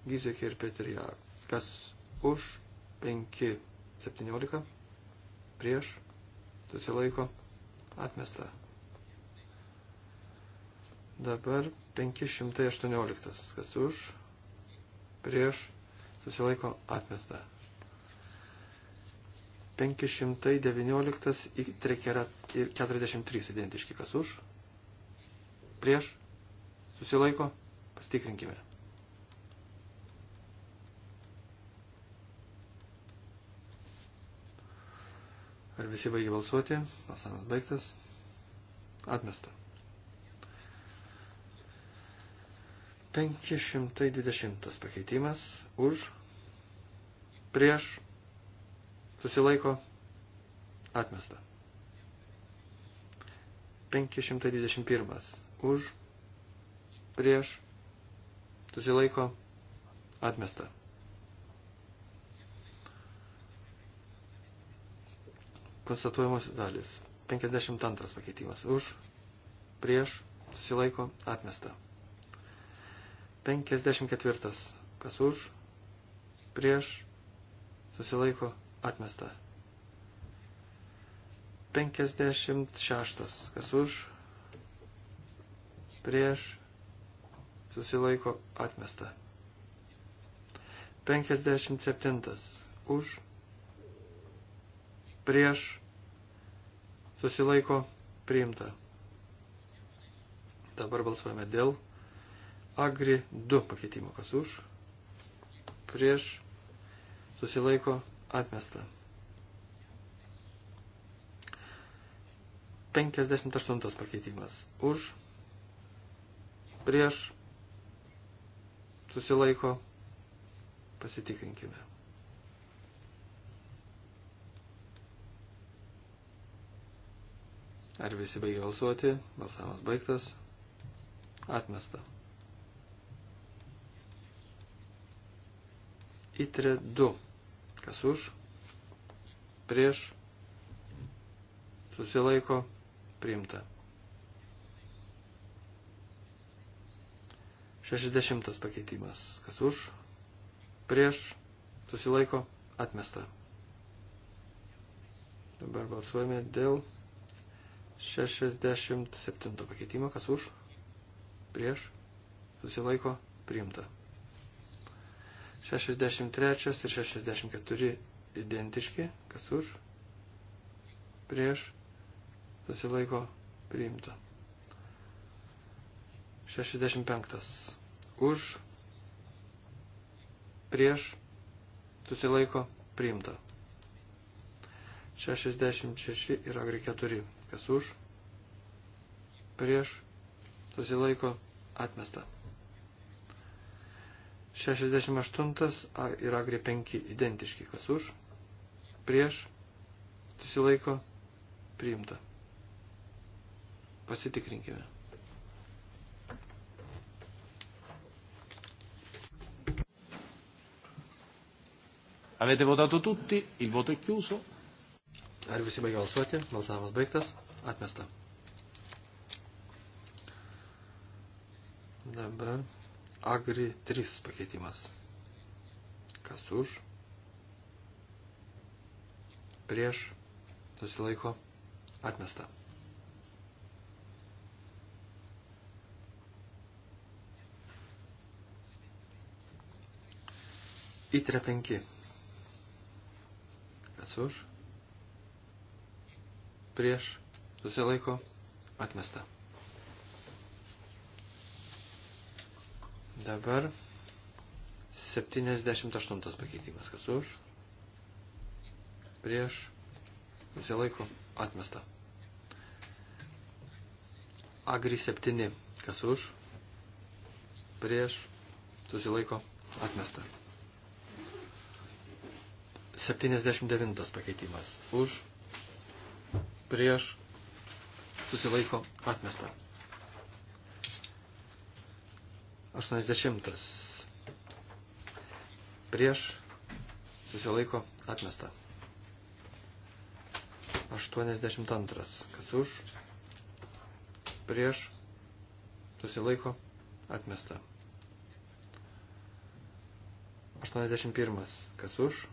Gizekė ir Petrija. Kas už 517? Prieš? Susilaiko? Atmesta. Dabar 518. Kas už, prieš, susilaiko atmesta. 519 ir 43 identiški. Kas už, prieš, susilaiko, pastikrinkime. Ar visi baigė balsuoti? Balsavimas baigtas. Atmesta. 520 pakeitimas už, prieš, susilaiko, atmesta. 521 už, prieš, susilaiko, atmesta. 52 dalis. 52 pakeitimas už, prieš, susilaiko, atmesta. 54. Kas už, prieš, susilaiko, atmesta. 56. Kas už, prieš, susilaiko, atmesta. 57. Už, prieš, susilaiko, priimta. Dabar balsuojame dėl Agri 2 pakeitimo, kas už, prieš, susilaiko, atmesta. 58 pakeitimas, už, prieš, susilaiko, pasitikrinkime. Ar visi baigė balsuoti? Balsavimas baigtas. Atmesta. ITRE 2. Kas už, prieš, susilaiko, priimta. 60 pakeitimas. Kas už, prieš, susilaiko, atmesta. Dabar balsuojame dėl 67 pakeitimo. Kas už, prieš, susilaiko, priimta. 63 ir 64 identiški, kas už, prieš, susilaiko priimta. 65 už, prieš, susilaiko priimta. 66 ir agri 4, kas už, prieš, susilaiko atmesta. 68 ir agri 5 identiški, kas už, prieš, susilaiko, priimta. Pasitikrinkime. Avete votato tutti, il voto è chiuso. Ar visi baigė balsuoti, balsavimas baigtas, atmesta. Dabar Agri 3 pakeitimas. Kas už? Prieš susilaiko atmesta. Įtre 5. Kas už? Prieš susilaiko atmesta. Dabar 78 pakeitimas. Kas už? Prieš. Visi laiko atmesta. Agri 7. Kas už? Prieš. Susilaiko atmesta. 79 pakeitimas. Už. Prieš. Susilaiko atmesta. 80. Prieš susilaiko atmesta. 82. Kas už? Prieš susilaiko atmesta. 81. Kas už?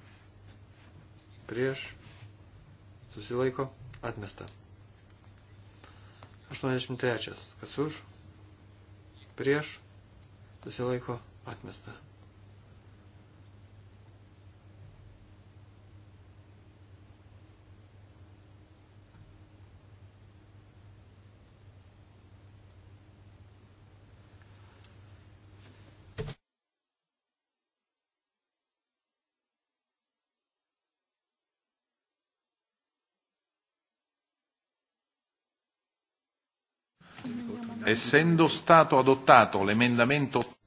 Prieš susilaiko atmesta. 83. Kas už? Prieš susilaiko atmesta. essendo stato adottato l'emendamento.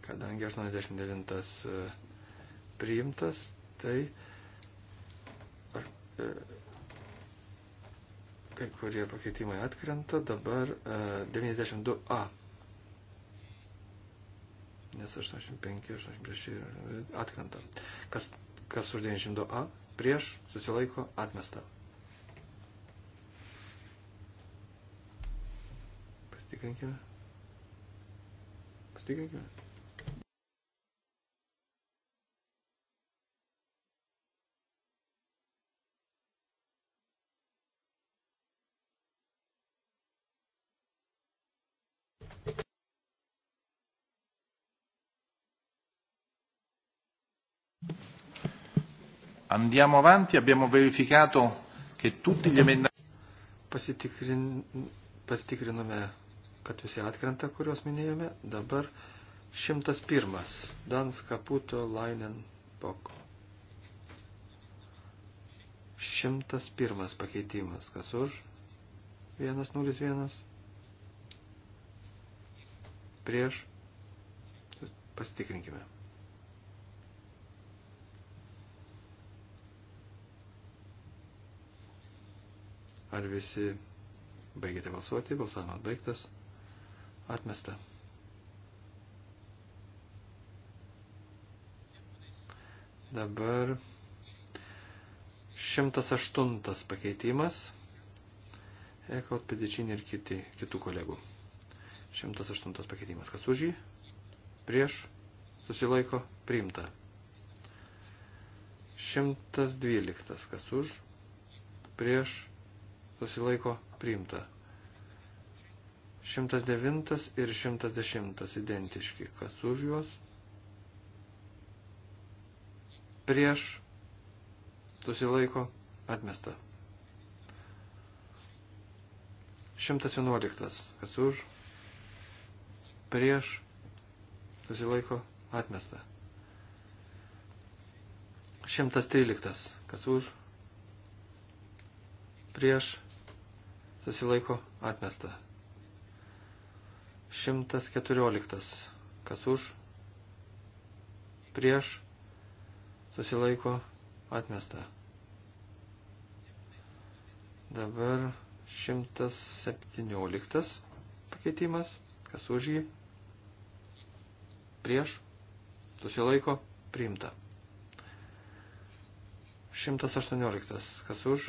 Kadangi 89 e, priimtas, tai e, kai kurie pakeitimai atkrenta, dabar 92a. E, Nes 85, 86 atkrenta. Kas, kas už 92a prieš susilaiko atmestą. Pasitikrinkime. Pasitikrinkime. Andiamo avanti, abbiamo verificato che tutti gli emendamenti. Pasitikrin... Pasitikrinome kad visi atkrenta, kuriuos minėjome. Dabar 101. Dans Kaputo Lainen Bok. 101 pakeitimas. Kas už? 101. Prieš. Pasitikrinkime. Ar visi baigėte balsuoti? Balsavimas baigtas. Atmesta. Dabar 108 pakeitimas. Ekot, Pedičinė ir kiti, kitų kolegų. 108 pakeitimas. Kas už jį? Prieš? Susilaiko? Priimta. 112. Kas už? Prieš? Susilaiko? Priimta. 109 ir 110 identiški. Kas už juos? Prieš susilaiko atmesta. 111. Kas už? Prieš susilaiko atmesta. 113. Kas už? Prieš susilaiko atmesta. 114. Kas už? Prieš? Susilaiko atmesta. Dabar 117 pakeitimas. Kas už jį? Prieš? Susilaiko? Priimta. 118. Kas už?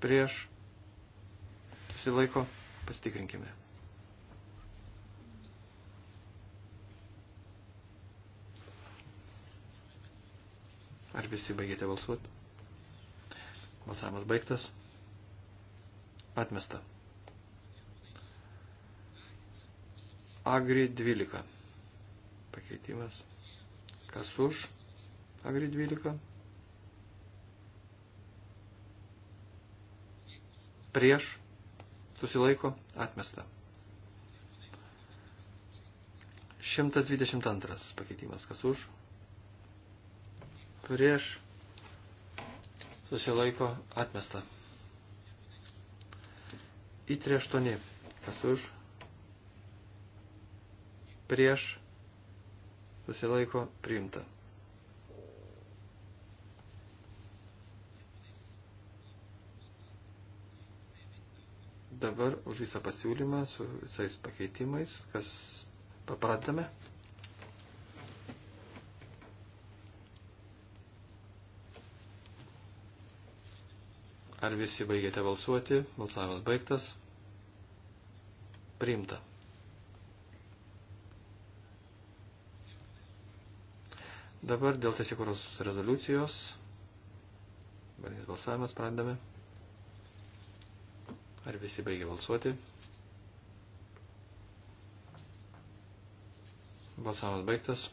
Prieš? Susilaiko? Pasitikrinkime. Ar visi baigėte balsuoti? Balsavimas baigtas. Atmesta. Agri 12. Pakeitimas. Kas už? Agri 12. Prieš. Susilaiko. Atmesta. 122 pakeitimas. Kas už? prieš, susilaiko atmesta. Į 38, kas už, prieš, susilaiko priimta. dabar už visą pasiūlymą su visais pakeitimais, kas paprantame. Ar visi baigėte balsuoti? Balsavimas baigtas. Priimta. Dabar dėl teisėkuros rezoliucijos. Barnis balsavimas pradedame. Ar visi baigė balsuoti? Balsavimas baigtas.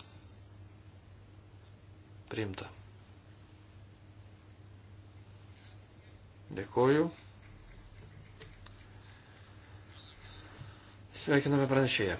Priimta. Dėkuoju. Sveikiname pranešėją.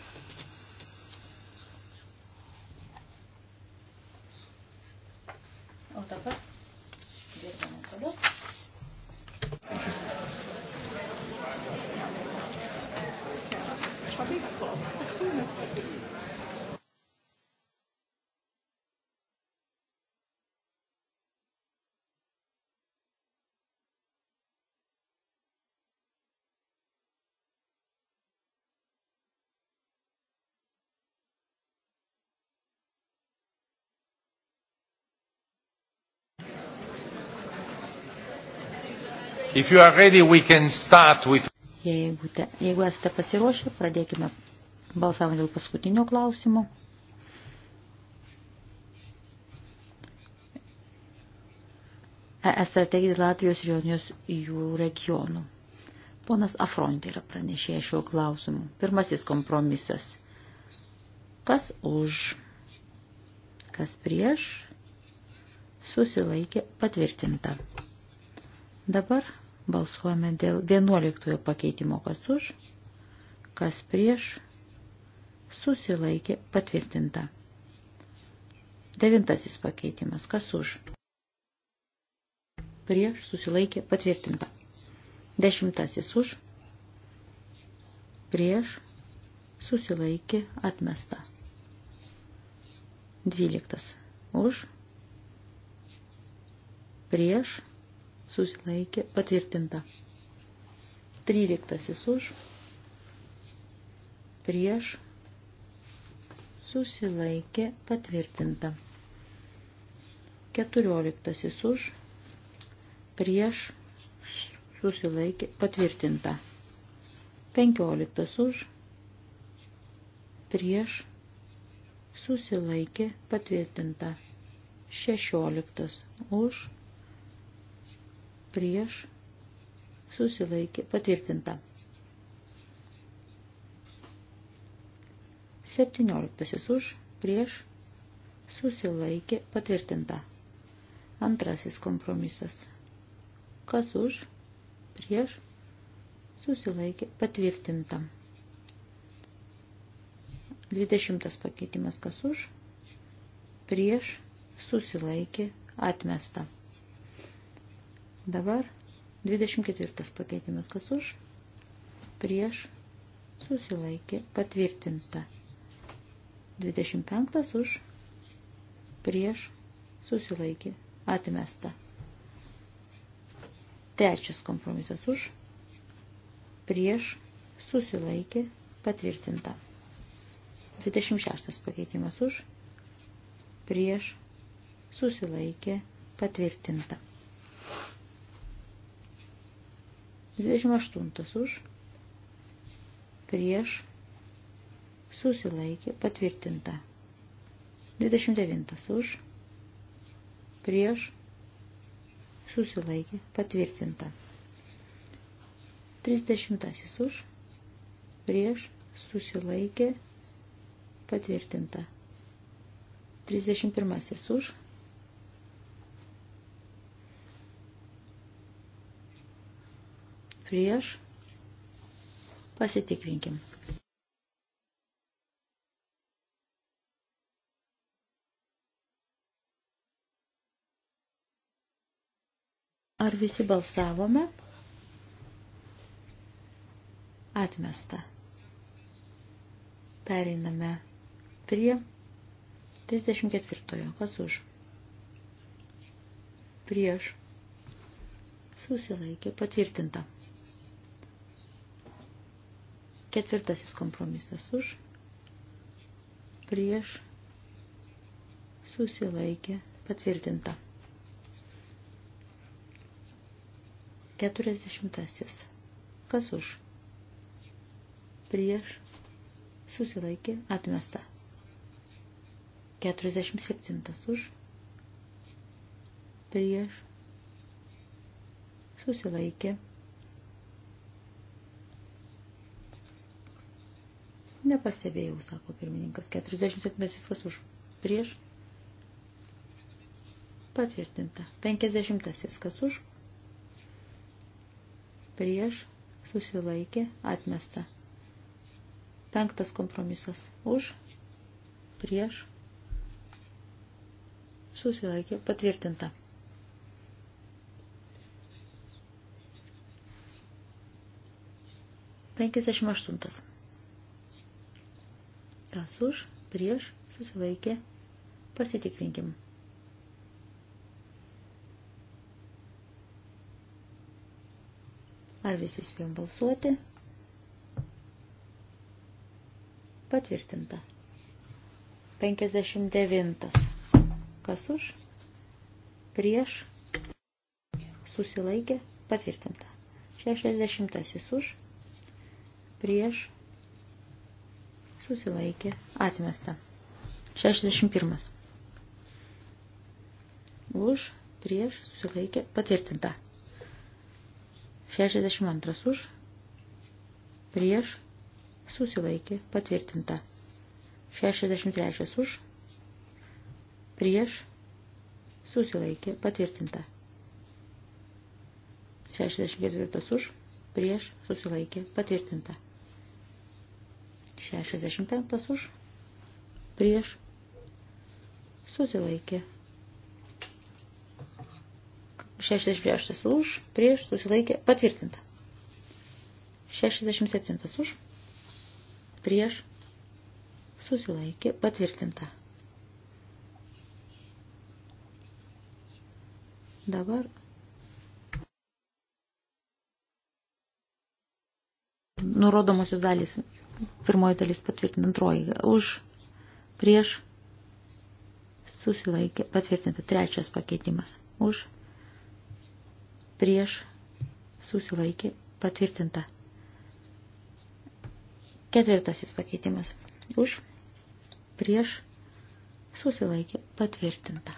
If you are ready, we can start with... Jeigu, te, jeigu esate pasiruošę, pradėkime balsavimą dėl paskutinio klausimo. ES strategija Latvijos ir Jonijos jų regionų. Ponas Afrontė yra pranešėjęs šiuo klausimu. Pirmasis kompromisas. Kas už, kas prieš, susilaikė patvirtinta. Dabar Balsuojame dėl 11 pakeitimo, kas už, kas prieš, susilaikė patvirtinta. Devintasis pakeitimas, kas už, prieš, susilaikė patvirtinta. Dešimtasis už, prieš, susilaikė atmesta. Dvyliktas už, prieš, susilaikė patvirtinta. 13 už, prieš, susilaikė patvirtinta. 14 už, prieš, susilaikė patvirtinta. 15 už, prieš, susilaikė patvirtinta. 16 už, prieš susilaikė patvirtinta. 17 už prieš susilaikė patvirtinta. Antrasis kompromisas. Kas už prieš susilaikė patvirtinta. 20 pakeitimas kas už prieš susilaikė atmesta. Dabar 24 pakeitimas kas už, prieš, susilaikė, patvirtinta. 25 už, prieš, susilaikė, atmesta. Trečias kompromisas už, prieš, susilaikė, patvirtinta. 26 pakeitimas už, prieš, susilaikė, patvirtinta. 28 už, prieš, susilaikė, patvirtinta. 29 už, prieš, susilaikė, patvirtinta. 30 už, prieš, susilaikė, patvirtinta. 31 už, prieš, pasitikrinkim. Ar visi balsavome? Atmesta. Pereiname prie 34. Kas už? Prieš. Susilaikė. Patvirtinta. Ketvirtasis kompromisas už, prieš, susilaikė, patvirtinta. Keturiasdešimtasis. Kas už? Prieš, susilaikė, atmesta. Keturiasdešimt septintas už, prieš, susilaikė, atmesta Nepastebėjau, sako pirmininkas. 47 kas už. Prieš. Patvirtinta. 50 kas už. Prieš. Susilaikė. Atmesta. Penktas kompromisas. Už. Prieš. Susilaikė. Patvirtinta. Penkiasdešimt aštuntas. Kas už, prieš, susilaikė, pasitikrinkim. Ar visi spėjom balsuoti? Patvirtinta. 59. Kas už? Prieš. Susilaikė. Patvirtinta. 60. Už. Prieš susilaikė, atmesta. 61. Už, prieš, susilaikė, patvirtinta. 62. Už, prieš, susilaikė, patvirtinta. 63. Už, prieš, susilaikė, patvirtinta. 64. Už, prieš, susilaikė, patvirtinta. 65 už, prieš, susilaikė. 66 už, prieš, susilaikė, patvirtinta. 67 už, prieš, susilaikė, patvirtinta. Dabar nurodomosios dalys Pirmoji dalis patvirtinta, antroji už, prieš, susilaikė, patvirtinta, trečias pakeitimas už, prieš, susilaikė, patvirtinta. Ketvirtasis pakeitimas už, prieš, susilaikė, patvirtinta.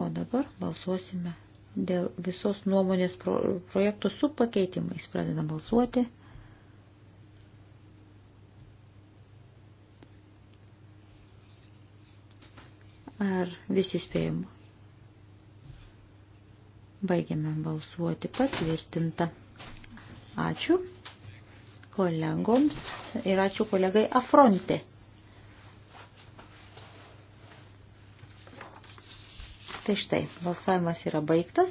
O dabar balsuosime dėl visos nuomonės pro, projektų su pakeitimais. Pradedam balsuoti. Visi spėjimų. Baigiame balsuoti patvirtinta. Ačiū kolegoms ir ačiū kolegai Afronte. Tai štai, balsavimas yra baigtas.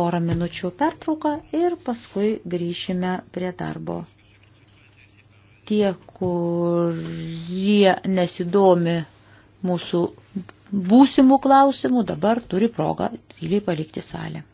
Porą minučių pertrauką ir paskui grįšime prie darbo. Tie, kurie nesidomi mūsų būsimų klausimų, dabar turi progą tyliai palikti salę.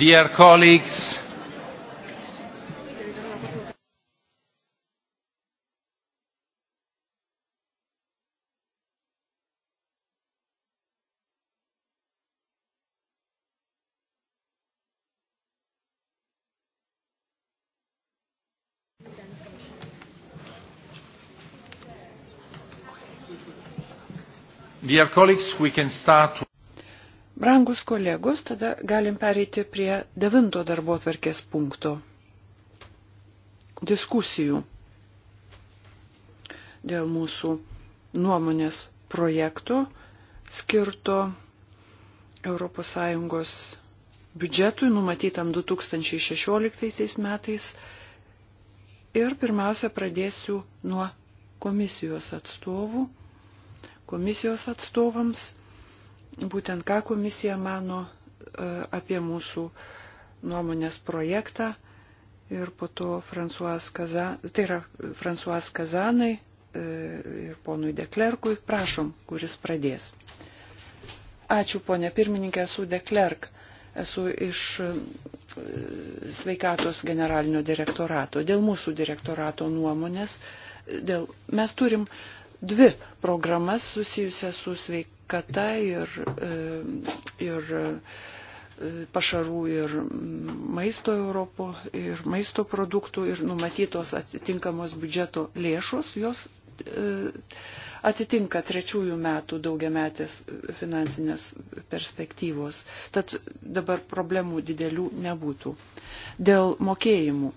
Dear colleagues, Dear colleagues, we can start Brangus kolegos, tada galim pereiti prie devinto darbo tvarkės punkto diskusijų dėl mūsų nuomonės projekto skirto ES biudžetui numatytam 2016 metais. Ir pirmiausia, pradėsiu nuo komisijos atstovų. Komisijos atstovams būtent ką komisija mano e, apie mūsų nuomonės projektą ir po to Fransuas Kazan, tai yra Fransuas Kazanai e, ir ponui Deklerkui, prašom, kuris pradės. Ačiū, ponė pirmininkė, esu Deklerk, esu iš e, sveikatos generalinio direktorato. Dėl mūsų direktorato nuomonės, dėl, mes turim uh, dvi programas susijusias su sveikata ir, e, ir e, pašarų ir maisto Europo, ir maisto produktų, ir numatytos atitinkamos biudžeto lėšos, jos e, atitinka trečiųjų metų daugiametės finansinės perspektyvos. Tad dabar problemų didelių nebūtų. Dėl mokėjimų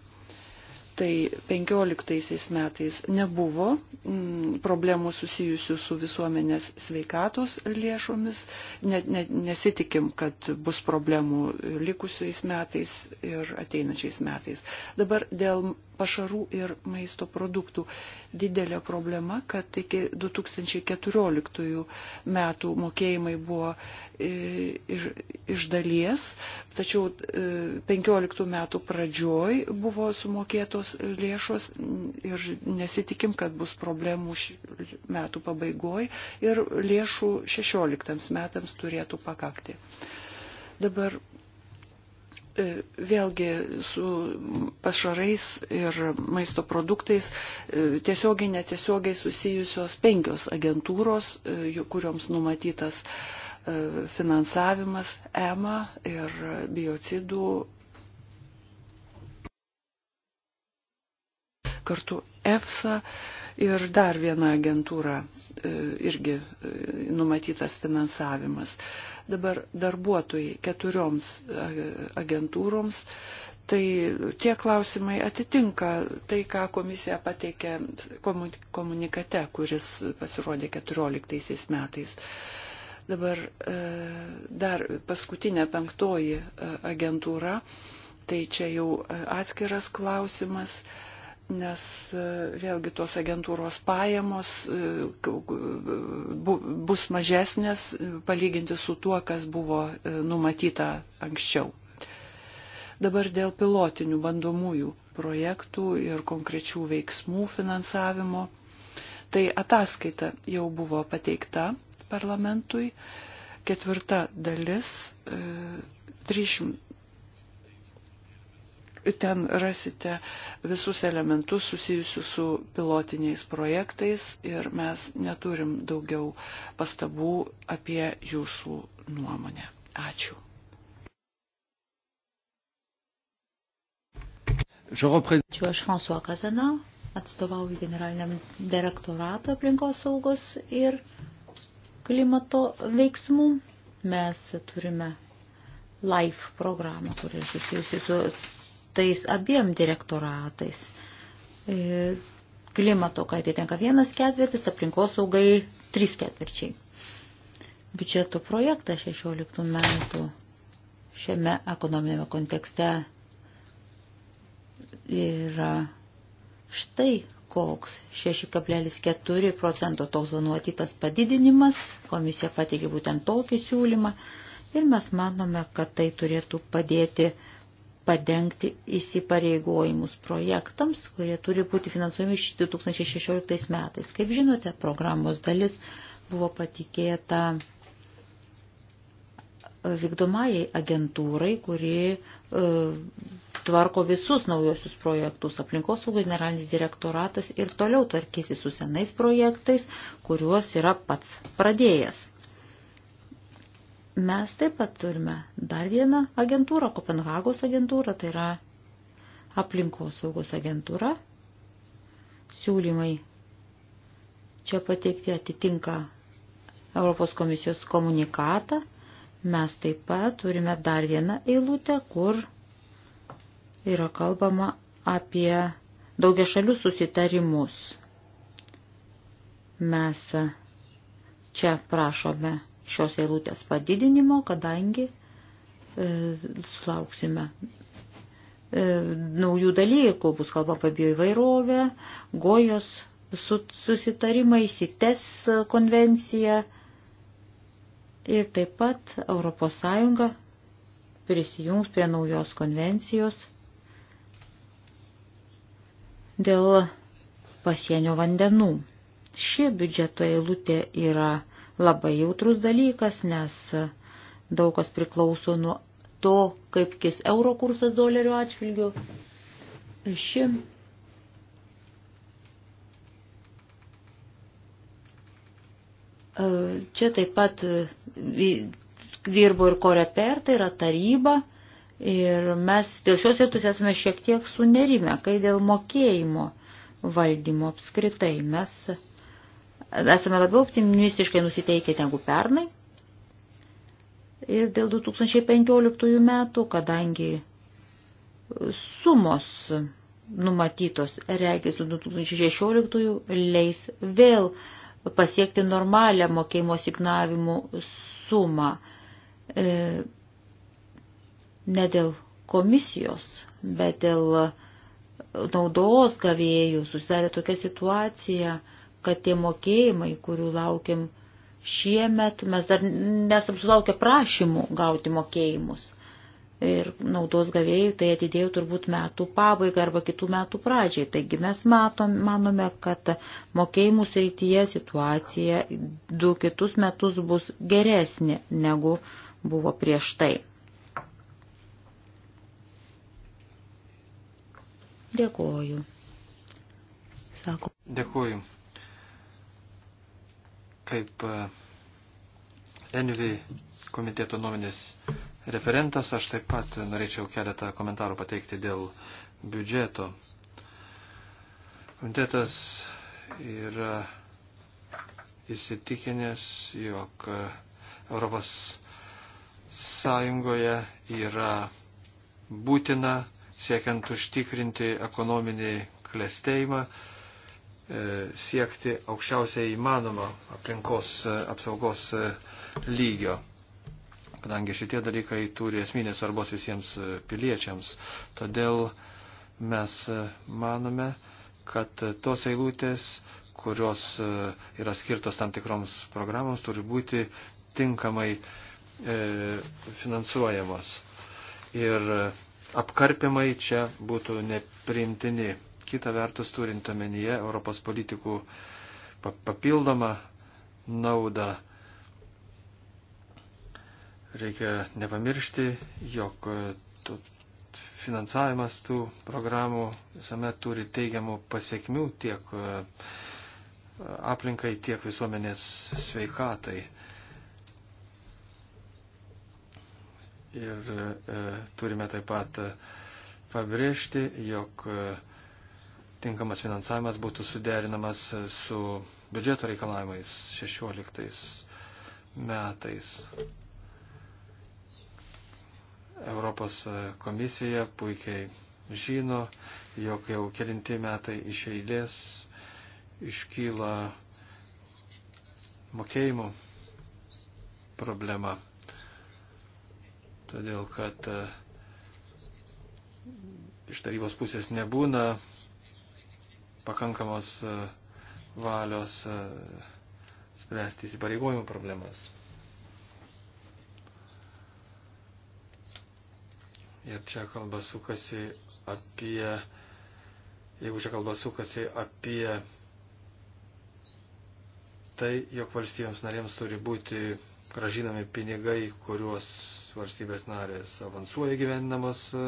tai 15 metais nebuvo m, mm, problemų susijusių su visuomenės sveikatos lėšomis, ne, ne, nesitikim, kad bus problemų likusiais metais ir ateinačiais metais. Dabar dėl pašarų ir maisto produktų didelė problema, kad iki 2014 metų mokėjimai buvo e, iš, iš dalies, tačiau 15 e, metų pradžioj buvo sumokėtos skirtos lėšos ir nesitikim, kad bus problemų metų pabaigoj ir lėšų 16 metams turėtų pakakti. Dabar e, vėlgi su pašarais ir maisto produktais e, tiesiogiai netiesiogiai susijusios penkios agentūros, e, kurioms numatytas finansavimas EMA ir biocidų kartu EFSA ir dar viena agentūra e, irgi e, numatytas finansavimas. Dabar darbuotojai keturioms e, agentūroms. Tai tie klausimai atitinka tai, ką komisija pateikė komunikate, kuris pasirodė 14 metais. Dabar dar paskutinė penktoji agentūra, tai čia jau atskiras klausimas nes e, vėlgi tos agentūros pajamos e, bus mažesnės e, palyginti su tuo, kas buvo numatyta anksčiau. Dabar dėl pilotinių bandomųjų projektų ir konkrečių veiksmų finansavimo. Tai ataskaita jau buvo pateikta parlamentui. Ketvirta dalis 300 Ten rasite visus elementus susijusius su pilotiniais projektais ir mes neturim daugiau pastabų apie jūsų nuomonę. Ačiū. Ačiū aš François Kazana, atstovauju generaliniam direktorato aplinkos saugos ir klimato veiksmų. Mes turime LIFE programą, kuri susijusi su tais abiem direktoratais. E, klimato kaitai tenka vienas ketvirtis, aplinkosaugai trys ketvirčiai. Biudžeto projektą 16 metų šiame ekonominėme kontekste yra štai koks 6,4 procento toks planuotytas padidinimas, komisija pateikė būtent tokį siūlymą ir mes manome, kad tai turėtų padėti uh, padengti įsipareigojimus projektams, kurie turi būti finansuojami iš 2016 metais. Kaip žinote, programos dalis buvo patikėta vykdomajai agentūrai, kuri e, tvarko visus naujosius projektus. Aplinkosaugos generalinis direktoratas ir toliau tvarkysi su senais projektais, kuriuos yra pats pradėjęs. Mes taip pat turime dar vieną agentūrą, Kopenhagos agentūrą, tai yra aplinkos saugos agentūra. Siūlymai čia pateikti atitinka Europos komisijos komunikatą. Mes taip pat turime dar vieną eilutę, kur yra kalbama apie daugia šalių susitarimus. Mes čia prašome šios eilutės padidinimo, kadangi e, sulauksime e, naujų dalykų, bus kalba apie bioįvairovę, gojos susitarimai, sites konvencija ir taip pat ES prisijungs prie naujos konvencijos dėl pasienio vandenų. Ši biudžeto eilutė yra labai jautrus dalykas, nes daug kas priklauso nuo to, kaip kis euro kursas dolerio atžvilgiu. Ši e, Čia taip pat e, dirbo ir koreper, tai yra taryba, ir mes dėl šios vietos esame šiek tiek sunerime, kai dėl mokėjimo valdymo apskritai mes esame labiau optimistiškai nusiteikę negu pernai. Ir dėl 2015 metų, kadangi sumos numatytos regis 2016 leis vėl pasiekti normalią mokėjimo signavimų sumą. E, ne dėl komisijos, bet dėl naudos gavėjų susidarė tokia situacija, e, kad tie mokėjimai, kurių laukiam šiemet, mes dar nesam sulaukę prašymų gauti mokėjimus. Ir naudos gavėjų tai atidėjau turbūt metų pabaigą arba kitų metų pradžiai. Taigi mes matom, manome, kad mokėjimų srityje situacija du kitus metus bus geresnė negu buvo prieš tai. Dėkoju. Sako. Dėkoju. Kaip Envi komiteto nuomonės referentas, aš taip pat norėčiau keletą komentarų pateikti dėl biudžeto. Komitetas yra įsitikinęs, jog Europos Sąjungoje yra būtina siekiant užtikrinti ekonominį klėstėjimą, E, siekti aukščiausiai įmanoma aplinkos e, apsaugos e, lygio, kadangi šitie dalykai turi esminės svarbos visiems piliečiams. Todėl mes manome, kad tos eilutės, kurios yra skirtos tam tikroms programoms, turi būti tinkamai finansuojamos. Ir apkarpimai čia būtų nepriimtini kita vertus turint omenyje Europos politikų papildomą naudą. Reikia nepamiršti, jog finansavimas tų programų visame turi teigiamų pasiekmių tiek e, aplinkai, tiek visuomenės sveikatai. Ir e, turime taip pat pabrėžti, jog e, tinkamas finansavimas būtų suderinamas su biudžeto reikalavimais 16 metais. Europos komisija puikiai žino, jog jau kelinti metai iš eilės iškyla mokėjimų problema. Todėl, kad e, iš tarybos pusės nebūna pakankamos e, valios e, spręsti įsipareigojimų problemas. Ir čia kalba sukasi apie, jeigu čia kalba sukasi apie tai, jog valstybėms narėms turi būti gražinami pinigai, kuriuos valstybės narės avansuoja gyvendamos e,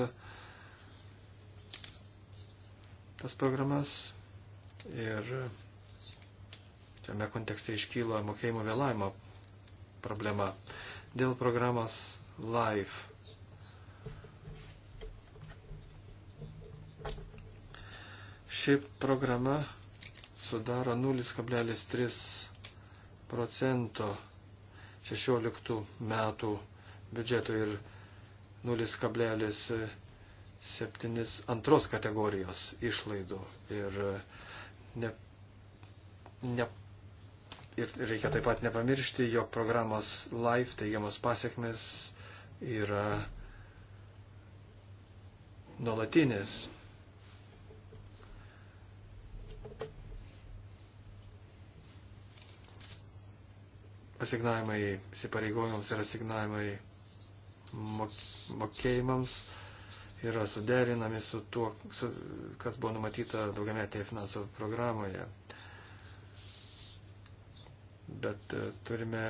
tas programas, Ir šiame kontekste iškyla mokėjimo vėlavimo problema. Dėl programos LIFE. Ši programa sudaro 0,3 procento 16 metų biudžeto ir 0,7 antros kategorijos išlaidų. Ir Ne, ne, ir reikia taip pat nepamiršti, jog programos LIFE teigiamos pasiekmes yra nuolatinės. Asignavimai įsipareigojimams ir asignavimai mokėjimams. Mok yra suderinami su tuo, su, kas buvo numatyta daugiametėje finansų programoje. Bet e, turime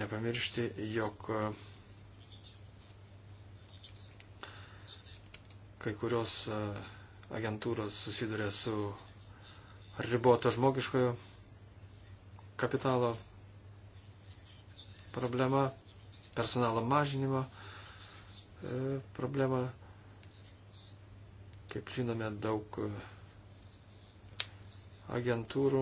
nepamiršti, jog e, kai kurios e, agentūros susiduria su riboto žmogiškojo kapitalo problema, personalo mažinimo problema Kaip žinome, daug e, agentūrų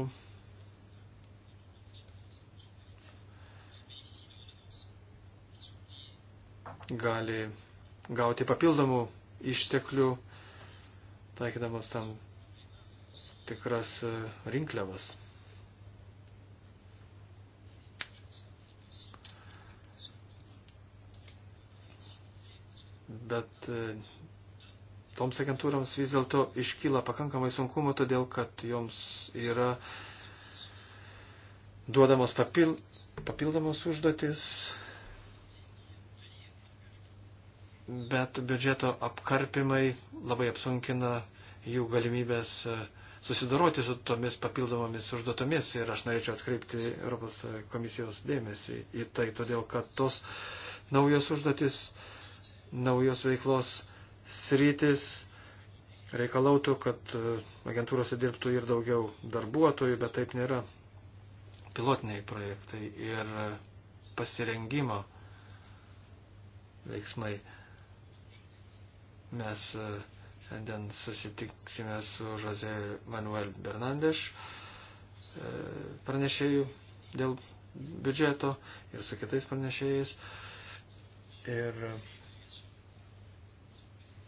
gali gauti papildomų išteklių, taikydamas tam tikras e, rinkliavas. Bet e, toms agentūroms vis dėlto iškyla pakankamai sunkumų, todėl kad joms yra duodamos papil, papildomos užduotis, bet biudžeto apkarpimai labai apsunkina jų galimybės e, susidoroti su tomis papildomomis užduotomis ir aš norėčiau atkreipti Europos komisijos dėmesį į tai, todėl kad tos naujos užduotis, naujos veiklos sritis reikalautų, kad e, agentūrose dirbtų ir daugiau darbuotojų, bet taip nėra. Pilotiniai projektai ir e, pasirengimo veiksmai. Mes e, šiandien susitiksime su Jose Manuel Bernandes pranešėjų dėl biudžeto ir su kitais pranešėjais. Ir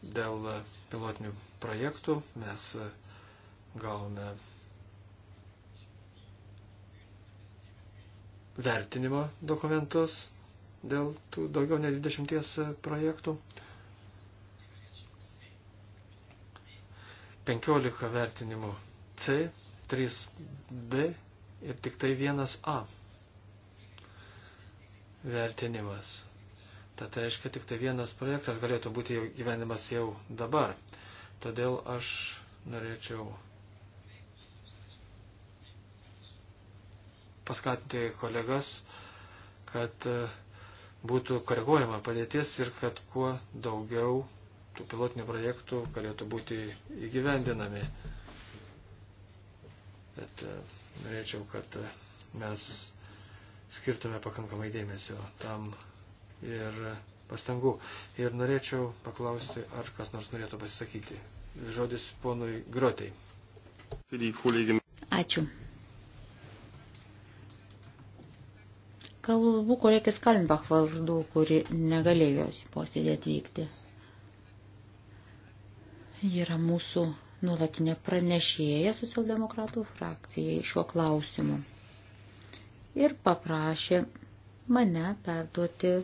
Dėl pilotinių projektų mes gavome vertinimo dokumentus dėl tų daugiau nei 20 projektų. 15 vertinimų C, 3B ir tik tai vienas A vertinimas. Tad tai reiškia, tik tai vienas projektas galėtų būti gyvenimas jau dabar. Todėl aš norėčiau paskatinti kolegas, kad e, būtų koreguojama padėtis ir kad kuo daugiau tų pilotinių projektų galėtų būti įgyvendinami. Bet e, norėčiau, kad e, mes skirtume pakankamai dėmesio tam ir pastangų. Ir norėčiau paklausti, ar kas nors norėtų pasisakyti. Žodis ponui Grotei. Ačiū. Kalbu kolegės Kalmbach vardu, kuri negalėjo posėdį atvykti. Ji yra mūsų nuolatinė pranešėja socialdemokratų frakcijai šiuo klausimu. Ir paprašė mane perduoti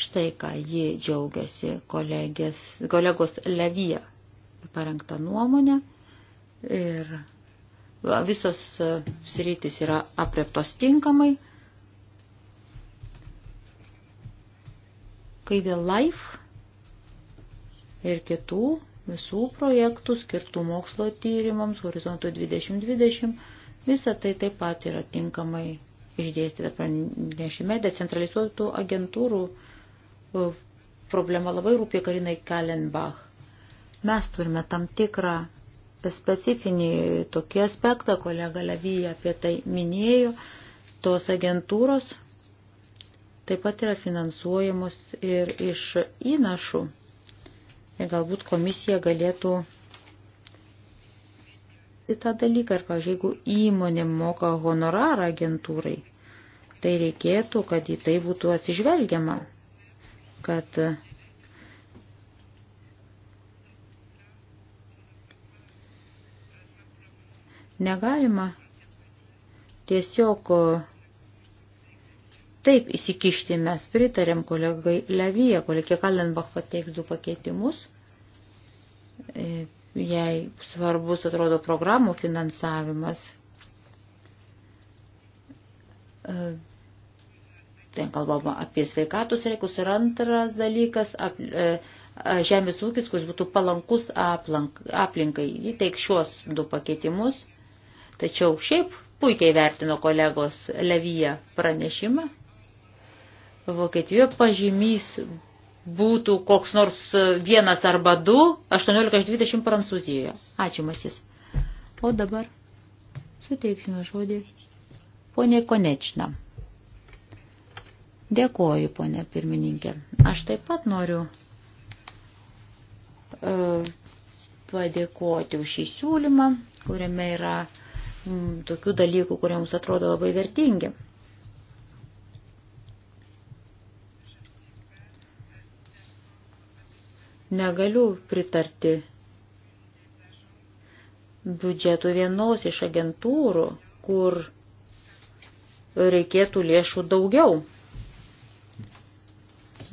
Štai ką ji džiaugiasi kolegės, kolegos Levija parengta nuomonė ir visos sritis yra apreptos tinkamai. Kai dėl LIFE ir kitų visų projektų skirtų mokslo tyrimams, horizontų 2020, visa tai taip pat yra tinkamai išdėstyta pranešime decentralizuotų agentūrų problema labai rūpė Karinai Kalenbach. Mes turime tam tikrą specifinį tokį aspektą, kolega Levyja apie tai minėjo, tos agentūros taip pat yra finansuojamos ir iš įnašų. Ir galbūt komisija galėtų į tą dalyką, ar, pavyzdžiui, jeigu įmonė moka honorarą agentūrai, tai reikėtų, kad į tai būtų atsižvelgiama kad negalima tiesiog taip įsikišti. Mes pritarėm kolegai Levyje, kolegė Kallenbach pateiks du pakeitimus. E, Jei svarbus atrodo programų finansavimas, e, ten tai kalbama apie sveikatos reikus ir antras dalykas ap, e, žemės ūkis, kuris būtų palankus aplank, aplinkai. Jį teik šios du pakeitimus, tačiau šiaip puikiai vertino kolegos Levyje pranešimą. Vokietijoje pažymys būtų koks nors vienas arba du, 18 iš 20 Prancūzijoje. Ačiū, Matys. O dabar suteiksime žodį ponė Konečnam. Dėkoju, ponė pirmininkė. Aš taip pat noriu e, padėkoti už šį siūlymą, kuriame yra tokių dalykų, kurie mums atrodo labai vertingi. Negaliu pritarti biudžetų vienos iš agentūrų, kur reikėtų lėšų daugiau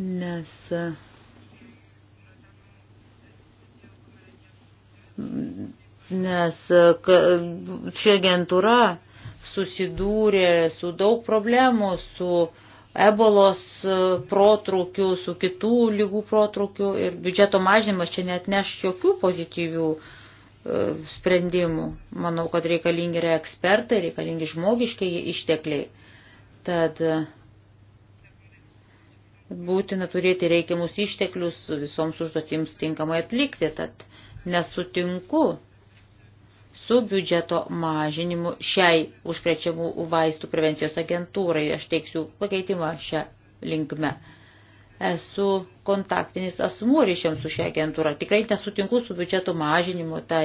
nes nes ši agentūra susidūrė su daug problemų, su ebolos protrukiu, su kitų lygų protrukiu ir biudžeto mažinimas čia net neš jokių pozityvių e, sprendimų. Manau, kad reikalingi yra ekspertai, reikalingi žmogiškiai ištekliai. Tad uh, būtina turėti reikiamus išteklius visoms užduotims tinkamai atlikti, tad nesutinku su biudžeto mažinimu šiai užkrečiamų vaistų prevencijos agentūrai. Aš teiksiu pakeitimą šią linkmę. Esu kontaktinis asmuo ryšiam su šią agentūrą. Tikrai nesutinku su biudžeto mažinimu tai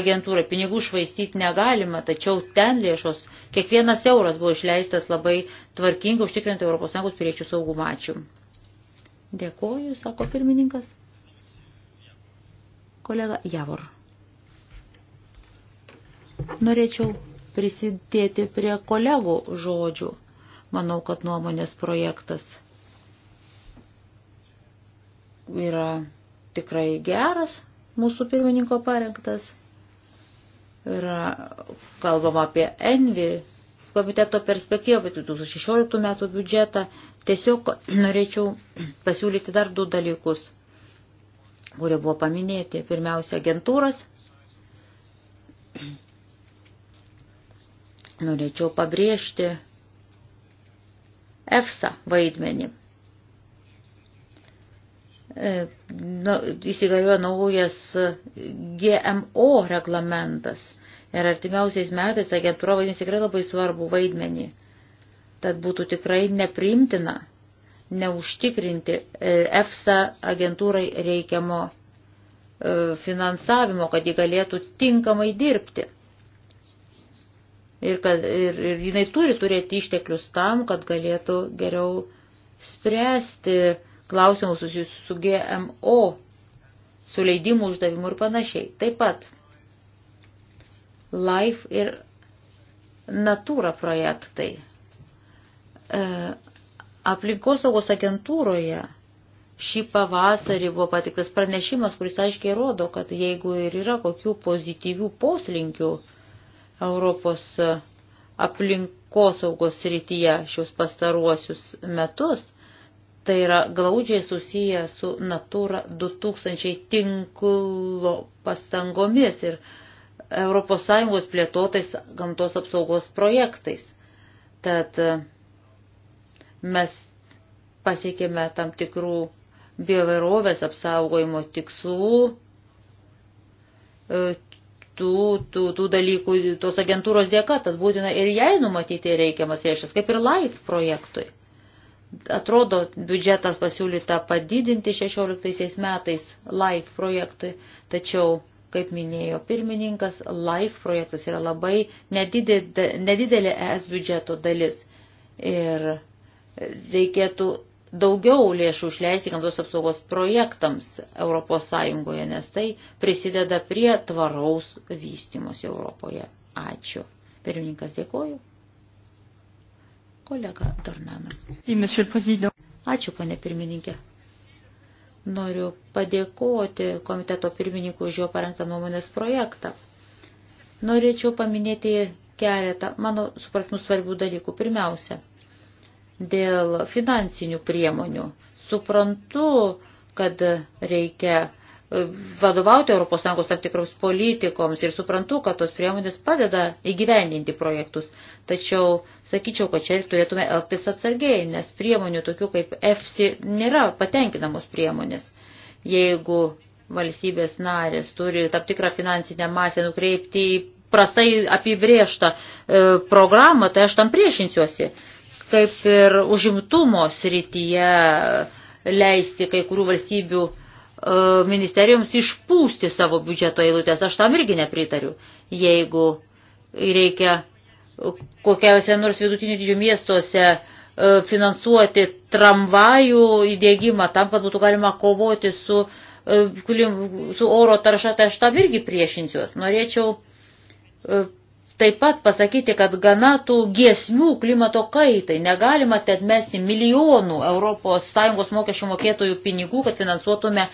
agentūrai. Pinigų švaistyti negalima, tačiau ten lėšos, kiekvienas euras buvo išleistas labai tvarkingai užtikrinti ES piliečių saugumą. Ačiū. Dėkoju, sako pirmininkas. Kolega Javor. Norėčiau prisidėti prie kolegų žodžių. Manau, kad nuomonės projektas yra tikrai geras, mūsų pirmininko parengtas. Yra kalbama apie envi komiteto perspektyvą, bet 2016 metų biudžetą. Tiesiog norėčiau pasiūlyti dar du dalykus, kurie buvo paminėti. Pirmiausia, agentūras. Norėčiau pabrėžti EFSA vaidmenį. E, nu, įsigalioja naujas GMO reglamentas Ir artimiausiais metais agentūra vaidins tikrai labai svarbu vaidmenį. Tad būtų tikrai neprimtina neužtikrinti e, EFSA agentūrai reikiamo e, finansavimo, kad ji galėtų tinkamai dirbti. Ir, kad, ir, ir jinai turi turėti išteklius tam, kad galėtų geriau spręsti klausimus susijusius su GMO, su leidimu uždavimu ir panašiai. Taip pat Life ir Natūra projektai. E, aplinkosaugos agentūroje šį pavasarį buvo patiktas pranešimas, kuris aiškiai rodo, kad jeigu ir yra kokių pozityvių poslinkių Europos aplinkosaugos srityje šios pastaruosius metus, tai yra glaudžiai susiję su Natura 2000 tinklo pastangomis ir ES plėtotais gamtos apsaugos projektais. Tad e, mes pasiekėme tam tikrų biovairovės apsaugojimo tikslų, e, tų, tų, tų dalykų, tos agentūros dėka, tad būtina ir jai numatyti reikiamas lėšas, kaip ir LIFE projektui. Atrodo, biudžetas pasiūlyta padidinti 16 metais LIFE projektui, tačiau Kaip minėjo pirmininkas, LIFE projektas yra labai nedidelė, nedidelė ES biudžeto dalis. Ir reikėtų daugiau lėšų išleisti gamtos apsaugos projektams ES, nes tai prisideda prie tvaraus vystimos Europoje. Ačiū. Pirmininkas dėkoju. Kolega Dornana. Ačiū, ponė pirmininkė. Noriu padėkoti komiteto pirmininkui už jo parengtą nuomonės projektą. Norėčiau paminėti keletą mano supratimų svarbių dalykų. Pirmiausia, dėl finansinių priemonių. Suprantu, kad reikia vadovauti ES tam tikroms politikoms ir suprantu, kad tos priemonės padeda įgyvendinti projektus. Tačiau sakyčiau, kad čia turėtume elgtis atsargiai, nes priemonių tokių kaip EFSI nėra patenkinamos priemonės. Jeigu valstybės narės turi tam tikrą finansinę masę nukreipti į prastai apibrieštą e, programą, tai aš tam priešinsiuosi. Kaip ir užimtumo srityje leisti kai kurių valstybių E, ministerijoms išpūsti savo biudžeto eilutės. Aš tam irgi nepritariu. Jeigu reikia kokiausia nors vidutinių didžių miestuose e, finansuoti tramvajų įdėgymą tam, kad būtų galima kovoti su, e, su oro tarša, tai aš tam irgi priešinsiuos. Norėčiau taip pat pasakyti, kad gana tų giesmių klimato kaitai negalima ten mesti milijonų ES mokesčių mokėtojų pinigų, kad finansuotume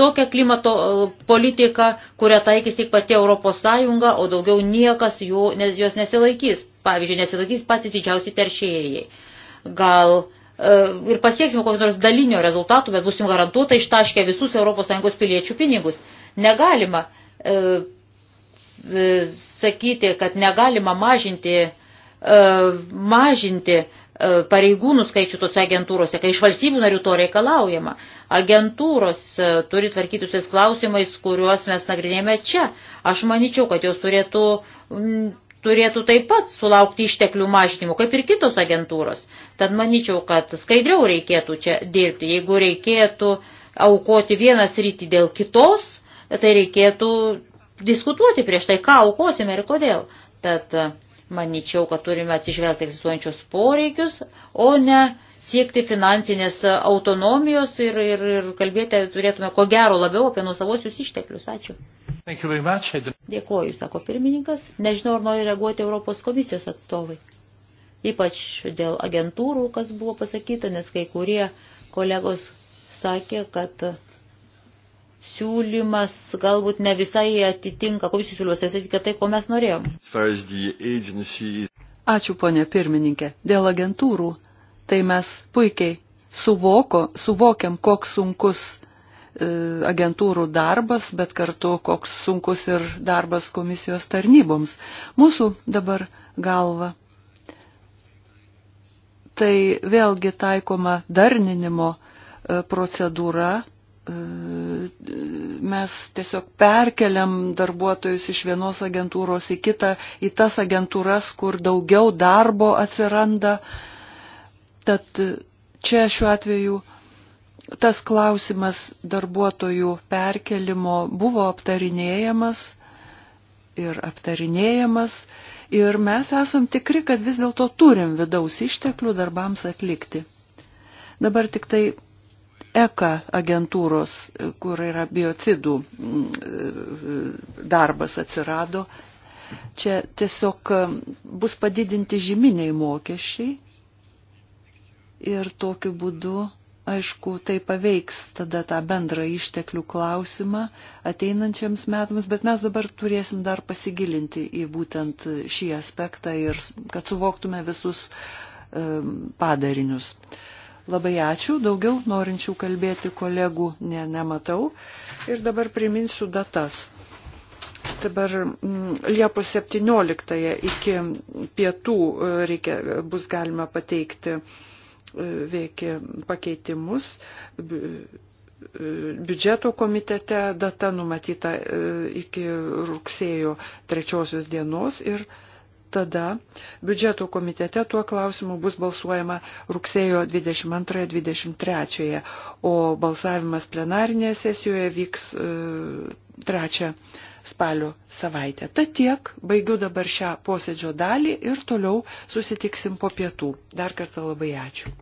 tokią klimato e, politiką, kurią taikys tik pati ES, o daugiau niekas jų, nes jos nesilaikys. Pavyzdžiui, nesilaikys patys didžiausi teršėjai. Gal e, ir pasieksime kokio nors dalinio rezultatų, bet busim garantuotai ištaškę visus ES piliečių pinigus. Negalima e, E, sakyti, kad negalima mažinti, e, mažinti e, pareigūnų skaičių tose agentūrose, kai iš valstybių narių to reikalaujama. Agentūros turi tvarkytis tais klausimais, kuriuos mes nagrinėjame čia. Aš manyčiau, kad jos turėtų, turėtų taip pat sulaukti išteklių mažinimų, kaip ir kitos agentūros. Tad manyčiau, kad skaidriau reikėtų čia dirbti. Jeigu reikėtų aukoti vieną sritį dėl kitos, tai reikėtų diskutuoti prieš tai, ką aukosime ir kodėl. Tad e, manyčiau, kad turime atsižvelgti egzistuojančius poreikius, o ne siekti finansinės autonomijos ir, ir, ir kalbėti turėtume ko gero labiau apie nusavosius išteklius. Ačiū. Dėkuoju, sako pirmininkas. Nežinau, ar nori reaguoti Europos komisijos atstovai. Ypač dėl agentūrų, kas buvo pasakyta, nes kai kurie kolegos sakė, kad siūlymas galbūt ne visai atitinka, komisijos siūlymas atitinka tai, ko mes norėjom. Ačiū, ponė pirmininkė. Dėl agentūrų, tai mes puikiai suvoko, suvokiam, koks sunkus e, agentūrų darbas, bet kartu koks sunkus ir darbas komisijos tarnyboms. Mūsų dabar galva. Tai vėlgi taikoma darninimo e, procedūra mes tiesiog perkeliam darbuotojus iš vienos agentūros į kitą, į tas agentūras, kur daugiau darbo atsiranda. Tad čia šiuo atveju tas klausimas darbuotojų perkelimo buvo aptarinėjamas ir aptarinėjamas. Ir mes esam tikri, kad vis dėlto turim vidaus išteklių darbams atlikti. Dabar tik tai ECA agentūros, kur yra biocidų e, darbas atsirado. Čia tiesiog bus padidinti žyminiai mokesčiai ir tokiu būdu, aišku, tai paveiks tada tą bendrą išteklių klausimą ateinančiams metams, bet mes dabar turėsim dar pasigilinti į būtent šį aspektą ir kad suvoktume visus padarinius. Uh, Labai ačiū, daugiau norinčių kalbėti kolegų ne, nematau. Ir dabar priminsiu datas. Dabar mm, Liepos 17 iki pietų e, reikia, bus galima pateikti e, veikia pakeitimus. E, biudžeto komitete data numatyta iki rugsėjo 3 dienos ir tada biudžeto komitete tuo klausimu bus balsuojama rugsėjo 22-23, o balsavimas plenarinėje sesijoje vyks e, 3 spalio savaitę. Ta tiek, baigiu dabar šią posėdžio dalį ir toliau susitiksim po pietų. Dar kartą labai ačiū.